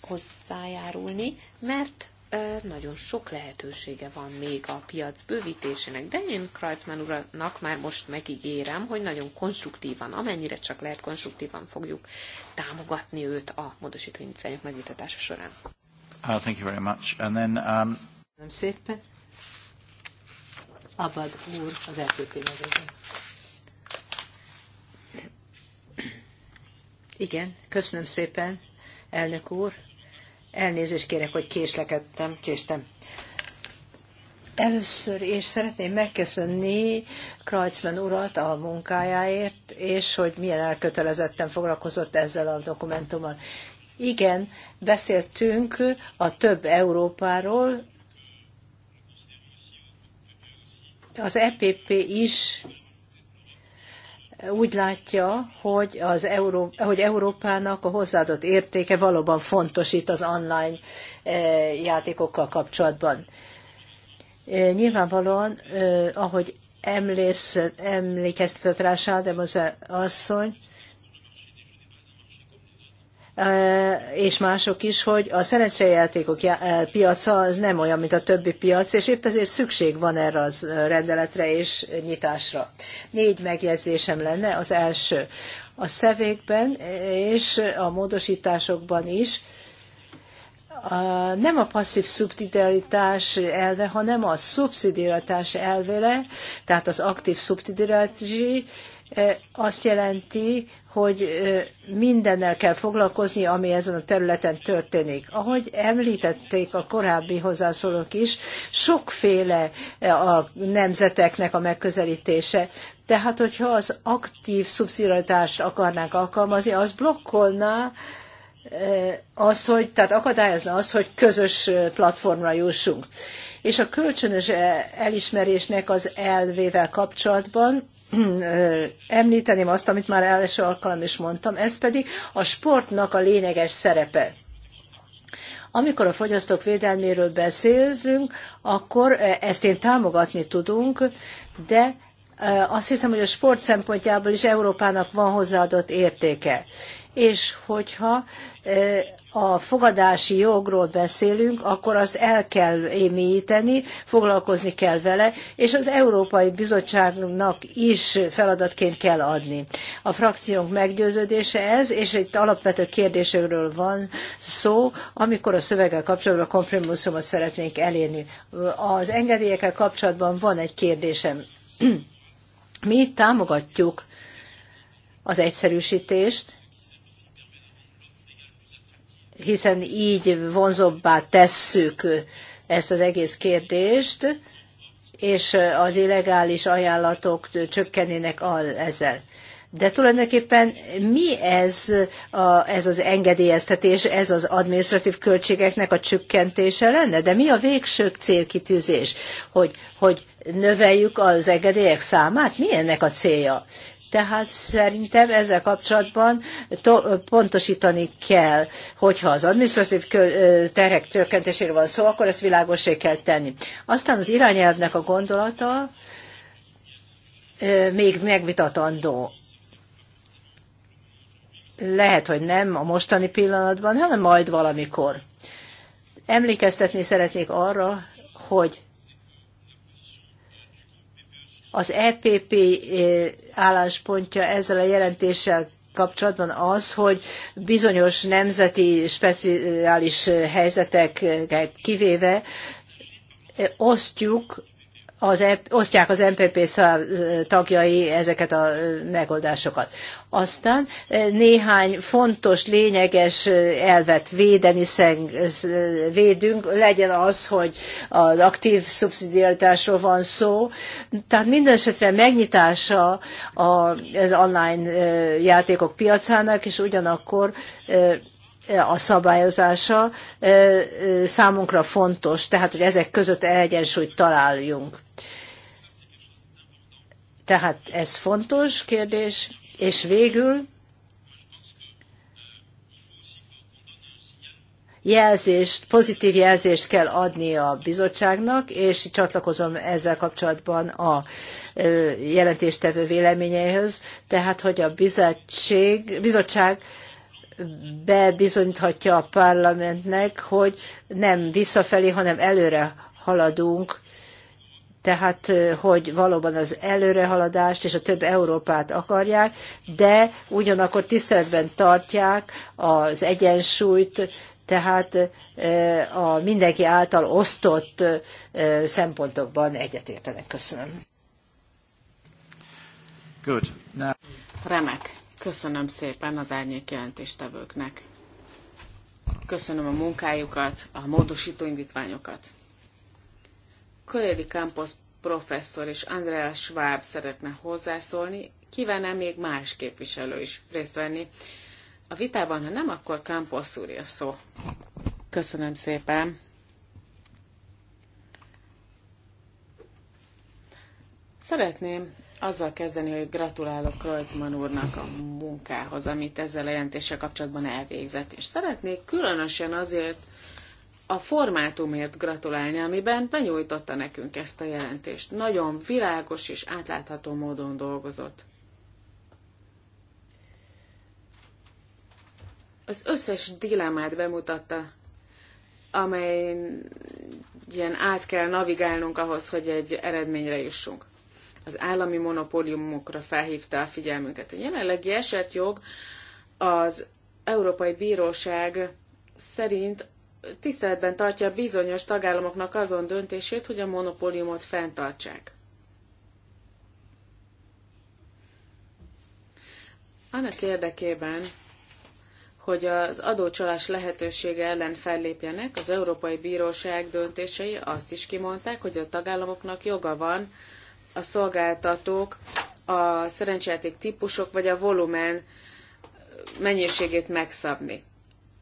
hozzájárulni, mert nagyon sok lehetősége van még a piac bővítésének, de én Krajcman uraknak már most megígérem, hogy nagyon konstruktívan, amennyire csak lehet konstruktívan fogjuk támogatni őt a módosító indítványok megvitatása során. Uh, thank you very much. And then, um... Nem szépen. Abad úr az LPP nevében. Igen, köszönöm szépen, elnök úr. Elnézést kérek, hogy késlekedtem, késtem. Először és szeretném megköszönni Krajcman urat a munkájáért, és hogy milyen elkötelezetten foglalkozott ezzel a dokumentummal. Igen, beszéltünk a több Európáról, az EPP is úgy látja, hogy, az Euró- hogy Európának a hozzáadott értéke valóban fontos itt az online eh, játékokkal kapcsolatban. Eh, nyilvánvalóan, eh, ahogy emlékeztetett rá Sádem az asszony, és mások is, hogy a szerencsejátékok piaca az nem olyan, mint a többi piac, és épp ezért szükség van erre az rendeletre és nyitásra. Négy megjegyzésem lenne. Az első, a szevékben és a módosításokban is nem a passzív szubszidiaritás elve, hanem a szubszidiaritás elvele, tehát az aktív szubszidiaritás azt jelenti, hogy mindennel kell foglalkozni, ami ezen a területen történik. Ahogy említették a korábbi hozzászólók is, sokféle a nemzeteknek a megközelítése. Tehát, hogyha az aktív szubszidiaritást akarnánk alkalmazni, az blokkolná az, hogy, tehát akadályozna azt, hogy közös platformra jussunk. És a kölcsönös elismerésnek az elvével kapcsolatban említeném azt, amit már első alkalom is mondtam, ez pedig a sportnak a lényeges szerepe. Amikor a fogyasztók védelméről beszélünk, akkor e, ezt én támogatni tudunk, de e, azt hiszem, hogy a sport szempontjából is Európának van hozzáadott értéke. És hogyha e, a fogadási jogról beszélünk, akkor azt el kell émélyíteni, foglalkozni kell vele, és az Európai Bizottságnak is feladatként kell adni. A frakciónk meggyőződése ez, és itt alapvető kérdésekről van szó, amikor a szöveggel kapcsolatban a kompromisszumot szeretnénk elérni. Az engedélyekkel kapcsolatban van egy kérdésem. Mi támogatjuk az egyszerűsítést, hiszen így vonzóbbá tesszük ezt az egész kérdést, és az illegális ajánlatok csökkennének ezzel. De tulajdonképpen mi ez, a, ez az engedélyeztetés, ez az administratív költségeknek a csökkentése lenne? De mi a végső célkitűzés? Hogy, hogy növeljük az engedélyek számát? Mi ennek a célja? Tehát szerintem ezzel kapcsolatban pontosítani kell, hogyha az administratív terhek csökkentésére van szó, akkor ezt világosé kell tenni. Aztán az irányelvnek a gondolata még megvitatandó lehet, hogy nem a mostani pillanatban, hanem majd valamikor. Emlékeztetni szeretnék arra, hogy az EPP eh, álláspontja ezzel a jelentéssel kapcsolatban az, hogy bizonyos nemzeti speciális helyzeteket kivéve eh, osztjuk az, osztják az MPP tagjai ezeket a megoldásokat. Aztán néhány fontos, lényeges elvet védeni védünk, legyen az, hogy az aktív szubszidiaritásról van szó. Tehát minden esetre megnyitása az online játékok piacának, és ugyanakkor a szabályozása számunkra fontos, tehát hogy ezek között egyensúlyt találjunk. Tehát ez fontos kérdés, és végül jelzést, pozitív jelzést kell adni a bizottságnak, és csatlakozom ezzel kapcsolatban a jelentéstevő véleményeihez, tehát hogy a bizottság, bizottság bebizonyíthatja a parlamentnek, hogy nem visszafelé, hanem előre haladunk tehát hogy valóban az előrehaladást és a több Európát akarják, de ugyanakkor tiszteletben tartják az egyensúlyt, tehát a mindenki által osztott szempontokban egyetértenek. Köszönöm. Good. Now... Remek. Köszönöm szépen az árnyék jelentéstevőknek. Köszönöm a munkájukat, a módosító indítványokat. Kölédi Campos professzor és Andrea Schwab szeretne hozzászólni, kívánná még más képviselő is részt venni. A vitában, ha nem, akkor Campos úr a szó. Köszönöm szépen. Szeretném azzal kezdeni, hogy gratulálok Kreutzmann úrnak a munkához, amit ezzel a jelentéssel kapcsolatban elvégzett. És szeretnék különösen azért a formátumért gratulálni, amiben benyújtotta nekünk ezt a jelentést. Nagyon világos és átlátható módon dolgozott. Az összes dilemmát bemutatta, amelyen át kell navigálnunk ahhoz, hogy egy eredményre jussunk. Az állami monopóliumokra felhívta a figyelmünket. A jelenlegi esetjog az Európai Bíróság szerint tiszteletben tartja bizonyos tagállamoknak azon döntését, hogy a monopóliumot fenntartsák. Annak érdekében, hogy az adócsalás lehetősége ellen fellépjenek, az Európai Bíróság döntései azt is kimondták, hogy a tagállamoknak joga van a szolgáltatók, a szerencsejáték típusok vagy a volumen mennyiségét megszabni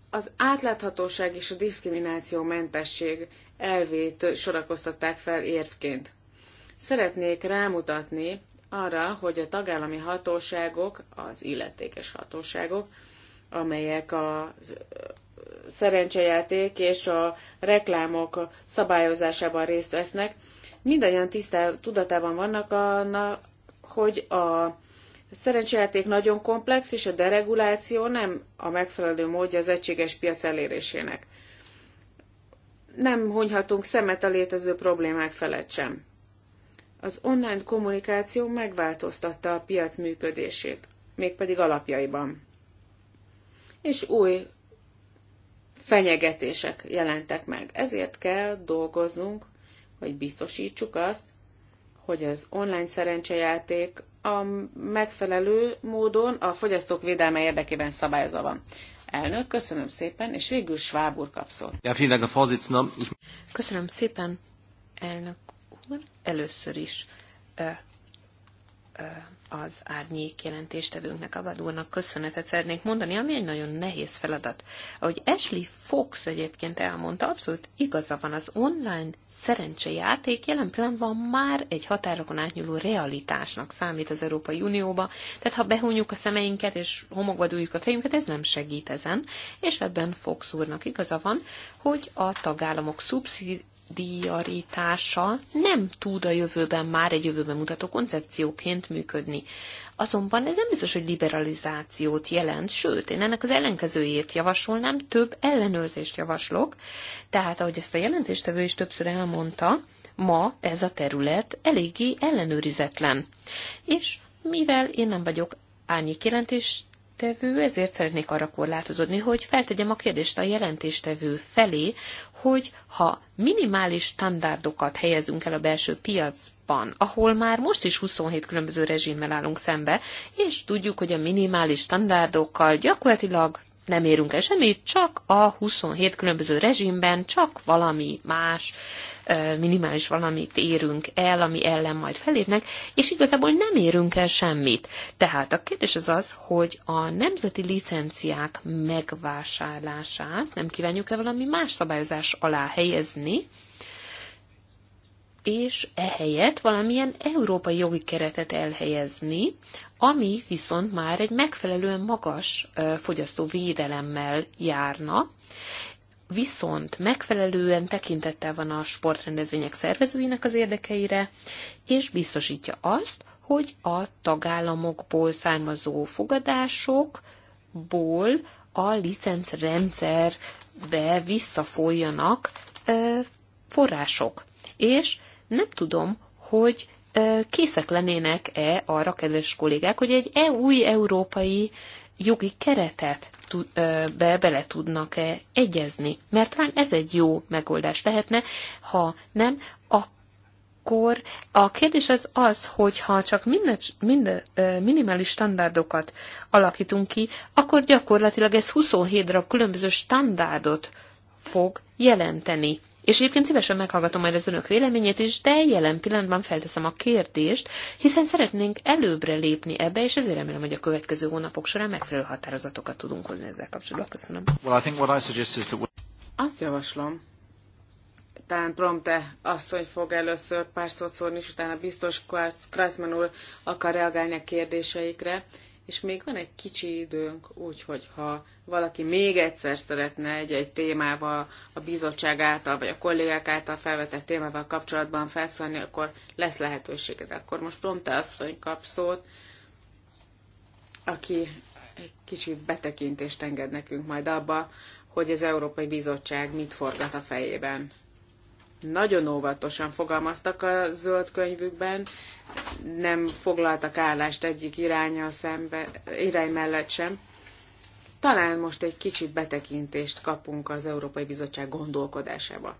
az átláthatóság és a diszkrimináció mentesség elvét sorakoztatták fel érvként. Szeretnék rámutatni arra, hogy a tagállami hatóságok, az illetékes hatóságok, amelyek a szerencsejáték és a reklámok szabályozásában részt vesznek, mindannyian tisztá tudatában vannak annak, hogy a a szerencsejáték nagyon komplex, és a dereguláció nem a megfelelő módja az egységes piac elérésének. Nem hunyhatunk szemet a létező problémák felett sem. Az online kommunikáció megváltoztatta a piac működését, mégpedig alapjaiban. És új fenyegetések jelentek meg. Ezért kell dolgoznunk, hogy biztosítsuk azt, hogy az online szerencsejáték a megfelelő módon a fogyasztók védelme érdekében szabályozva van. Elnök, köszönöm szépen, és végül Schwab úr kapszol. Köszönöm szépen, elnök úr. Először is Uh, uh, az árnyék jelentéstevőnknek, vadúrnak köszönetet szeretnék mondani, ami egy nagyon nehéz feladat. Ahogy Ashley Fox egyébként elmondta, abszolút igaza van, az online szerencsejáték jelen pillanatban már egy határokon átnyúló realitásnak számít az Európai Unióba, tehát ha behúnyjuk a szemeinket és homokba dújjuk a fejünket, ez nem segít ezen, és ebben Fox úrnak igaza van, hogy a tagállamok szubszidiális díjarítása nem tud a jövőben már egy jövőben mutató koncepcióként működni. Azonban ez nem biztos, hogy liberalizációt jelent, sőt, én ennek az ellenkezőjét javasolnám, több ellenőrzést javaslok. Tehát, ahogy ezt a jelentéstevő is többször elmondta, ma ez a terület eléggé ellenőrizetlen. És mivel én nem vagyok árnyék jelentés jelentéstevő, ezért szeretnék arra korlátozódni, hogy feltegyem a kérdést a jelentéstevő felé, hogy ha minimális standardokat helyezünk el a belső piacban, ahol már most is 27 különböző rezsimmel állunk szembe, és tudjuk, hogy a minimális standardokkal gyakorlatilag nem érünk el semmit, csak a 27 különböző rezsimben, csak valami más, minimális valamit érünk el, ami ellen majd felépnek, és igazából nem érünk el semmit. Tehát a kérdés az az, hogy a nemzeti licenciák megvásárlását nem kívánjuk-e valami más szabályozás alá helyezni, és ehelyett valamilyen európai jogi keretet elhelyezni, ami viszont már egy megfelelően magas fogyasztóvédelemmel járna, viszont megfelelően tekintettel van a sportrendezvények szervezőinek az érdekeire, és biztosítja azt, hogy a tagállamokból származó fogadásokból a licencrendszerbe visszafoljanak források. És nem tudom, hogy készek lennének-e arra, kedves kollégák, hogy egy e új európai jogi keretet be, bele tudnak-e egyezni. Mert talán ez egy jó megoldás lehetne, ha nem, akkor akkor a kérdés az az, hogy ha csak minden, minden minimális standardokat alakítunk ki, akkor gyakorlatilag ez 27 darab különböző standardot fog jelenteni. És egyébként szívesen meghallgatom majd az önök véleményét is, de jelen pillanatban felteszem a kérdést, hiszen szeretnénk előbbre lépni ebbe, és ezért remélem, hogy a következő hónapok során megfelelő határozatokat tudunk hozni ezzel kapcsolatban. Köszönöm. Well, I think what I suggest is that... Azt javaslom, talán Promte asszony fog először pár szót szólni, és utána biztos Kraszman úr akar reagálni a kérdéseikre, és még van egy kicsi időnk, úgyhogy ha valaki még egyszer szeretne egy-egy témával, a bizottság által, vagy a kollégák által felvetett témával kapcsolatban felszólni, akkor lesz lehetőséged. Akkor most Promte asszony kap szót, aki egy kicsit betekintést enged nekünk majd abba, hogy az Európai Bizottság mit forgat a fejében nagyon óvatosan fogalmaztak a zöld könyvükben, nem foglaltak állást egyik iránya szembe, irány mellett sem. Talán most egy kicsit betekintést kapunk az Európai Bizottság gondolkodásába.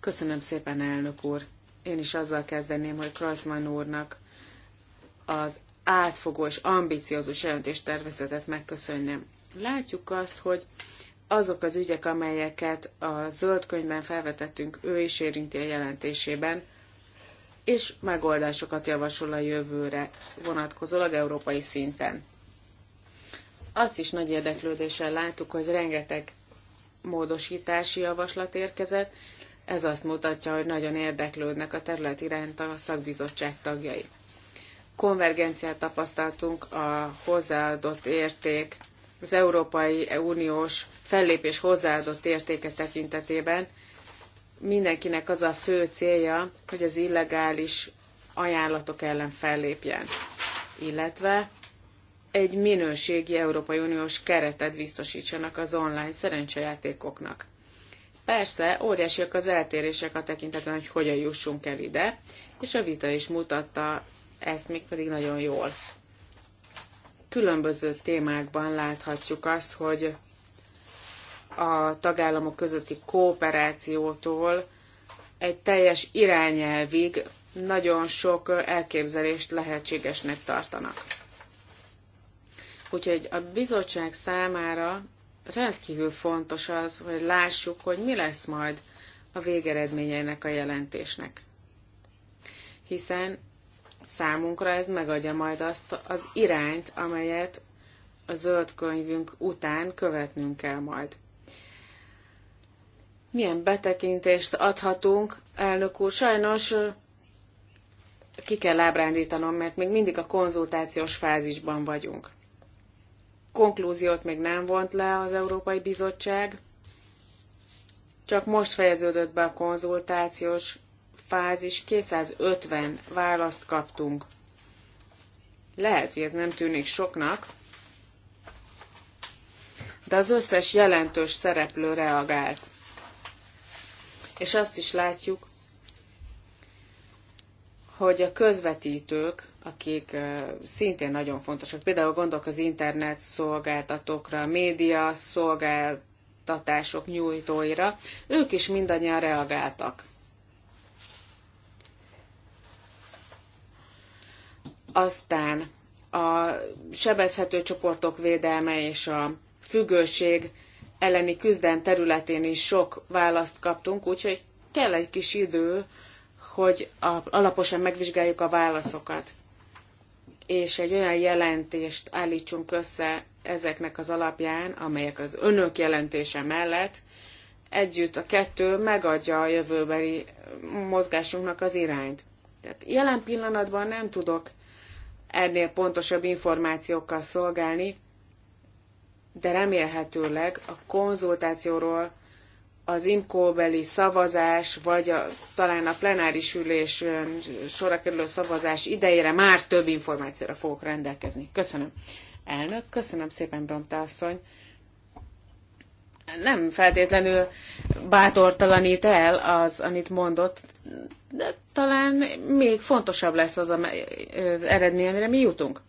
Köszönöm szépen, elnök úr. Én is azzal kezdeném, hogy Krajcman úrnak az átfogó és ambiciózus jelentéstervezetet megköszönném. Látjuk azt, hogy azok az ügyek, amelyeket a zöld könyvben felvetettünk, ő is érinti a jelentésében, és megoldásokat javasol a jövőre vonatkozólag európai szinten. Azt is nagy érdeklődéssel láttuk, hogy rengeteg módosítási javaslat érkezett, ez azt mutatja, hogy nagyon érdeklődnek a terület iránt a szakbizottság tagjai. Konvergenciát tapasztaltunk a hozzáadott érték az Európai Uniós fellépés hozzáadott értéke tekintetében mindenkinek az a fő célja, hogy az illegális ajánlatok ellen fellépjen, illetve egy minőségi Európai Uniós keretet biztosítsanak az online szerencsejátékoknak. Persze, óriásiak az eltérések a tekintetben, hogy hogyan jussunk el ide, és a vita is mutatta ezt még pedig nagyon jól különböző témákban láthatjuk azt, hogy a tagállamok közötti kooperációtól egy teljes irányelvig nagyon sok elképzelést lehetségesnek tartanak. Úgyhogy a bizottság számára rendkívül fontos az, hogy lássuk, hogy mi lesz majd a végeredményeinek a jelentésnek. Hiszen Számunkra ez megadja majd azt az irányt, amelyet a zöld könyvünk után követnünk kell majd. Milyen betekintést adhatunk, elnök úr? Sajnos ki kell ábrándítanom, mert még mindig a konzultációs fázisban vagyunk. Konklúziót még nem vont le az Európai Bizottság, csak most fejeződött be a konzultációs fázis 250 választ kaptunk. Lehet, hogy ez nem tűnik soknak, de az összes jelentős szereplő reagált. És azt is látjuk, hogy a közvetítők, akik szintén nagyon fontosak, például gondolok az internet szolgáltatókra, média szolgáltatások nyújtóira, ők is mindannyian reagáltak. Aztán a sebezhető csoportok védelme és a függőség elleni küzdelem területén is sok választ kaptunk, úgyhogy kell egy kis idő, hogy a, alaposan megvizsgáljuk a válaszokat, és egy olyan jelentést állítsunk össze ezeknek az alapján, amelyek az önök jelentése mellett együtt a kettő megadja a jövőbeli mozgásunknak az irányt. Tehát jelen pillanatban nem tudok ennél pontosabb információkkal szolgálni, de remélhetőleg a konzultációról az imkóbeli szavazás, vagy a, talán a plenáris ülés sorra kerülő szavazás idejére már több információra fogok rendelkezni. Köszönöm. Elnök, köszönöm szépen, Bromta asszony. Nem feltétlenül bátortalanít el az, amit mondott, de talán még fontosabb lesz az, az eredmény, amire mi jutunk.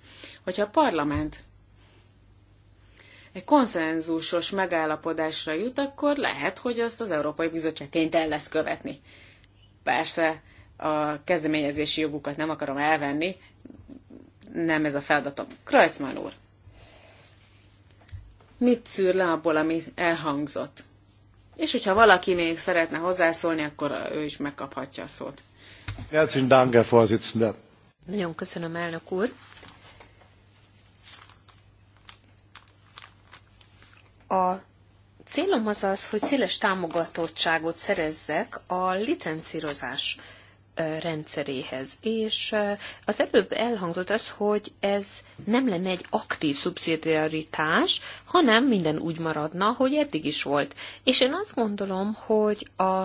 Hogyha a parlament egy konszenzusos megállapodásra jut, akkor lehet, hogy azt az Európai Bizottság kénytelen lesz követni. Persze a kezdeményezési jogukat nem akarom elvenni, nem ez a feladatom. Krajcman úr, mit szűr le abból, ami elhangzott? És hogyha valaki még szeretne hozzászólni, akkor ő is megkaphatja a szót. Herzlichen Dank, Herr Vorsitzender. Nagyon köszönöm, elnök úr. A célom az az, hogy széles támogatottságot szerezzek a licencírozás rendszeréhez. És az előbb elhangzott az, hogy ez nem lenne egy aktív szubszidiaritás, hanem minden úgy maradna, hogy eddig is volt. És én azt gondolom, hogy a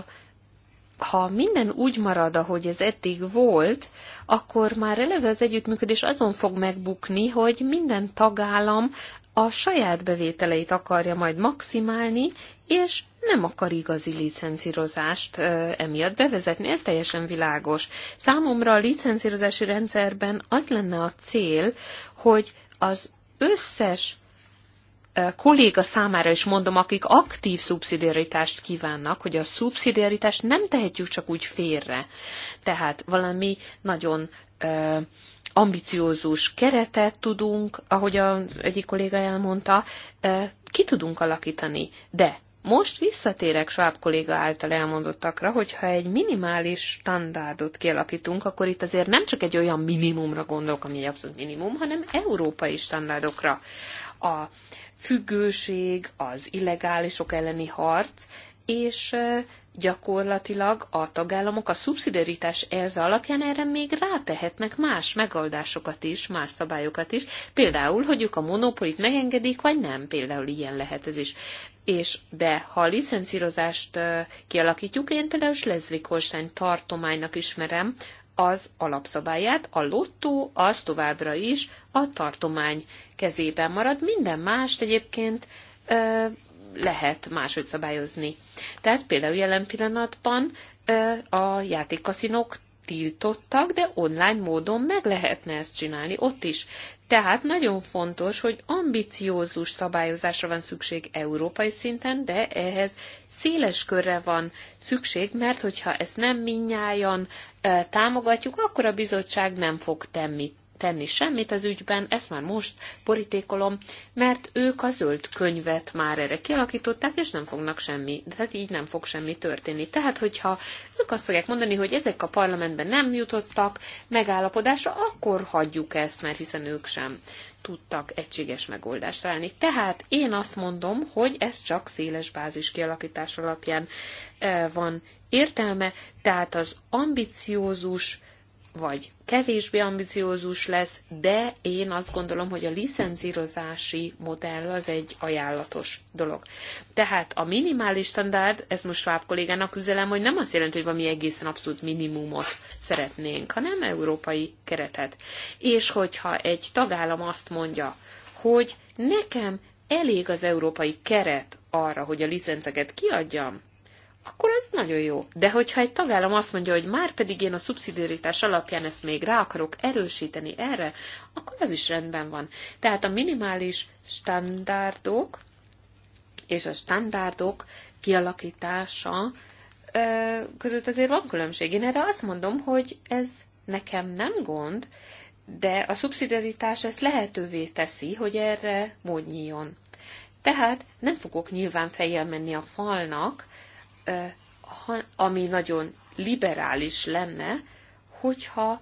ha minden úgy marad, ahogy ez eddig volt, akkor már eleve az együttműködés azon fog megbukni, hogy minden tagállam a saját bevételeit akarja majd maximálni, és nem akar igazi licencírozást emiatt bevezetni, ez teljesen világos. Számomra a licencírozási rendszerben az lenne a cél, hogy az összes kolléga számára is mondom, akik aktív szubszidiaritást kívánnak, hogy a szubszidiaritást nem tehetjük csak úgy félre. Tehát valami nagyon ambiciózus keretet tudunk, ahogy az egyik kolléga elmondta, eh, ki tudunk alakítani. De most visszatérek Schwab kolléga által elmondottakra, hogyha egy minimális standardot kialakítunk, akkor itt azért nem csak egy olyan minimumra gondolok, ami egy abszolút minimum, hanem európai standardokra. A függőség, az illegálisok elleni harc, és eh, gyakorlatilag a tagállamok a szubszidiaritás elve alapján erre még rátehetnek más megoldásokat is, más szabályokat is, például, hogy ők a monopolit megengedik, vagy nem, például ilyen lehet ez is. És de ha a licencírozást kialakítjuk, én például Slezvik-Holstein tartománynak ismerem az alapszabályát, a lottó az továbbra is a tartomány kezében marad, minden mást egyébként lehet máshogy szabályozni. Tehát például jelen pillanatban a játékkaszinók tiltottak, de online módon meg lehetne ezt csinálni ott is. Tehát nagyon fontos, hogy ambiciózus szabályozásra van szükség európai szinten, de ehhez széles körre van szükség, mert hogyha ezt nem minnyáján e, támogatjuk, akkor a bizottság nem fog tenni tenni semmit az ügyben, ezt már most borítékolom, mert ők a zöld könyvet már erre kialakították, és nem fognak semmi, tehát így nem fog semmi történni. Tehát, hogyha ők azt fogják mondani, hogy ezek a parlamentben nem jutottak megállapodásra, akkor hagyjuk ezt, mert hiszen ők sem tudtak egységes megoldást találni. Tehát én azt mondom, hogy ez csak széles bázis kialakítás alapján eh, van értelme, tehát az ambiciózus vagy kevésbé ambiciózus lesz, de én azt gondolom, hogy a licencírozási modell az egy ajánlatos dolog. Tehát a minimális standard, ez most Schwab kollégának üzelem, hogy nem azt jelenti, hogy valami egészen abszolút minimumot szeretnénk, hanem európai keretet. És hogyha egy tagállam azt mondja, hogy nekem elég az európai keret arra, hogy a licenceket kiadjam, akkor ez nagyon jó. De hogyha egy tagállam azt mondja, hogy már pedig én a szubszidiaritás alapján ezt még rá akarok erősíteni erre, akkor az is rendben van. Tehát a minimális standardok és a standardok kialakítása között azért van különbség. Én erre azt mondom, hogy ez nekem nem gond, de a szubszidiaritás ezt lehetővé teszi, hogy erre módnyíjon. Tehát nem fogok nyilván fejjel menni a falnak, ami nagyon liberális lenne, hogyha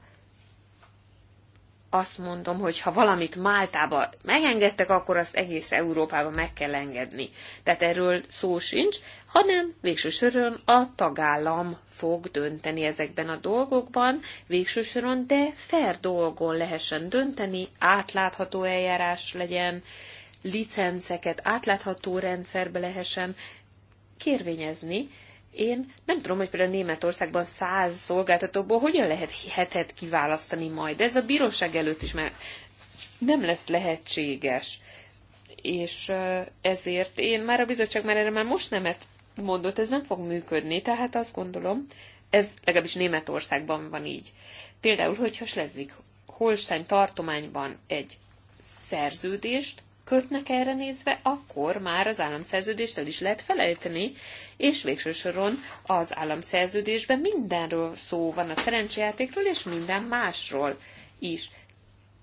azt mondom, hogy ha valamit Máltába megengedtek, akkor azt egész Európába meg kell engedni. Tehát erről szó sincs, hanem végső soron a tagállam fog dönteni ezekben a dolgokban, végső soron, de fair dolgon lehessen dönteni, átlátható eljárás legyen, licenceket átlátható rendszerbe lehessen kérvényezni. Én nem tudom, hogy például Németországban száz szolgáltatóból hogyan lehet hetet kiválasztani majd. Ez a bíróság előtt is már nem lesz lehetséges. És ezért én már a bizottság már erre már most nemet mondott, ez nem fog működni, tehát azt gondolom, ez legalábbis Németországban van így. Például, hogyha Slezik Holstein tartományban egy szerződést kötnek erre nézve, akkor már az államszerződést el is lehet felejteni, és végső soron az államszerződésben mindenről szó van a szerencsejátékról, és minden másról is.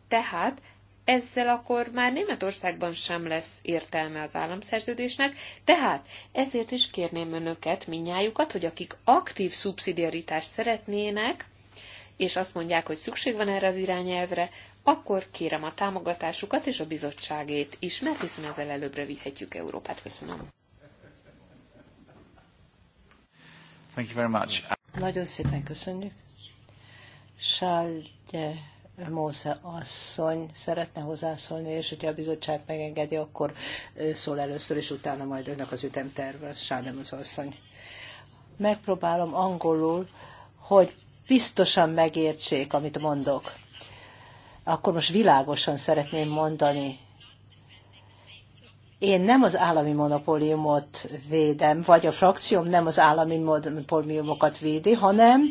Tehát ezzel akkor már Németországban sem lesz értelme az államszerződésnek, tehát ezért is kérném önöket, minnyájukat, hogy akik aktív szubszidiaritást szeretnének, és azt mondják, hogy szükség van erre az irányelvre, akkor kérem a támogatásukat és a bizottságét is, mert hiszen ezzel előbbre vihetjük Európát. Köszönöm. Thank you very much. Nagyon szépen köszönjük. Sálgye Mósze asszony szeretne hozzászólni, és hogyha a bizottság megengedi, akkor ő szól először, és utána majd önök az ütemterve, Sálgye az asszony. Megpróbálom angolul, hogy biztosan megértsék, amit mondok akkor most világosan szeretném mondani. Én nem az állami monopóliumot védem, vagy a frakcióm nem az állami monopóliumokat védi, hanem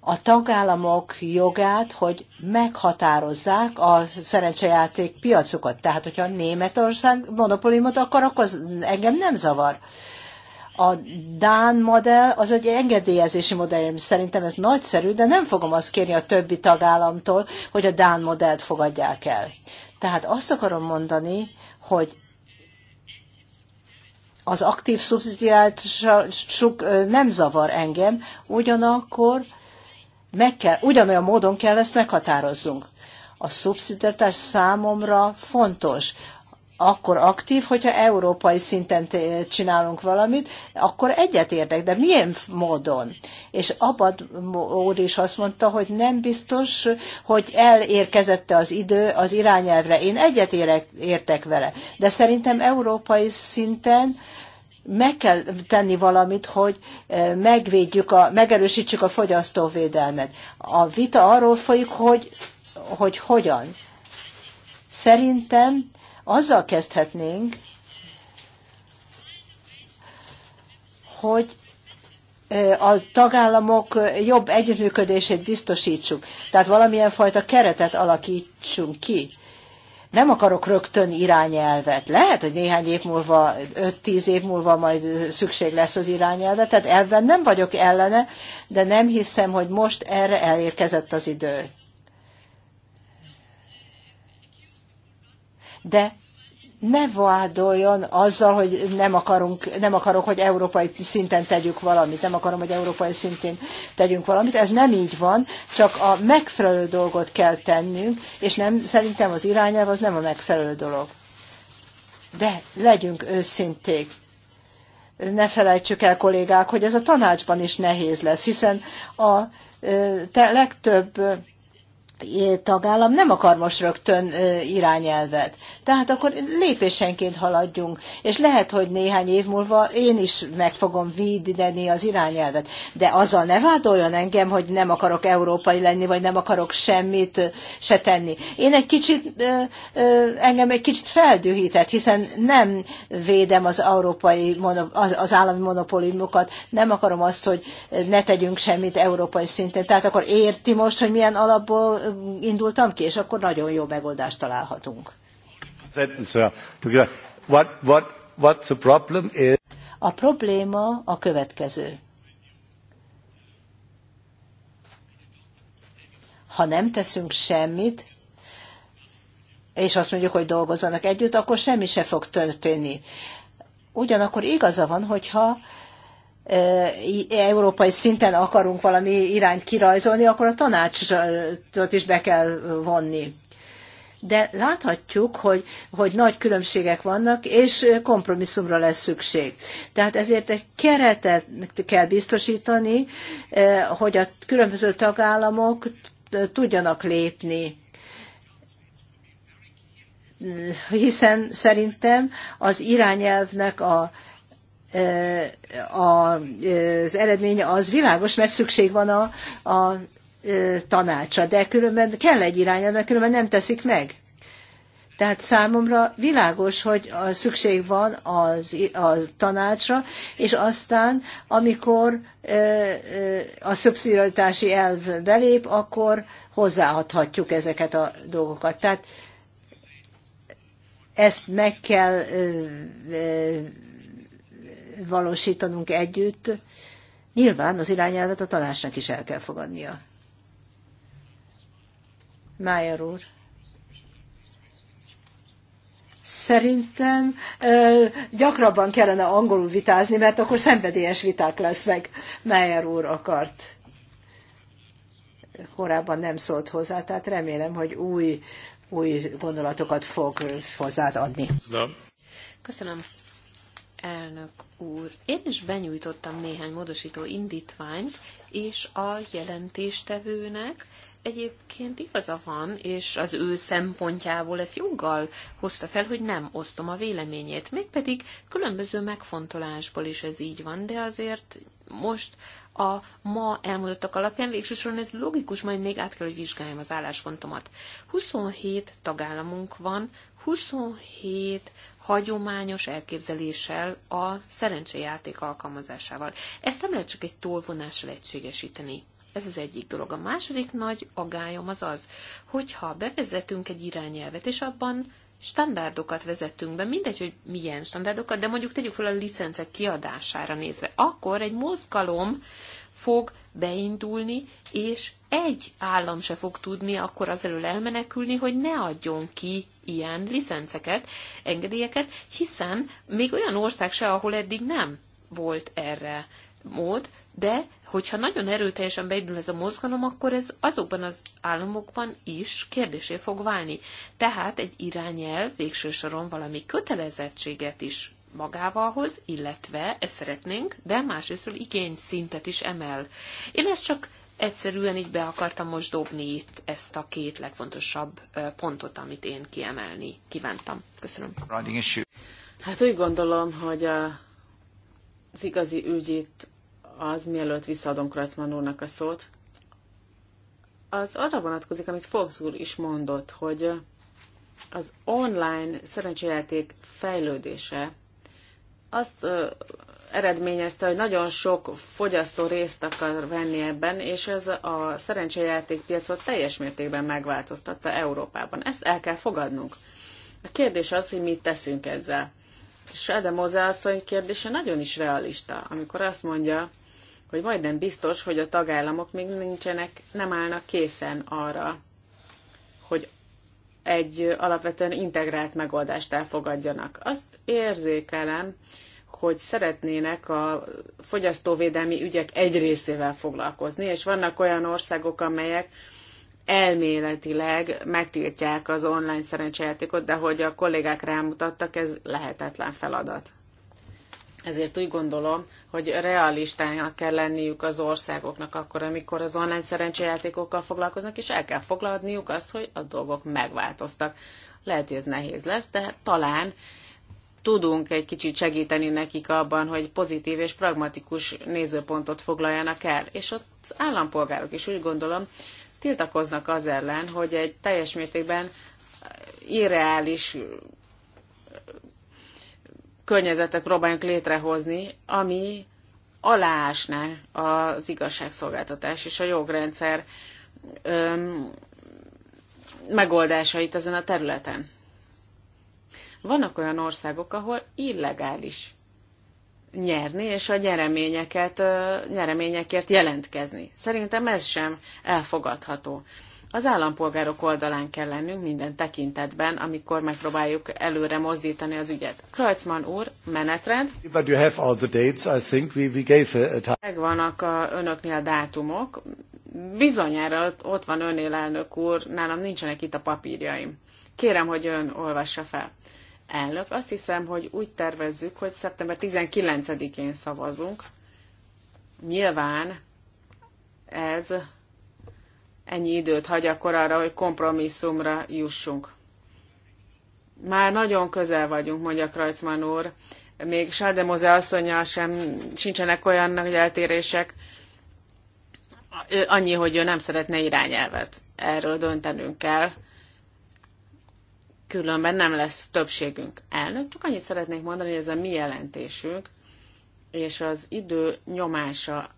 a tagállamok jogát, hogy meghatározzák a szerencsejáték piacokat. Tehát, hogyha Németország monopóliumot akar, akkor az engem nem zavar. A Dán modell az egy engedélyezési modell, szerintem ez nagyszerű, de nem fogom azt kérni a többi tagállamtól, hogy a Dán modellt fogadják el. Tehát azt akarom mondani, hogy az aktív szubszidiáltság nem zavar engem, ugyanakkor meg kell, ugyanolyan módon kell ezt meghatározzunk. A szubszidiáltás számomra fontos akkor aktív, hogyha európai szinten csinálunk valamit, akkor egyet érdek, de milyen módon? És Abad úr is azt mondta, hogy nem biztos, hogy elérkezette az idő az irányelvre. Én egyet értek vele, de szerintem európai szinten meg kell tenni valamit, hogy e, megvédjük, a, megerősítsük a fogyasztóvédelmet. A vita arról folyik, hogy, hogy hogyan. Szerintem azzal kezdhetnénk, hogy a tagállamok jobb együttműködését biztosítsuk. Tehát valamilyen fajta keretet alakítsunk ki. Nem akarok rögtön irányelvet. Lehet, hogy néhány év múlva, 5-10 év múlva majd szükség lesz az irányelve. Tehát elven nem vagyok ellene, de nem hiszem, hogy most erre elérkezett az idő. de ne vádoljon azzal, hogy nem, akarunk, nem akarok, hogy európai szinten tegyük valamit, nem akarom, hogy európai szintén tegyünk valamit. Ez nem így van, csak a megfelelő dolgot kell tennünk, és nem, szerintem az irányelv az nem a megfelelő dolog. De legyünk őszinték. Ne felejtsük el, kollégák, hogy ez a tanácsban is nehéz lesz, hiszen a legtöbb tagállam nem akar most rögtön irányelvet. Tehát akkor lépésenként haladjunk, és lehet, hogy néhány év múlva én is meg fogom védeni az irányelvet. De azzal ne vádoljon engem, hogy nem akarok európai lenni, vagy nem akarok semmit se tenni. Én egy kicsit, engem egy kicsit feldühített, hiszen nem védem az európai, az állami monopóliumokat, nem akarom azt, hogy ne tegyünk semmit európai szinten. Tehát akkor érti most, hogy milyen alapból indultam ki, és akkor nagyon jó megoldást találhatunk. A probléma a következő. Ha nem teszünk semmit, és azt mondjuk, hogy dolgozzanak együtt, akkor semmi se fog történni. Ugyanakkor igaza van, hogyha európai szinten akarunk valami irányt kirajzolni, akkor a tanácsot is be kell vonni. De láthatjuk, hogy, hogy nagy különbségek vannak, és kompromisszumra lesz szükség. Tehát ezért egy keretet kell biztosítani, hogy a különböző tagállamok tudjanak lépni hiszen szerintem az irányelvnek a az eredmény az világos, mert szükség van a, a tanácsa, de különben kell egy irány, de különben nem teszik meg. Tehát számomra világos, hogy szükség van az, a tanácsra, és aztán, amikor a szubszidiaritási elv belép, akkor hozzáadhatjuk ezeket a dolgokat. Tehát ezt meg kell valósítanunk együtt, nyilván az irányelvet a tanácsnak is el kell fogadnia. Májer úr. Szerintem gyakrabban kellene angolul vitázni, mert akkor szenvedélyes viták lesznek. Meyer úr akart. Korábban nem szólt hozzá, tehát remélem, hogy új, új gondolatokat fog hozzáadni. Köszönöm elnök úr. Én is benyújtottam néhány módosító indítványt, és a jelentéstevőnek egyébként igaza van, és az ő szempontjából ezt joggal hozta fel, hogy nem osztom a véleményét. Mégpedig különböző megfontolásból is ez így van, de azért most a ma elmondottak alapján végsősorban ez logikus, majd még át kell, hogy vizsgáljam az álláspontomat. 27 tagállamunk van, 27 hagyományos elképzeléssel a szerencsejáték alkalmazásával. Ezt nem lehet csak egy tolvonással egységesíteni. Ez az egyik dolog. A második nagy agályom az az, hogyha bevezetünk egy irányelvet, és abban standardokat vezetünk be, mindegy, hogy milyen standardokat, de mondjuk tegyük fel a licencek kiadására nézve, akkor egy mozgalom fog beindulni, és egy állam se fog tudni akkor az elől elmenekülni, hogy ne adjon ki ilyen licenceket, engedélyeket, hiszen még olyan ország se, ahol eddig nem volt erre mód, de hogyha nagyon erőteljesen beindul ez a mozgalom, akkor ez azokban az államokban is kérdésé fog válni. Tehát egy irányelv végső soron valami kötelezettséget is magával hoz, illetve ezt szeretnénk, de másrésztről igényszintet is emel. Én ezt csak egyszerűen így be akartam most dobni itt ezt a két legfontosabb pontot, amit én kiemelni kívántam. Köszönöm. Hát úgy gondolom, hogy a, az igazi ügy itt az, mielőtt visszaadom Kracman úrnak a szót, az arra vonatkozik, amit Fox úr is mondott, hogy az online szerencsejáték fejlődése azt eredményezte, hogy nagyon sok fogyasztó részt akar venni ebben, és ez a szerencsejátékpiacot teljes mértékben megváltoztatta Európában. Ezt el kell fogadnunk. A kérdés az, hogy mit teszünk ezzel. És Edemóze asszony kérdése nagyon is realista, amikor azt mondja, hogy majdnem biztos, hogy a tagállamok még nincsenek, nem állnak készen arra, egy alapvetően integrált megoldást elfogadjanak. Azt érzékelem, hogy szeretnének a fogyasztóvédelmi ügyek egy részével foglalkozni, és vannak olyan országok, amelyek elméletileg megtiltják az online szerencsejátékot, de hogy a kollégák rámutattak, ez lehetetlen feladat. Ezért úgy gondolom, hogy realistának kell lenniük az országoknak akkor, amikor az online szerencsejátékokkal foglalkoznak, és el kell foglalniuk azt, hogy a dolgok megváltoztak. Lehet, hogy ez nehéz lesz, de talán tudunk egy kicsit segíteni nekik abban, hogy pozitív és pragmatikus nézőpontot foglaljanak el. És az állampolgárok is úgy gondolom tiltakoznak az ellen, hogy egy teljes mértékben irreális környezetet próbáljunk létrehozni, ami aláásná az igazságszolgáltatás és a jogrendszer öm, megoldásait ezen a területen. Vannak olyan országok, ahol illegális nyerni, és a nyereményeket, nyereményekért jelentkezni. Szerintem ez sem elfogadható. Az állampolgárok oldalán kell lennünk minden tekintetben, amikor megpróbáljuk előre mozdítani az ügyet. Kreutzmann úr, menetrend. But you have all the dates, I think. We, we gave a time. Megvannak a, önöknél a dátumok. Bizonyára ott van önél elnök úr, nálam nincsenek itt a papírjaim. Kérem, hogy ön olvassa fel. Elnök, azt hiszem, hogy úgy tervezzük, hogy szeptember 19-én szavazunk. Nyilván ez ennyi időt hagy akkor arra, hogy kompromisszumra jussunk. Már nagyon közel vagyunk, mondja Krajcman úr. Még Sádemoze asszonya sem, sincsenek olyan nagy eltérések. Annyi, hogy ő nem szeretne irányelvet. Erről döntenünk kell. Különben nem lesz többségünk. Elnök, csak annyit szeretnék mondani, hogy ez a mi jelentésünk, és az idő nyomása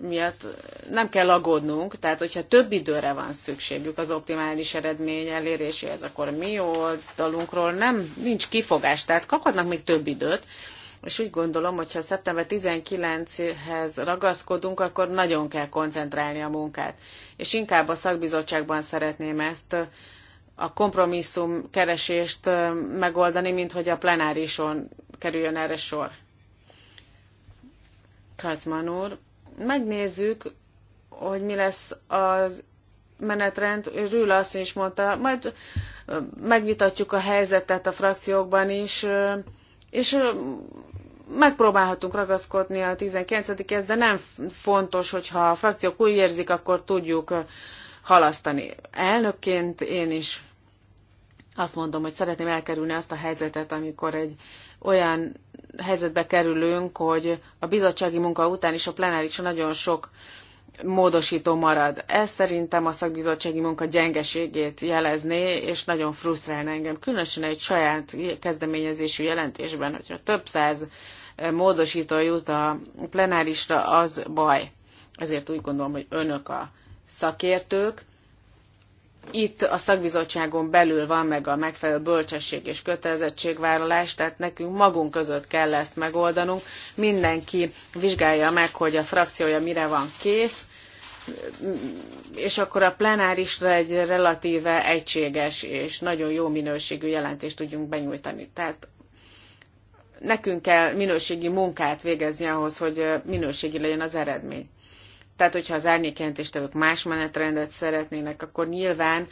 miatt nem kell aggódnunk, tehát hogyha több időre van szükségük az optimális eredmény eléréséhez, akkor mi oldalunkról nem, nincs kifogás, tehát kaphatnak még több időt, és úgy gondolom, hogy ha szeptember 19-hez ragaszkodunk, akkor nagyon kell koncentrálni a munkát. És inkább a szakbizottságban szeretném ezt a kompromisszum keresést megoldani, mint hogy a plenárison kerüljön erre sor. Kracman úr, megnézzük, hogy mi lesz az menetrend, Rül azt is mondta, majd megvitatjuk a helyzetet a frakciókban is, és megpróbálhatunk ragaszkodni a 19-hez, de nem fontos, hogyha a frakciók úgy érzik, akkor tudjuk halasztani. Elnökként én is azt mondom, hogy szeretném elkerülni azt a helyzetet, amikor egy olyan helyzetbe kerülünk, hogy a bizottsági munka után is a plenáris nagyon sok módosító marad. Ez szerintem a szakbizottsági munka gyengeségét jelezné, és nagyon frusztrálna engem, különösen egy saját kezdeményezésű jelentésben, hogyha több száz módosító jut a plenárisra, az baj. Ezért úgy gondolom, hogy önök a szakértők, itt a szakbizottságon belül van meg a megfelelő bölcsesség és kötelezettségvállalás, tehát nekünk magunk között kell ezt megoldanunk. Mindenki vizsgálja meg, hogy a frakciója mire van kész, és akkor a plenárisra egy relatíve egységes és nagyon jó minőségű jelentést tudjunk benyújtani. Tehát nekünk kell minőségi munkát végezni ahhoz, hogy minőségi legyen az eredmény. Tehát, hogyha az árnyékjelentéstevők más menetrendet szeretnének, akkor nyilván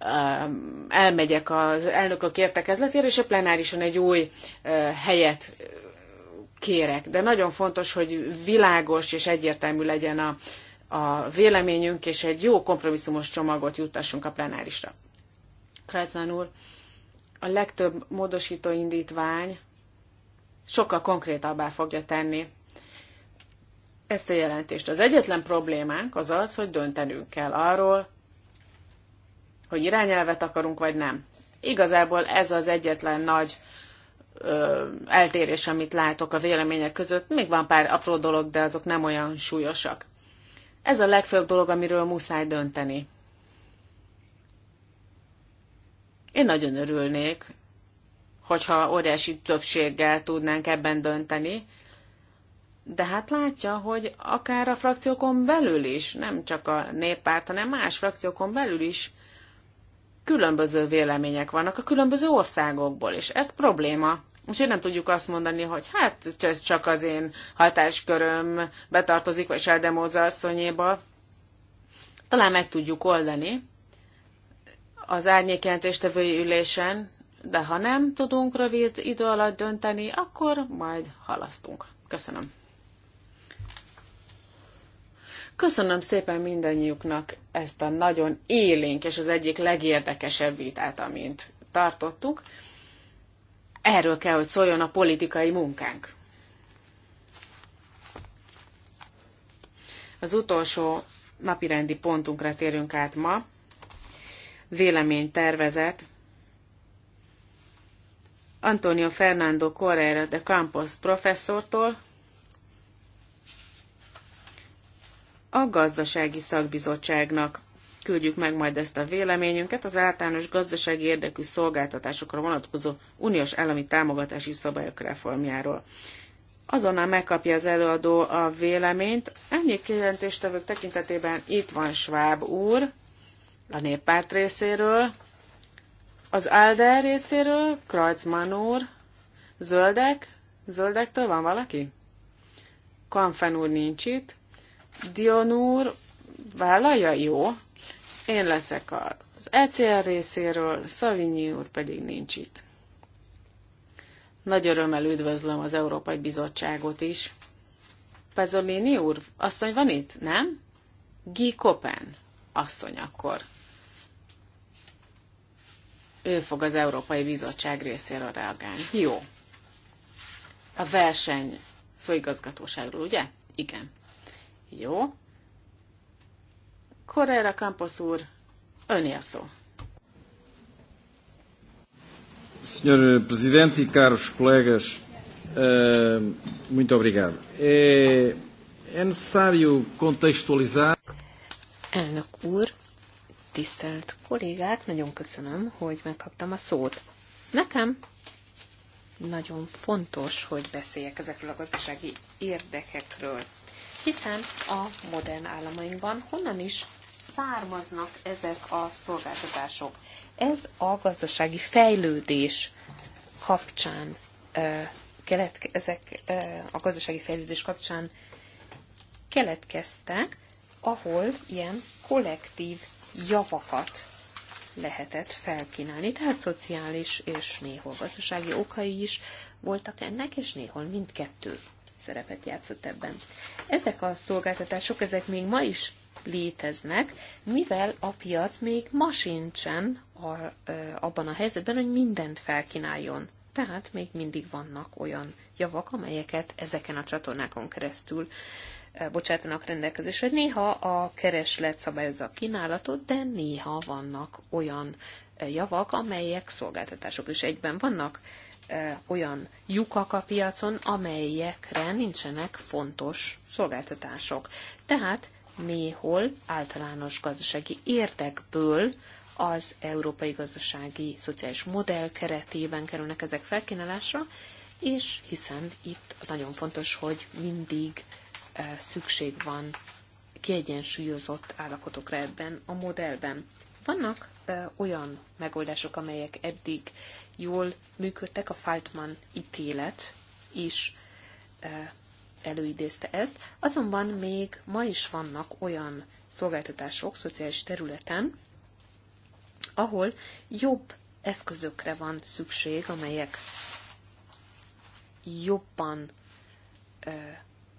um, elmegyek az elnökök értekezletére, és a plenárison egy új helyet kérek. De nagyon fontos, hogy világos és egyértelmű legyen a, a véleményünk, és egy jó kompromisszumos csomagot juttassunk a plenárisra. Krácmán úr, a legtöbb módosító indítvány sokkal konkrétabbá fogja tenni ezt a jelentést. Az egyetlen problémánk az az, hogy döntenünk kell arról, hogy irányelvet akarunk, vagy nem. Igazából ez az egyetlen nagy ö, eltérés, amit látok a vélemények között. Még van pár apró dolog, de azok nem olyan súlyosak. Ez a legfőbb dolog, amiről muszáj dönteni. Én nagyon örülnék, hogyha óriási többséggel tudnánk ebben dönteni, de hát látja, hogy akár a frakciókon belül is, nem csak a néppárt, hanem más frakciókon belül is különböző vélemények vannak a különböző országokból, és ez probléma. Úgyhogy nem tudjuk azt mondani, hogy hát ez csak az én hatásköröm betartozik, vagy Seldemóza asszonyéba. Talán meg tudjuk oldani az árnyékjelentéstevői ülésen, de ha nem tudunk rövid idő alatt dönteni, akkor majd halasztunk. Köszönöm. Köszönöm szépen mindannyiuknak ezt a nagyon élénk és az egyik legérdekesebb vitát, amint tartottuk. Erről kell, hogy szóljon a politikai munkánk. Az utolsó napirendi pontunkra térünk át ma. Véleménytervezet Antonio Fernando Correa de Campos professzortól, a gazdasági szakbizottságnak. Küldjük meg majd ezt a véleményünket az általános gazdasági érdekű szolgáltatásokra vonatkozó uniós állami támogatási szabályok reformjáról. Azonnal megkapja az előadó a véleményt. Ennyi kijelentéstevők tekintetében itt van Schwab úr, a néppárt részéről, az Alder részéről, Kreutzmann úr, zöldek, zöldektől van valaki? Kanfen úr nincs itt, Dion úr vállalja? Jó. Én leszek az ECR részéről, Szavinyi úr pedig nincs itt. Nagy örömmel üdvözlöm az Európai Bizottságot is. Pezolini úr, asszony van itt, nem? Guy Kopen, asszony akkor. Ő fog az Európai Bizottság részéről reagálni. Jó. A verseny főigazgatóságról, ugye? Igen. Jó. Correra Campos úr, öné a szó. Senhor Presidente e caros colegas, uh, muito obrigado. É, é necessário contextualizar. Elnök úr, tisztelt kollégák, nagyon köszönöm, hogy megkaptam a szót. Nekem nagyon fontos, hogy beszéljek ezekről a gazdasági érdekekről hiszen a modern államainkban honnan is származnak ezek a szolgáltatások. Ez a gazdasági fejlődés kapcsán ezek a gazdasági fejlődés kapcsán keletkeztek, ahol ilyen kollektív javakat lehetett felkínálni. Tehát szociális és néhol gazdasági okai is voltak ennek, és néhol mindkettő szerepet játszott ebben. Ezek a szolgáltatások, ezek még ma is léteznek, mivel a piac még ma sincsen a, abban a helyzetben, hogy mindent felkínáljon. Tehát még mindig vannak olyan javak, amelyeket ezeken a csatornákon keresztül bocsátanak rendelkezésre. Néha a kereslet szabályozza a kínálatot, de néha vannak olyan javak, amelyek szolgáltatások is egyben vannak olyan lyukak a piacon, amelyekre nincsenek fontos szolgáltatások. Tehát néhol általános gazdasági érdekből az európai gazdasági szociális modell keretében kerülnek ezek felkínálásra, és hiszen itt az nagyon fontos, hogy mindig szükség van kiegyensúlyozott állapotokra ebben a modellben. Vannak olyan megoldások, amelyek eddig jól működtek, a Faltman ítélet is előidézte ezt, azonban még ma is vannak olyan szolgáltatások szociális területen, ahol jobb eszközökre van szükség, amelyek jobban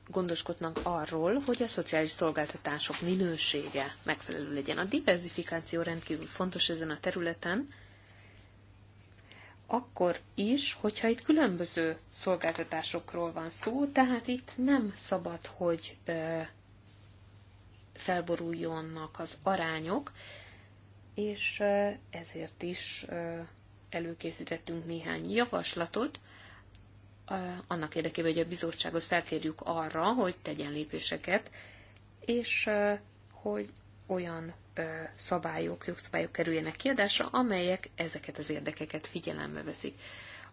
gondoskodnak arról, hogy a szociális szolgáltatások minősége megfelelő legyen. A diversifikáció rendkívül fontos ezen a területen, akkor is, hogyha itt különböző szolgáltatásokról van szó, tehát itt nem szabad, hogy ö, felboruljonnak az arányok, és ö, ezért is ö, előkészítettünk néhány javaslatot, annak érdekében, hogy a bizottságot felkérjük arra, hogy tegyen lépéseket, és hogy olyan szabályok, jogszabályok kerüljenek kiadásra, amelyek ezeket az érdekeket figyelembe veszik.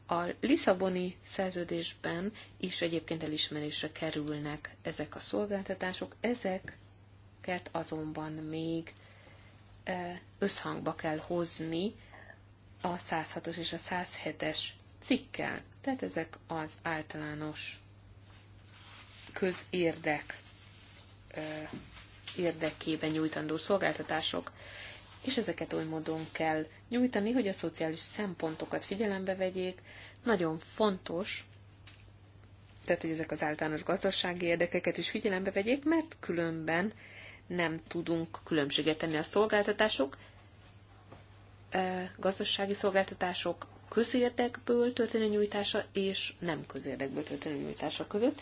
A Lisszaboni szerződésben is egyébként elismerésre kerülnek ezek a szolgáltatások, ezeket azonban még összhangba kell hozni a 106-os és a 107-es cikkel. Tehát ezek az általános közérdek érdekében nyújtandó szolgáltatások, és ezeket oly módon kell nyújtani, hogy a szociális szempontokat figyelembe vegyék. Nagyon fontos, tehát hogy ezek az általános gazdasági érdekeket is figyelembe vegyék, mert különben nem tudunk különbséget tenni a szolgáltatások, gazdasági szolgáltatások közérdekből történő nyújtása és nem közérdekből történő nyújtása között,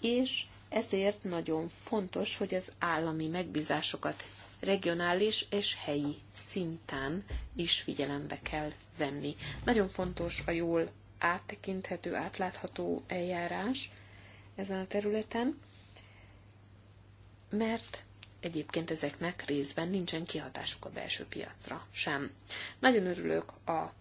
és ezért nagyon fontos, hogy az állami megbízásokat regionális és helyi szinten is figyelembe kell venni. Nagyon fontos a jól áttekinthető, átlátható eljárás ezen a területen, mert egyébként ezeknek részben nincsen kihatásuk a belső piacra sem. Nagyon örülök a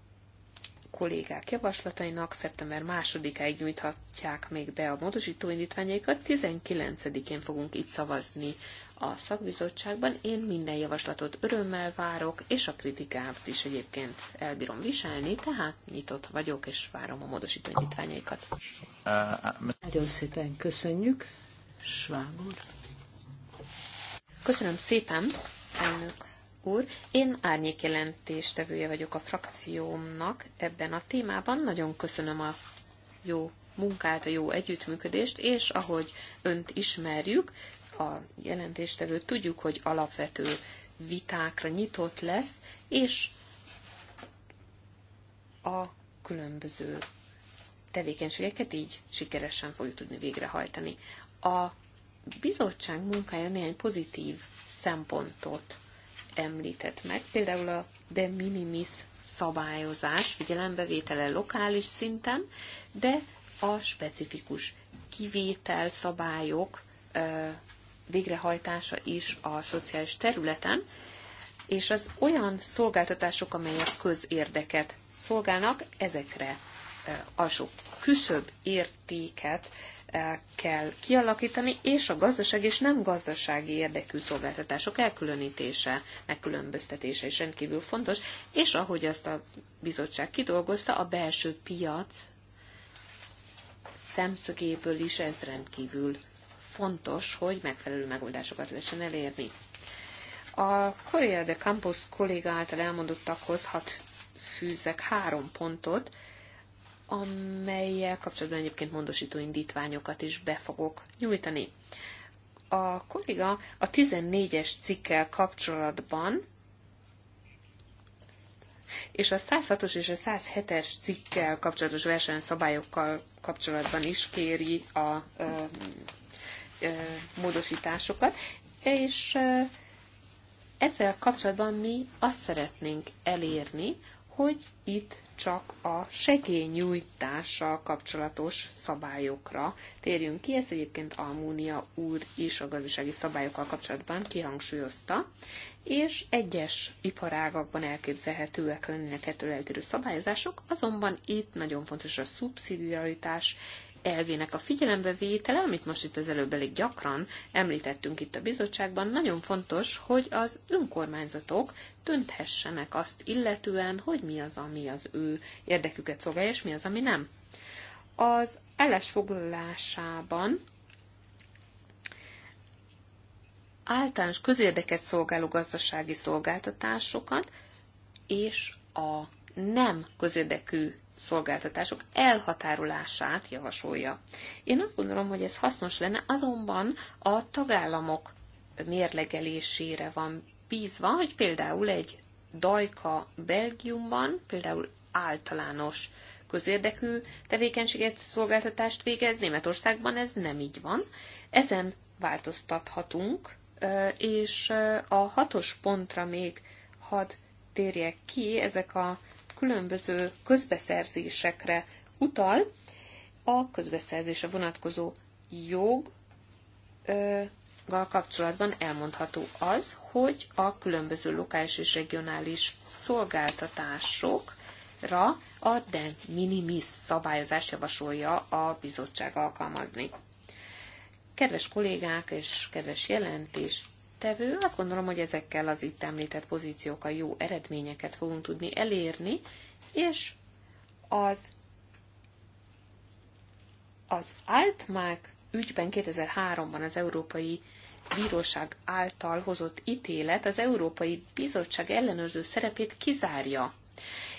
kollégák javaslatainak szeptember 2-áig nyújthatják még be a módosító indítványaikat. 19-én fogunk itt szavazni a szakbizottságban. Én minden javaslatot örömmel várok, és a kritikát is egyébként elbírom viselni, tehát nyitott vagyok, és várom a módosító indítványaikat. Nagyon szépen köszönjük, Svágor. Köszönöm szépen, elnök úr. Én árnyékjelentéstevője vagyok a frakciómnak ebben a témában. Nagyon köszönöm a jó munkát, a jó együttműködést, és ahogy önt ismerjük, a jelentéstevőt tudjuk, hogy alapvető vitákra nyitott lesz, és a különböző tevékenységeket így sikeresen fogjuk tudni végrehajtani. A bizottság munkája néhány pozitív szempontot említett meg, például a de minimis szabályozás figyelembevétele lokális szinten, de a specifikus kivétel szabályok végrehajtása is a szociális területen, és az olyan szolgáltatások, amelyek közérdeket szolgálnak, ezekre alsó küszöbb értéket kell kialakítani, és a gazdaság és nem gazdasági érdekű szolgáltatások elkülönítése, megkülönböztetése is rendkívül fontos, és ahogy azt a bizottság kidolgozta, a belső piac szemszögéből is ez rendkívül fontos, hogy megfelelő megoldásokat lehessen elérni. A Corriere de Campos kolléga által elmondottakhoz hat fűzek három pontot, amelyel kapcsolatban egyébként mondosító indítványokat is be fogok nyújtani. A kolléga a 14-es cikkel kapcsolatban és a 106-os és a 107-es cikkel kapcsolatos versenyszabályokkal kapcsolatban is kéri a ö, ö, módosításokat, és ö, ezzel kapcsolatban mi azt szeretnénk elérni, hogy itt csak a segélynyújtással kapcsolatos szabályokra térjünk ki. Ezt egyébként Almúnia úr is a gazdasági szabályokkal kapcsolatban kihangsúlyozta, és egyes iparágakban elképzelhetőek lennének ettől eltérő szabályozások, azonban itt nagyon fontos a szubszidiaritás elvének a figyelembe vétele, amit most itt az előbb elég gyakran említettünk itt a bizottságban, nagyon fontos, hogy az önkormányzatok tönthessenek azt illetően, hogy mi az, ami az ő érdeküket szolgálja, és mi az, ami nem. Az állásfoglalásában általános közérdeket szolgáló gazdasági szolgáltatásokat és a nem közérdekű szolgáltatások elhatárolását javasolja. Én azt gondolom, hogy ez hasznos lenne, azonban a tagállamok mérlegelésére van bízva, hogy például egy dajka Belgiumban például általános közérdekű tevékenységet, szolgáltatást végez, Németországban ez nem így van. Ezen változtathatunk, és a hatos pontra még hadd térjek ki, ezek a különböző közbeszerzésekre utal, a közbeszerzése vonatkozó jog kapcsolatban elmondható az, hogy a különböző lokális és regionális szolgáltatásokra a de minimis szabályozást javasolja a bizottság alkalmazni. Kedves kollégák és kedves jelentés jelentéstevő. Azt gondolom, hogy ezekkel az itt említett pozíciókkal jó eredményeket fogunk tudni elérni, és az az Altmark ügyben 2003-ban az Európai Bíróság által hozott ítélet az Európai Bizottság ellenőrző szerepét kizárja.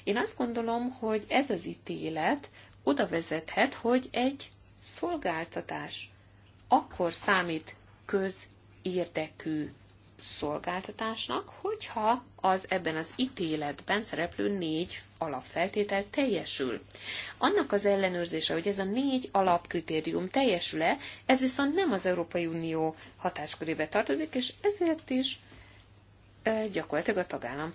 Én azt gondolom, hogy ez az ítélet oda vezethet, hogy egy szolgáltatás akkor számít köz érdekű szolgáltatásnak, hogyha az ebben az ítéletben szereplő négy alapfeltétel teljesül. Annak az ellenőrzése, hogy ez a négy alapkritérium teljesül-e, ez viszont nem az Európai Unió hatáskörébe tartozik, és ezért is gyakorlatilag a tagállam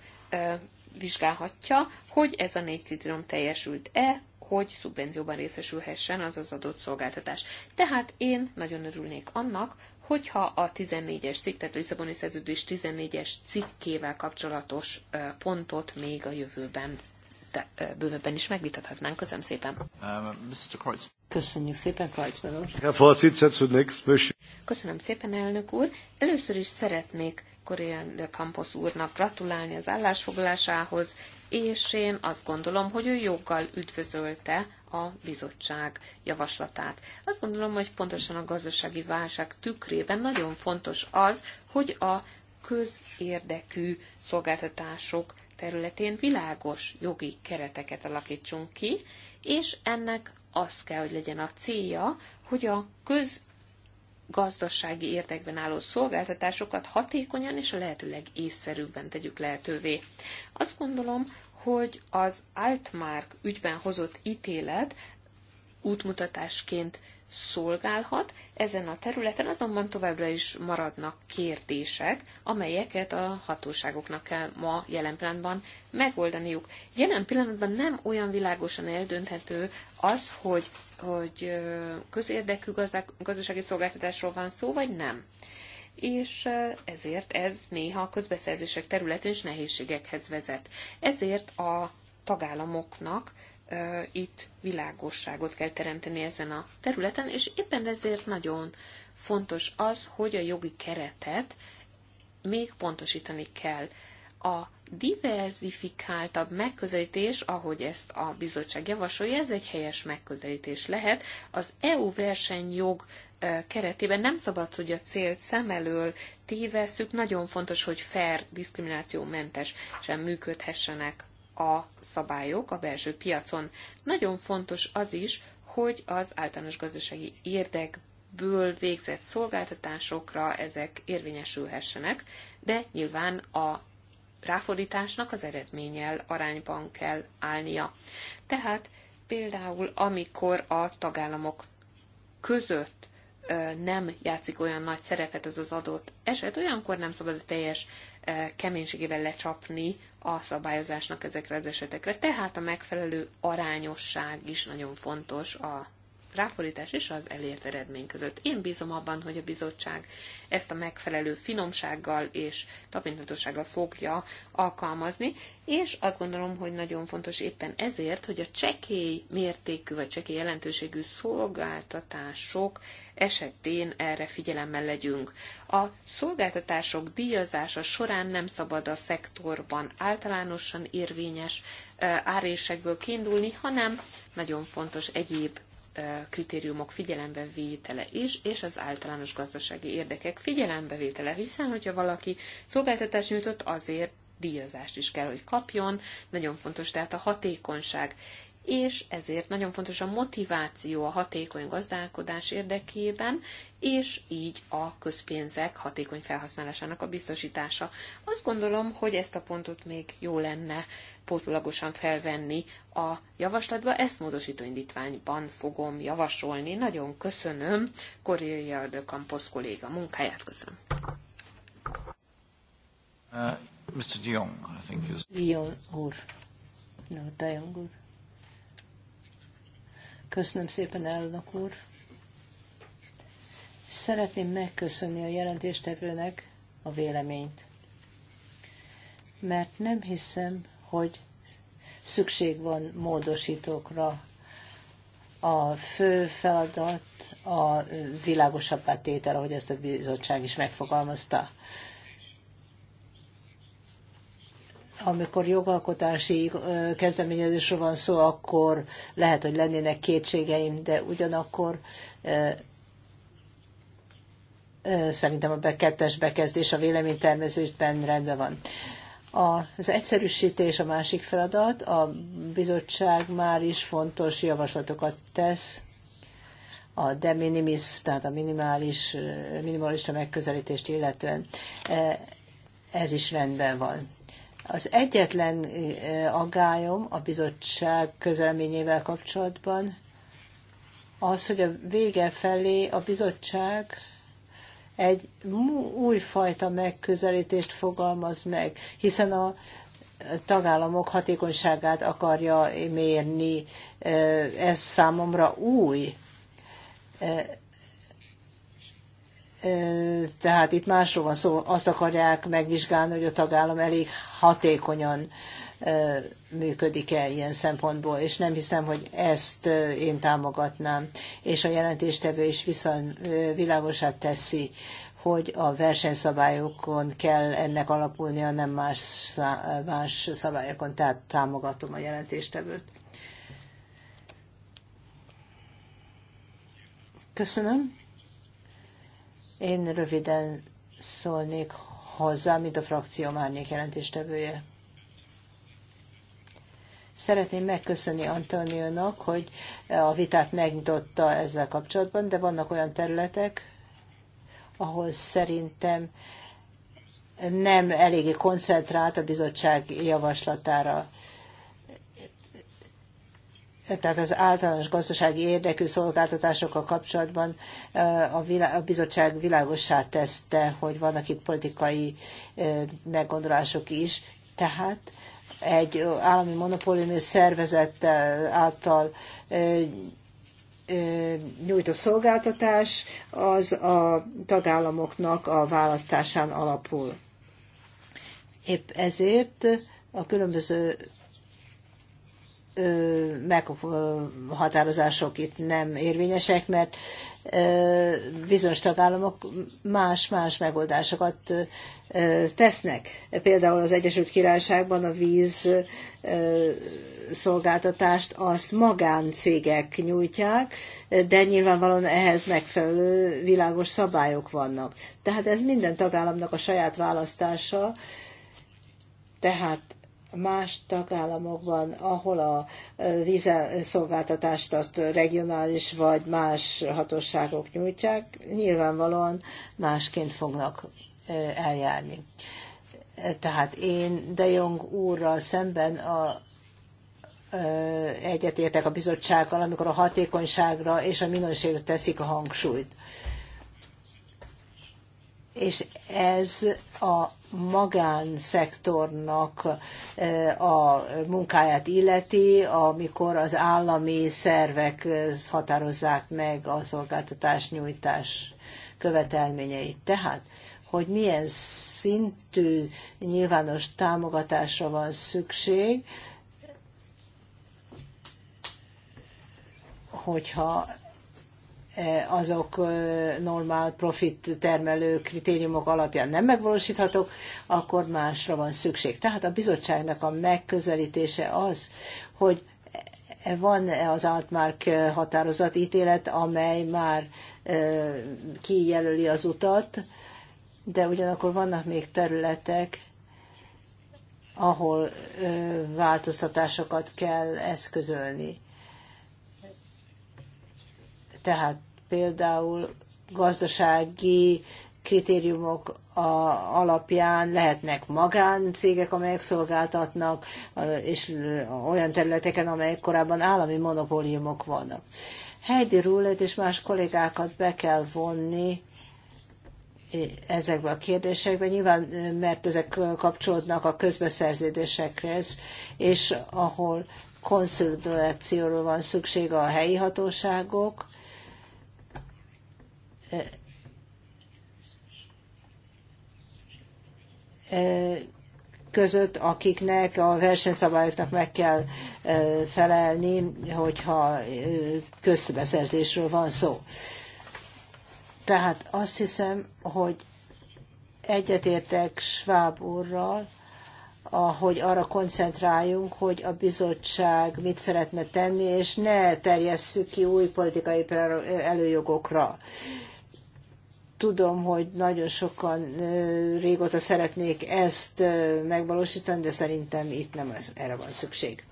vizsgálhatja, hogy ez a négy kritérium teljesült-e, hogy szubvencióban részesülhessen az az adott szolgáltatás. Tehát én nagyon örülnék annak, hogyha a 14-es cikk, tehát a Lisszaboni szerződés 14-es cikkével kapcsolatos pontot még a jövőben bővebben is megvitathatnánk. Köszönöm szépen. Um, Köszönjük szépen, Kreuzmann Köszönöm szépen, elnök úr. Először is szeretnék Korea de Campos úrnak gratulálni az állásfoglalásához, és én azt gondolom, hogy ő joggal üdvözölte a bizottság javaslatát. Azt gondolom, hogy pontosan a gazdasági válság tükrében nagyon fontos az, hogy a közérdekű szolgáltatások területén világos jogi kereteket alakítsunk ki, és ennek az kell, hogy legyen a célja, hogy a köz gazdasági érdekben álló szolgáltatásokat hatékonyan és a lehető legészszerűbben tegyük lehetővé. Azt gondolom, hogy az Altmark ügyben hozott ítélet útmutatásként szolgálhat. Ezen a területen azonban továbbra is maradnak kérdések, amelyeket a hatóságoknak kell ma jelen pillanatban megoldaniuk. Jelen pillanatban nem olyan világosan eldönthető az, hogy, hogy közérdekű gazdasági szolgáltatásról van szó, vagy nem és ezért ez néha a közbeszerzések területén is nehézségekhez vezet. Ezért a tagállamoknak itt világosságot kell teremteni ezen a területen, és éppen ezért nagyon fontos az, hogy a jogi keretet még pontosítani kell. A diversifikáltabb megközelítés, ahogy ezt a bizottság javasolja, ez egy helyes megközelítés lehet. Az EU versenyjog keretében nem szabad, hogy a célt szem elől tévesszük, nagyon fontos, hogy fair, diszkriminációmentes sem működhessenek a szabályok a belső piacon. Nagyon fontos az is, hogy az általános gazdasági érdekből végzett szolgáltatásokra ezek érvényesülhessenek, de nyilván a ráfordításnak az eredménnyel arányban kell állnia. Tehát például, amikor a tagállamok között nem játszik olyan nagy szerepet az az adott eset, olyankor nem szabad a teljes keménységével lecsapni a szabályozásnak ezekre az esetekre. Tehát a megfelelő arányosság is nagyon fontos a ráfordítás és az elért eredmény között. Én bízom abban, hogy a bizottság ezt a megfelelő finomsággal és tapintatossággal fogja alkalmazni, és azt gondolom, hogy nagyon fontos éppen ezért, hogy a csekély mértékű vagy csekély jelentőségű szolgáltatások esetén erre figyelemmel legyünk. A szolgáltatások díjazása során nem szabad a szektorban általánosan érvényes eh, árésekből kiindulni, hanem nagyon fontos egyéb kritériumok figyelembevétele is, és az általános gazdasági érdekek figyelembevétele, hiszen hogyha valaki szolgáltatást nyújtott, azért díjazást is kell, hogy kapjon. Nagyon fontos tehát a hatékonyság és ezért nagyon fontos a motiváció a hatékony gazdálkodás érdekében, és így a közpénzek hatékony felhasználásának a biztosítása. Azt gondolom, hogy ezt a pontot még jó lenne pótulagosan felvenni a javaslatba, ezt módosító indítványban fogom javasolni. Nagyon köszönöm Correia de Campos kolléga munkáját, köszönöm. Uh, Mr. Dion, I think is... Dion úr. No, Dion úr. Köszönöm szépen, elnök úr. Szeretném megköszönni a jelentéstevőnek a véleményt, mert nem hiszem, hogy szükség van módosítókra. A fő feladat a világosabbá tétel, ahogy ezt a bizottság is megfogalmazta. amikor jogalkotási kezdeményezésről van szó, akkor lehet, hogy lennének kétségeim, de ugyanakkor szerintem a kettes bekezdés a véleménytermezésben rendben van. Az egyszerűsítés a másik feladat, a bizottság már is fontos javaslatokat tesz, a de minimis, tehát a minimális, minimalista megközelítést illetően. Ez is rendben van. Az egyetlen aggályom a bizottság közelményével kapcsolatban az, hogy a vége felé a bizottság egy újfajta megközelítést fogalmaz meg, hiszen a tagállamok hatékonyságát akarja mérni. Ez számomra új. Tehát itt másról van szó, szóval azt akarják megvizsgálni, hogy a tagállam elég hatékonyan működik-e ilyen szempontból, és nem hiszem, hogy ezt én támogatnám. És a jelentéstevő is viszont világosát teszi, hogy a versenyszabályokon kell ennek alapulnia, nem más, más szabályokon, tehát támogatom a jelentéstevőt. Köszönöm. Én röviden szólnék hozzá, mint a frakció márnyék jelentéstevője. Szeretném megköszönni Antoniónak, hogy a vitát megnyitotta ezzel kapcsolatban, de vannak olyan területek, ahol szerintem nem eléggé koncentrált a bizottság javaslatára tehát az általános gazdasági érdekű szolgáltatásokkal kapcsolatban eh, a, vilá, a bizottság világossá teszte, hogy vannak itt politikai eh, meggondolások is, tehát egy állami monopóliumi szervezet által eh, nyújtó szolgáltatás az a tagállamoknak a választásán alapul. Épp ezért a különböző meghatározások itt nem érvényesek, mert bizonyos tagállamok más-más megoldásokat tesznek. Például az Egyesült Királyságban a víz szolgáltatást azt magáncégek nyújtják, de nyilvánvalóan ehhez megfelelő világos szabályok vannak. Tehát ez minden tagállamnak a saját választása, tehát más tagállamokban, ahol a vízszolgáltatást azt regionális vagy más hatóságok nyújtják, nyilvánvalóan másként fognak eljárni. Tehát én De Jong úrral szemben a, egyetértek a bizottsággal, amikor a hatékonyságra és a minőségre teszik a hangsúlyt. És ez a magánszektornak e, a munkáját illeti, amikor az állami szervek e, határozzák meg a szolgáltatás nyújtás követelményeit. Tehát, hogy milyen szintű nyilvános támogatásra van szükség, hogyha Eh, azok eh, normál profit termelő kritériumok alapján nem megvalósíthatók, akkor másra van szükség. Tehát a bizottságnak a megközelítése az, hogy e, van e az Altmark eh, határozat ítélet, amely már kijelöli az utat, de ugyanakkor vannak még területek, ahol változtatásokat kell eszközölni tehát például gazdasági kritériumok a, alapján lehetnek magáncégek, amelyek szolgáltatnak, és olyan területeken, amelyek korábban állami monopóliumok vannak. Heidi Rullet és más kollégákat be kell vonni ezekbe a kérdésekbe, nyilván mert ezek kapcsolódnak a közbeszerződésekhez, és ahol konszolidációról van szükség a helyi hatóságok, között, akiknek a versenyszabályoknak meg kell felelni, hogyha közbeszerzésről van szó. Tehát azt hiszem, hogy egyetértek Schwab úrral, ahogy arra koncentráljunk, hogy a bizottság mit szeretne tenni, és ne terjesszük ki új politikai előjogokra. Tudom, hogy nagyon sokan régóta szeretnék ezt megvalósítani, de szerintem itt nem az, erre van szükség.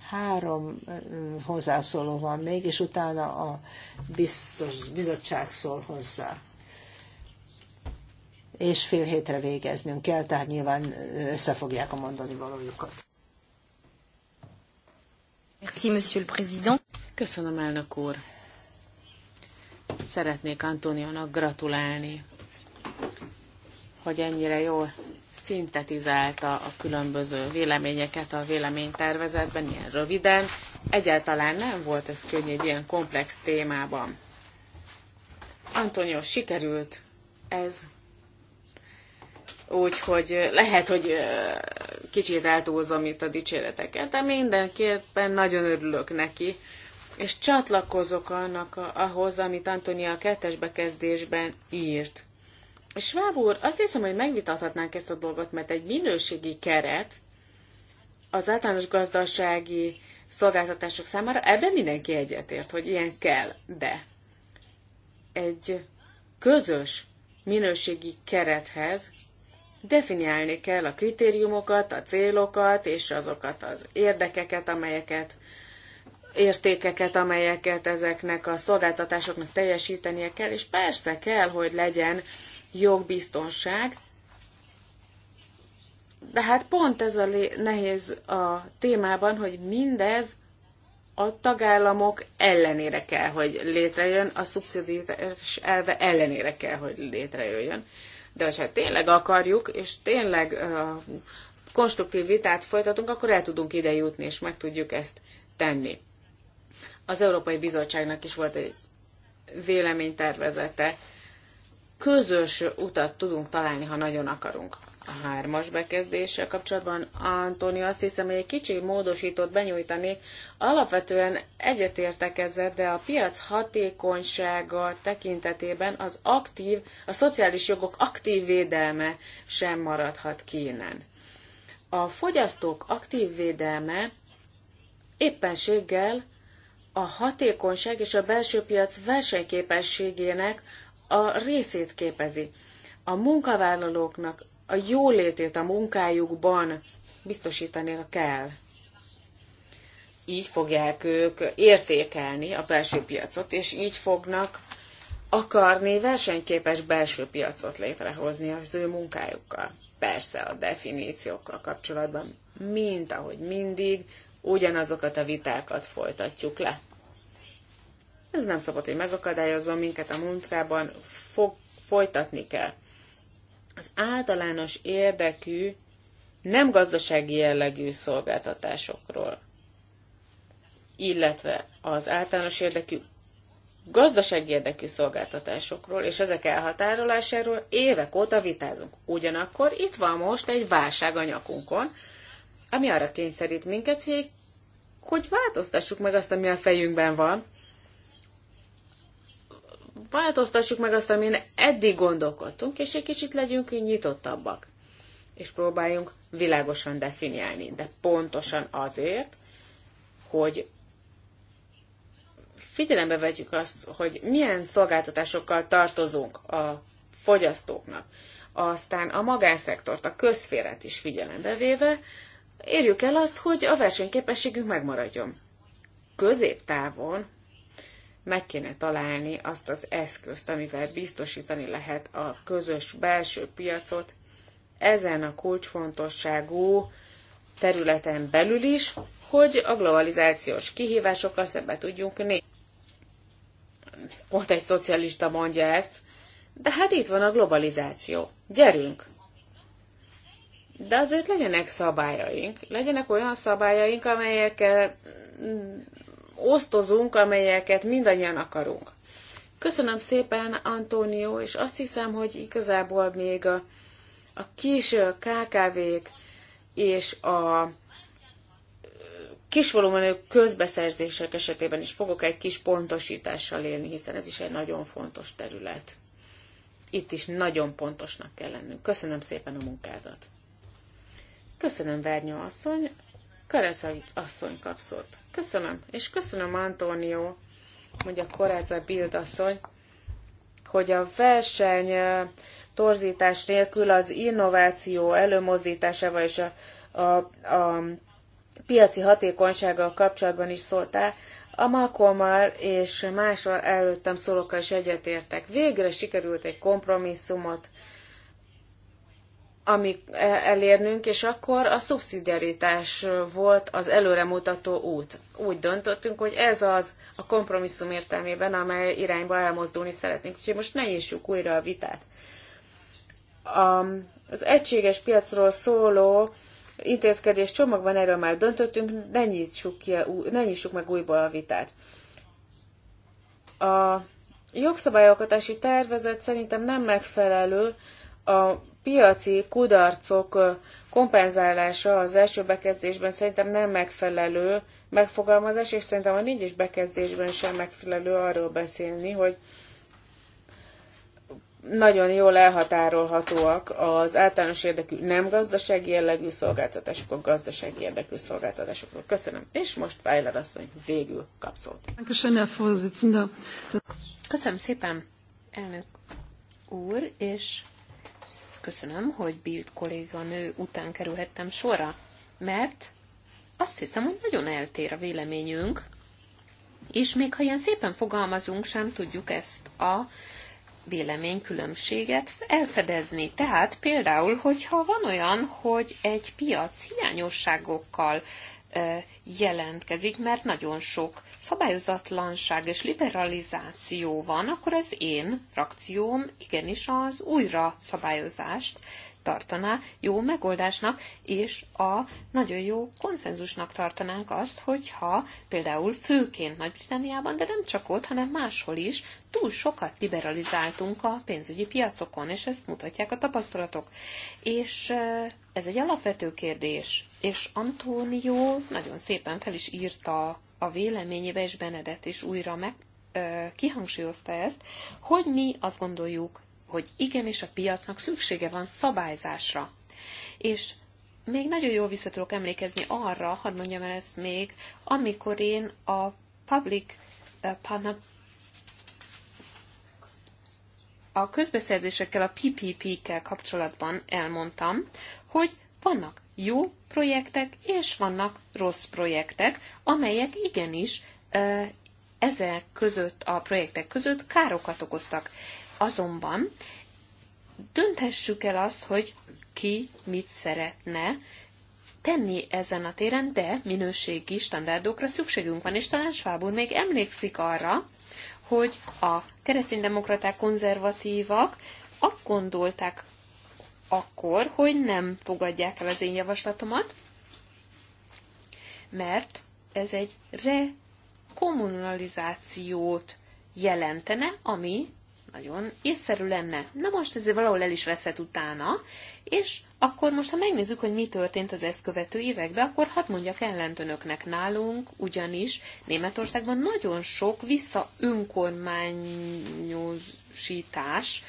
Három hozzászóló van még, és utána a biztos, bizottság szól hozzá és fél hétre végeznünk kell, tehát nyilván összefogják a mondani valójukat. Merci, monsieur le président. Köszönöm, elnök úr. Szeretnék Antoniónak gratulálni, hogy ennyire jól szintetizálta a különböző véleményeket a véleménytervezetben, ilyen röviden. Egyáltalán nem volt ez könnyű egy ilyen komplex témában. Antonio, sikerült ez. Úgyhogy lehet, hogy kicsit eltúlzom itt a dicséreteket, de mindenképpen nagyon örülök neki, és csatlakozok annak ahhoz, amit Antonia a kettes bekezdésben írt. Schwab úr, azt hiszem, hogy megvitathatnánk ezt a dolgot, mert egy minőségi keret az általános gazdasági szolgáltatások számára, ebben mindenki egyetért, hogy ilyen kell, de egy közös minőségi kerethez definiálni kell a kritériumokat, a célokat és azokat az érdekeket, amelyeket értékeket, amelyeket ezeknek a szolgáltatásoknak teljesítenie kell, és persze kell, hogy legyen jogbiztonság, de hát pont ez a nehéz a témában, hogy mindez a tagállamok ellenére kell, hogy létrejön, a szubszidiás elve ellenére kell, hogy létrejöjjön. De ha hát tényleg akarjuk, és tényleg uh, konstruktív vitát folytatunk, akkor el tudunk ide jutni, és meg tudjuk ezt tenni az Európai Bizottságnak is volt egy véleménytervezete. Közös utat tudunk találni, ha nagyon akarunk. A hármas bekezdéssel kapcsolatban Antoni azt hiszem, hogy egy kicsi módosítót benyújtani. Alapvetően egyetértek ezzel, de a piac hatékonysága tekintetében az aktív, a szociális jogok aktív védelme sem maradhat ki innen. A fogyasztók aktív védelme éppenséggel a hatékonyság és a belső piac versenyképességének a részét képezi. A munkavállalóknak a jólétét a munkájukban biztosítani kell. Így fogják ők értékelni a belső piacot, és így fognak akarni versenyképes belső piacot létrehozni az ő munkájukkal. Persze a definíciókkal kapcsolatban, mint ahogy mindig, ugyanazokat a vitákat folytatjuk le. Ez nem szabad, hogy megakadályozzon minket a munkában, fog, folytatni kell. Az általános érdekű, nem gazdasági jellegű szolgáltatásokról, illetve az általános érdekű gazdasági érdekű szolgáltatásokról és ezek elhatárolásáról évek óta vitázunk. Ugyanakkor itt van most egy válság a nyakunkon, ami arra kényszerít minket, hogy, hogy változtassuk meg azt, ami a fejünkben van, változtassuk meg azt, amin eddig gondolkodtunk, és egy kicsit legyünk nyitottabbak, és próbáljunk világosan definiálni, de pontosan azért, hogy figyelembe vegyük azt, hogy milyen szolgáltatásokkal tartozunk a fogyasztóknak, aztán a magánszektort, a közférát is figyelembe véve, érjük el azt, hogy a versenyképességünk megmaradjon. Középtávon meg kéne találni azt az eszközt, amivel biztosítani lehet a közös belső piacot ezen a kulcsfontosságú területen belül is, hogy a globalizációs kihívásokkal szembe tudjunk nézni. Ott egy szocialista mondja ezt, de hát itt van a globalizáció. Gyerünk! De azért legyenek szabályaink, legyenek olyan szabályaink, amelyekkel osztozunk, amelyeket mindannyian akarunk. Köszönöm szépen, Antónió, és azt hiszem, hogy igazából még a, a kis KKV-k és a kis volumenű közbeszerzések esetében is fogok egy kis pontosítással élni, hiszen ez is egy nagyon fontos terület. Itt is nagyon pontosnak kell lennünk. Köszönöm szépen a munkádat. Köszönöm, Vernya asszony. Karecavit asszony kapszott. Köszönöm, és köszönöm Antonio, mondja Koreca Bild asszony, hogy a verseny torzítás nélkül az innováció előmozdításával és a, a, a piaci hatékonysággal kapcsolatban is szóltál, a Malcolmmal és más előttem szólókkal is egyetértek. Végre sikerült egy kompromisszumot amit e- elérnünk, és akkor a szubszidiaritás volt az előremutató út. Úgy döntöttünk, hogy ez az a kompromisszum értelmében, amely irányba elmozdulni szeretnénk. Úgyhogy most ne nyissuk újra a vitát. A, az egységes piacról szóló intézkedés csomagban erről már döntöttünk, ne nyissuk, ki, ne nyissuk meg újból a vitát. A jogszabályalkotási tervezet szerintem nem megfelelő a piaci kudarcok kompenzálása az első bekezdésben szerintem nem megfelelő megfogalmazás, és szerintem a négyes bekezdésben sem megfelelő arról beszélni, hogy nagyon jól elhatárolhatóak az általános érdekű nem gazdasági jellegű a gazdasági érdekű szolgáltatásokról. Köszönöm. És most Weiler asszony végül kap szót. Köszönöm szépen, elnök úr, és köszönöm, hogy Bild kolléganő után kerülhettem sorra, mert azt hiszem, hogy nagyon eltér a véleményünk, és még ha ilyen szépen fogalmazunk, sem tudjuk ezt a véleménykülönbséget elfedezni. Tehát például, hogyha van olyan, hogy egy piac hiányosságokkal jelentkezik, mert nagyon sok szabályozatlanság és liberalizáció van, akkor az én frakcióm igenis az újra szabályozást tartaná jó megoldásnak, és a nagyon jó konszenzusnak tartanánk azt, hogyha például főként Nagy-Britanniában, de nem csak ott, hanem máshol is túl sokat liberalizáltunk a pénzügyi piacokon, és ezt mutatják a tapasztalatok. És ez egy alapvető kérdés, és Antónió nagyon szépen fel is írta a véleményébe, és Benedett is újra meg, kihangsúlyozta ezt, hogy mi azt gondoljuk hogy igenis a piacnak szüksége van szabályzásra. És még nagyon jól vissza tudok emlékezni arra, hadd mondjam el ezt még, amikor én a public eh, partner a közbeszerzésekkel, a PPP-kkel kapcsolatban elmondtam, hogy vannak jó projektek, és vannak rossz projektek, amelyek igenis eh, ezek között, a projektek között károkat okoztak. Azonban dönthessük el azt, hogy ki mit szeretne tenni ezen a téren, de minőségi standardokra szükségünk van, és talán Schwab úr még emlékszik arra, hogy a kereszténydemokraták konzervatívak azt gondolták akkor, hogy nem fogadják el az én javaslatomat, mert ez egy rekommunalizációt jelentene, ami nagyon észszerű lenne. Na most ezért valahol el is veszett utána, és akkor most, ha megnézzük, hogy mi történt az ezt követő években, akkor hadd mondjak ellentönöknek nálunk, ugyanis Németországban nagyon sok visszaönkormányosítás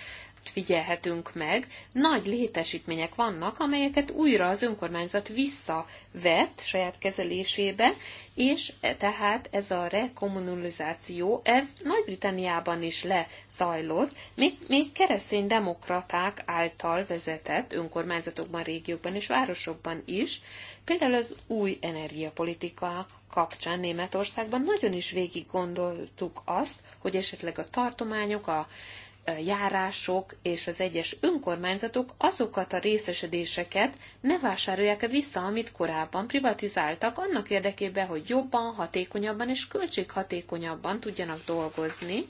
figyelhetünk meg. Nagy létesítmények vannak, amelyeket újra az önkormányzat visszavett saját kezelésébe, és e, tehát ez a rekommunalizáció, ez Nagy-Britanniában is lezajlott, még, még keresztény demokraták által vezetett önkormányzatokban, régiókban és városokban is, például az új energiapolitika kapcsán Németországban nagyon is végig gondoltuk azt, hogy esetleg a tartományok, a járások és az egyes önkormányzatok azokat a részesedéseket ne vásárolják vissza, amit korábban privatizáltak, annak érdekében, hogy jobban, hatékonyabban és költséghatékonyabban tudjanak dolgozni,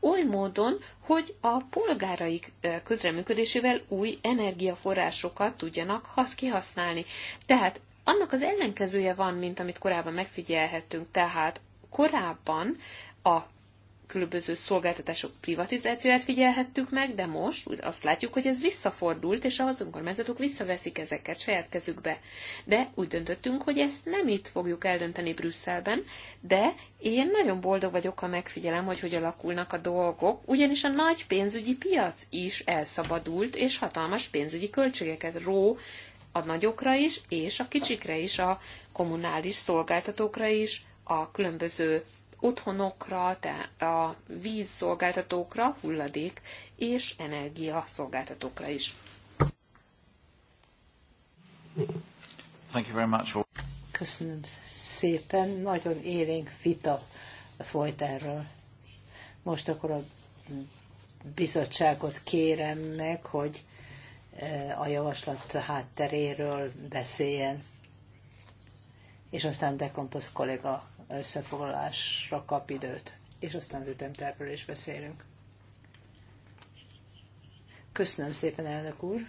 oly módon, hogy a polgáraik közreműködésével új energiaforrásokat tudjanak kihasználni. Tehát annak az ellenkezője van, mint amit korábban megfigyelhettünk, tehát korábban a különböző szolgáltatások privatizációját figyelhettük meg, de most úgy azt látjuk, hogy ez visszafordult, és az önkormányzatok visszaveszik ezeket saját kezükbe. De úgy döntöttünk, hogy ezt nem itt fogjuk eldönteni Brüsszelben, de én nagyon boldog vagyok, ha megfigyelem, hogy hogy alakulnak a dolgok, ugyanis a nagy pénzügyi piac is elszabadult, és hatalmas pénzügyi költségeket ró a nagyokra is, és a kicsikre is, a kommunális szolgáltatókra is, a különböző otthonokra, a vízszolgáltatókra, hulladék és energia szolgáltatókra is. Thank you very much. Köszönöm szépen, nagyon élénk vita folyt erről. Most akkor a bizottságot kérem meg, hogy e, a javaslat hátteréről beszéljen, és aztán Dekomposz kolléga összefoglalásra kap időt, és aztán az ütemtervről is beszélünk. Köszönöm szépen, elnök úr!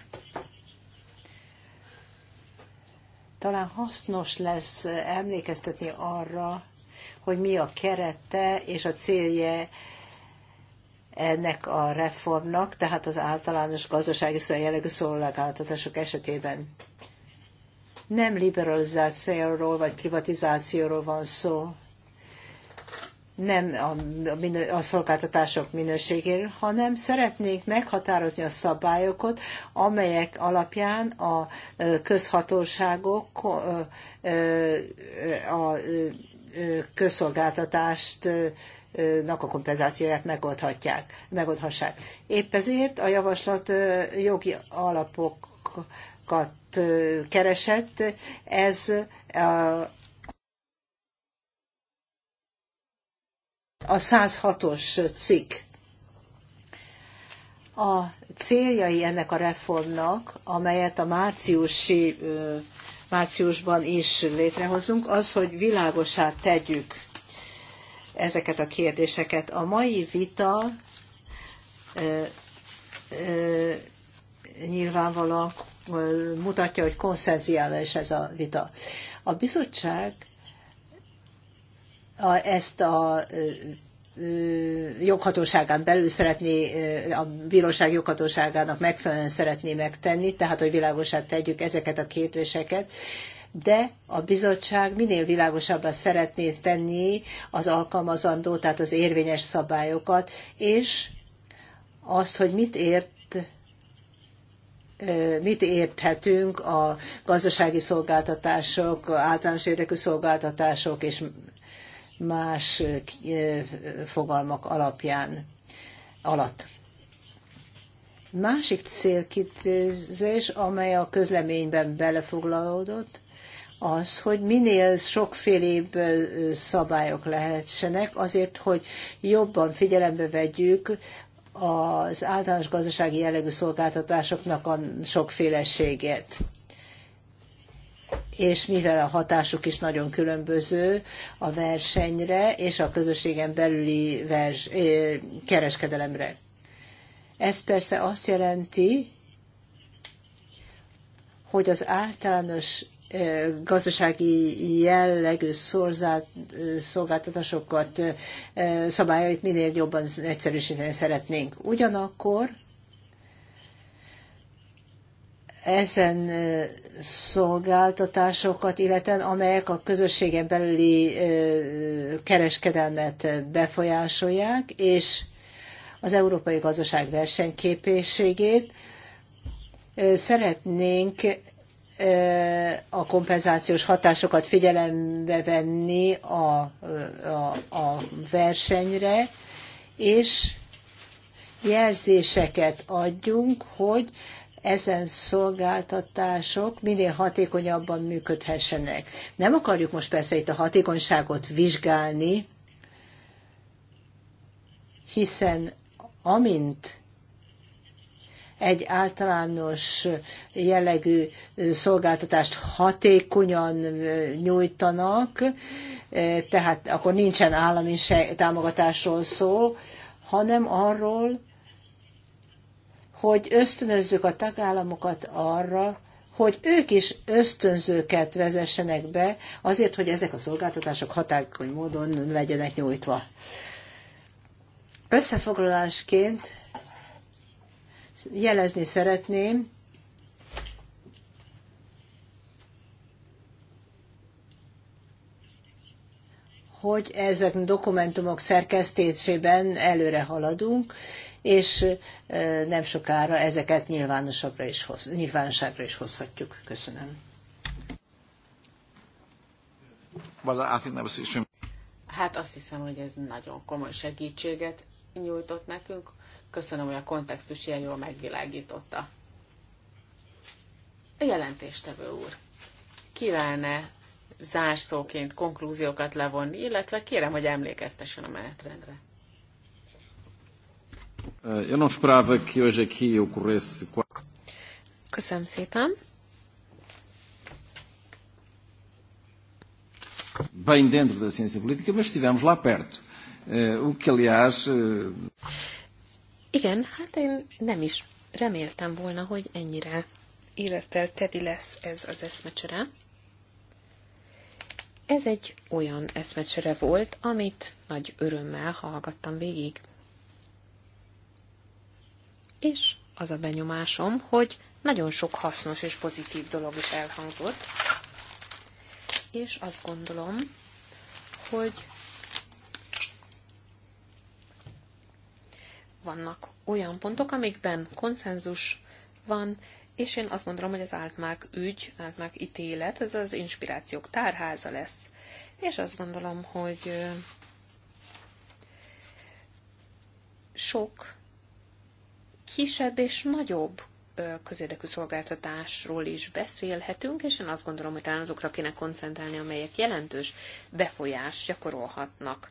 Talán hasznos lesz emlékeztetni arra, hogy mi a kerete és a célja ennek a reformnak, tehát az általános gazdasági jellegű szolgáltatások esetében. Nem liberalizációról vagy privatizációról van szó, nem a, minő, a szolgáltatások minőségéről, hanem szeretnénk meghatározni a szabályokat, amelyek alapján a közhatóságok a közszolgáltatást a kompenzációját megoldhatják, megoldhassák. Épp ezért a javaslat jogi alapok dolgokat keresett, ez a a 106-os cikk. A céljai ennek a reformnak, amelyet a márciusi, márciusban is létrehozunk, az, hogy világosá tegyük ezeket a kérdéseket. A mai vita nyilvánvalóan mutatja, hogy konszenziális ez a vita. A bizottság a, ezt a joghatóságán belül szeretné, a bíróság joghatóságának megfelelően szeretné megtenni, tehát hogy világosát tegyük ezeket a kérdéseket, de a bizottság minél világosabbá szeretné tenni az alkalmazandó, tehát az érvényes szabályokat, és azt, hogy mit ért mit érthetünk a gazdasági szolgáltatások, általános érdekű szolgáltatások és más fogalmak alapján alatt. Másik célkitűzés, amely a közleményben belefoglalódott, az, hogy minél sokfélébb szabályok lehessenek, azért, hogy jobban figyelembe vegyük az általános gazdasági jellegű szolgáltatásoknak a sokféleségét. És mivel a hatásuk is nagyon különböző a versenyre és a közösségen belüli vers, kereskedelemre. Ez persze azt jelenti, hogy az általános gazdasági jellegű szolgáltatásokat, szabályait minél jobban egyszerűsíteni szeretnénk. Ugyanakkor ezen szolgáltatásokat, illetve amelyek a közösségen belüli kereskedelmet befolyásolják, és az európai gazdaság versenyképességét szeretnénk a kompenzációs hatásokat figyelembe venni a, a, a versenyre, és jelzéseket adjunk, hogy ezen szolgáltatások minél hatékonyabban működhessenek. Nem akarjuk most persze itt a hatékonyságot vizsgálni, hiszen amint egy általános jellegű szolgáltatást hatékonyan nyújtanak, e, tehát akkor nincsen állami támogatásról szó, hanem arról, hogy ösztönözzük a tagállamokat arra, hogy ők is ösztönzőket vezessenek be, azért, hogy ezek a szolgáltatások hatékony módon legyenek nyújtva. Összefoglalásként jelezni szeretném, hogy ezek a dokumentumok szerkesztésében előre haladunk, és nem sokára ezeket nyilvánosabbra is hoz, nyilvánosságra is hozhatjuk. Köszönöm. Hát azt hiszem, hogy ez nagyon komoly segítséget nyújtott nekünk. Köszönöm, hogy a kontextus ilyen jól megvilágította. A jelentéstevő úr, kívánne zárszóként konklúziókat levonni, illetve kérem, hogy emlékeztessen a menetrendre. Eh, Köszönöm szépen. Bem dentro da ciência política, mas estivemos lá perto. Uh, o que, aliás, uh, igen, hát én nem is reméltem volna, hogy ennyire élettel tedi lesz ez az eszmecsere. Ez egy olyan eszmecsere volt, amit nagy örömmel hallgattam végig. És az a benyomásom, hogy nagyon sok hasznos és pozitív dolog is elhangzott, és azt gondolom, hogy vannak olyan pontok, amikben konszenzus van, és én azt gondolom, hogy az Altmark ügy, Altmark ítélet, ez az inspirációk tárháza lesz. És azt gondolom, hogy sok kisebb és nagyobb közérdekű szolgáltatásról is beszélhetünk, és én azt gondolom, hogy talán azokra kéne koncentrálni, amelyek jelentős befolyást gyakorolhatnak.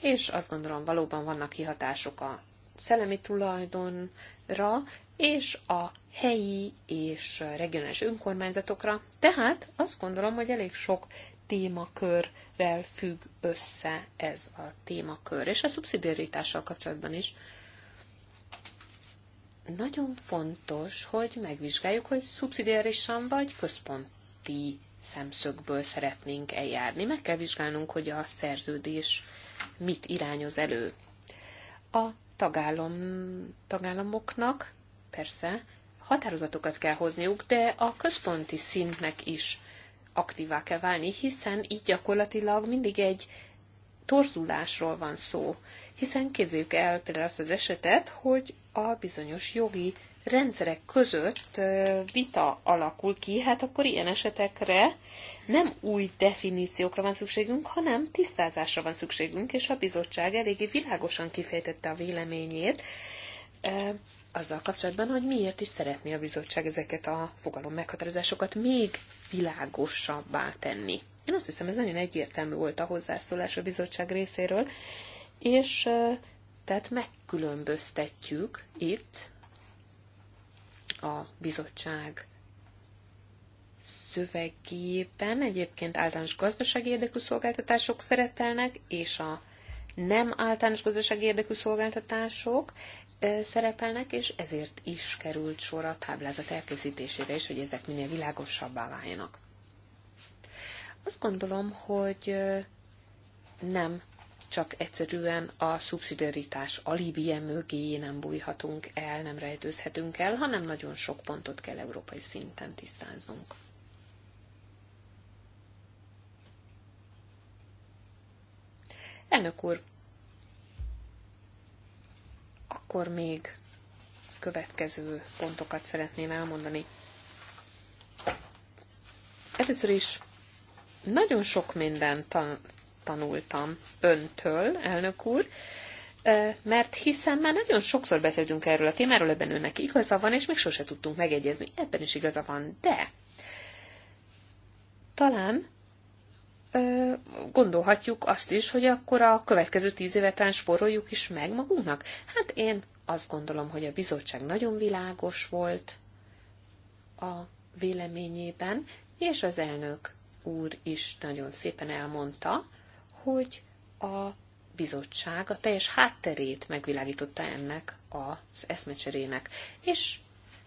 És azt gondolom, valóban vannak kihatások a szellemi tulajdonra és a helyi és regionális önkormányzatokra. Tehát azt gondolom, hogy elég sok témakörrel függ össze ez a témakör, és a szubszidiaritással kapcsolatban is. Nagyon fontos, hogy megvizsgáljuk, hogy szubszidiárisan vagy központi szemszögből szeretnénk eljárni. Meg kell vizsgálnunk, hogy a szerződés mit irányoz elő. A tagállam, tagállamoknak persze határozatokat kell hozniuk, de a központi szintnek is aktívá kell válni, hiszen így gyakorlatilag mindig egy torzulásról van szó. Hiszen képzeljük el például azt az esetet, hogy a bizonyos jogi rendszerek között vita alakul ki, hát akkor ilyen esetekre nem új definíciókra van szükségünk, hanem tisztázásra van szükségünk, és a bizottság eléggé világosan kifejtette a véleményét e, azzal kapcsolatban, hogy miért is szeretné a bizottság ezeket a fogalom meghatározásokat még világosabbá tenni. Én azt hiszem, ez nagyon egyértelmű volt a hozzászólás a bizottság részéről, és e, tehát megkülönböztetjük itt a bizottság szövegében egyébként általános gazdasági érdekű szolgáltatások szerepelnek, és a nem általános gazdasági érdekű szolgáltatások szerepelnek, és ezért is került sor a táblázat elkészítésére is, hogy ezek minél világosabbá váljanak. Azt gondolom, hogy nem csak egyszerűen a szubszidiaritás alibije mögé nem bújhatunk el, nem rejtőzhetünk el, hanem nagyon sok pontot kell európai szinten tisztáznunk. Elnök úr, akkor még következő pontokat szeretném elmondani. Először is nagyon sok mindent tanultam öntől, elnök úr, mert hiszen már nagyon sokszor beszéltünk erről a témáról, ebben önnek igaza van, és még sose tudtunk megegyezni. Ebben is igaza van, de talán gondolhatjuk azt is, hogy akkor a következő tíz évet sporoljuk is meg magunknak? Hát én azt gondolom, hogy a bizottság nagyon világos volt a véleményében, és az elnök úr is nagyon szépen elmondta, hogy a bizottság a teljes hátterét megvilágította ennek az eszmecserének. És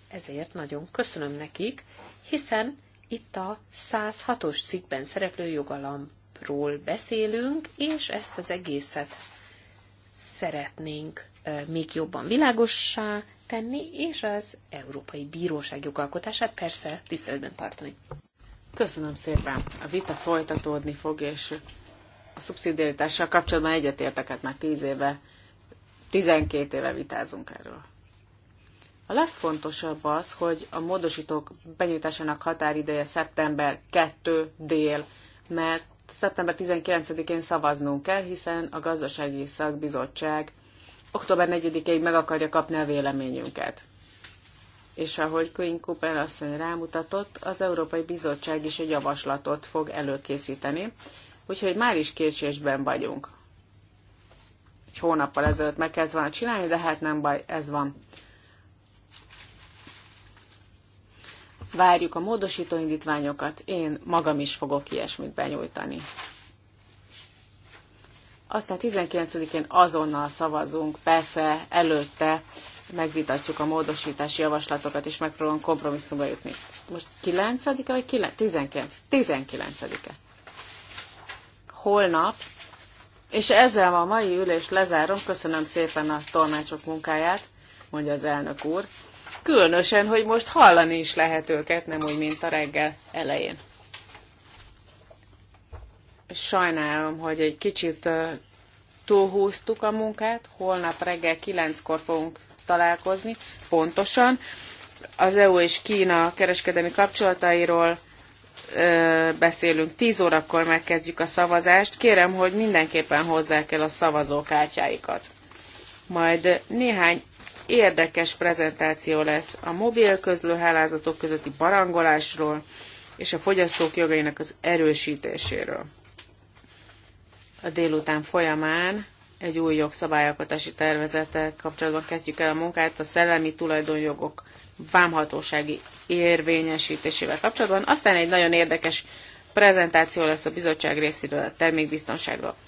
ezért nagyon köszönöm nekik, hiszen itt a 106-os cikkben szereplő jogalamról beszélünk, és ezt az egészet szeretnénk még jobban világossá tenni, és az Európai Bíróság jogalkotását persze tiszteletben tartani. Köszönöm szépen. A vita folytatódni fog, és a szubszidiaritással kapcsolatban egyetérteket hát már 10 éve, 12 éve vitázunk erről. A legfontosabb az, hogy a módosítók benyújtásának határideje szeptember 2 dél, mert szeptember 19-én szavaznunk kell, hiszen a gazdasági szakbizottság október 4-ig meg akarja kapni a véleményünket. És ahogy Queen Cooper asszony rámutatott, az Európai Bizottság is egy javaslatot fog előkészíteni, úgyhogy már is késésben vagyunk. Egy hónappal ezelőtt meg kellett volna csinálni, de hát nem baj, ez van. várjuk a módosító indítványokat, én magam is fogok ilyesmit benyújtani. Aztán 19-én azonnal szavazunk, persze előtte megvitatjuk a módosítási javaslatokat, és megpróbálunk kompromisszumba jutni. Most 9-e vagy 9? 19? 19-e. Holnap, és ezzel a mai ülést lezárom, köszönöm szépen a tolmácsok munkáját, mondja az elnök úr. Különösen, hogy most hallani is lehet őket, nem úgy, mint a reggel elején. Sajnálom, hogy egy kicsit túlhúztuk a munkát, holnap reggel kilenckor fogunk találkozni, pontosan. Az EU és Kína kereskedelmi kapcsolatairól ö, beszélünk. tíz órakor megkezdjük a szavazást. Kérem, hogy mindenképpen hozzák el a szavazókártyáikat. Majd néhány érdekes prezentáció lesz a mobil közlőhálózatok közötti barangolásról és a fogyasztók jogainak az erősítéséről. A délután folyamán egy új jogszabályalkotási tervezettel kapcsolatban kezdjük el a munkát a szellemi tulajdonjogok vámhatósági érvényesítésével kapcsolatban. Aztán egy nagyon érdekes prezentáció lesz a bizottság részéről a termékbiztonságról.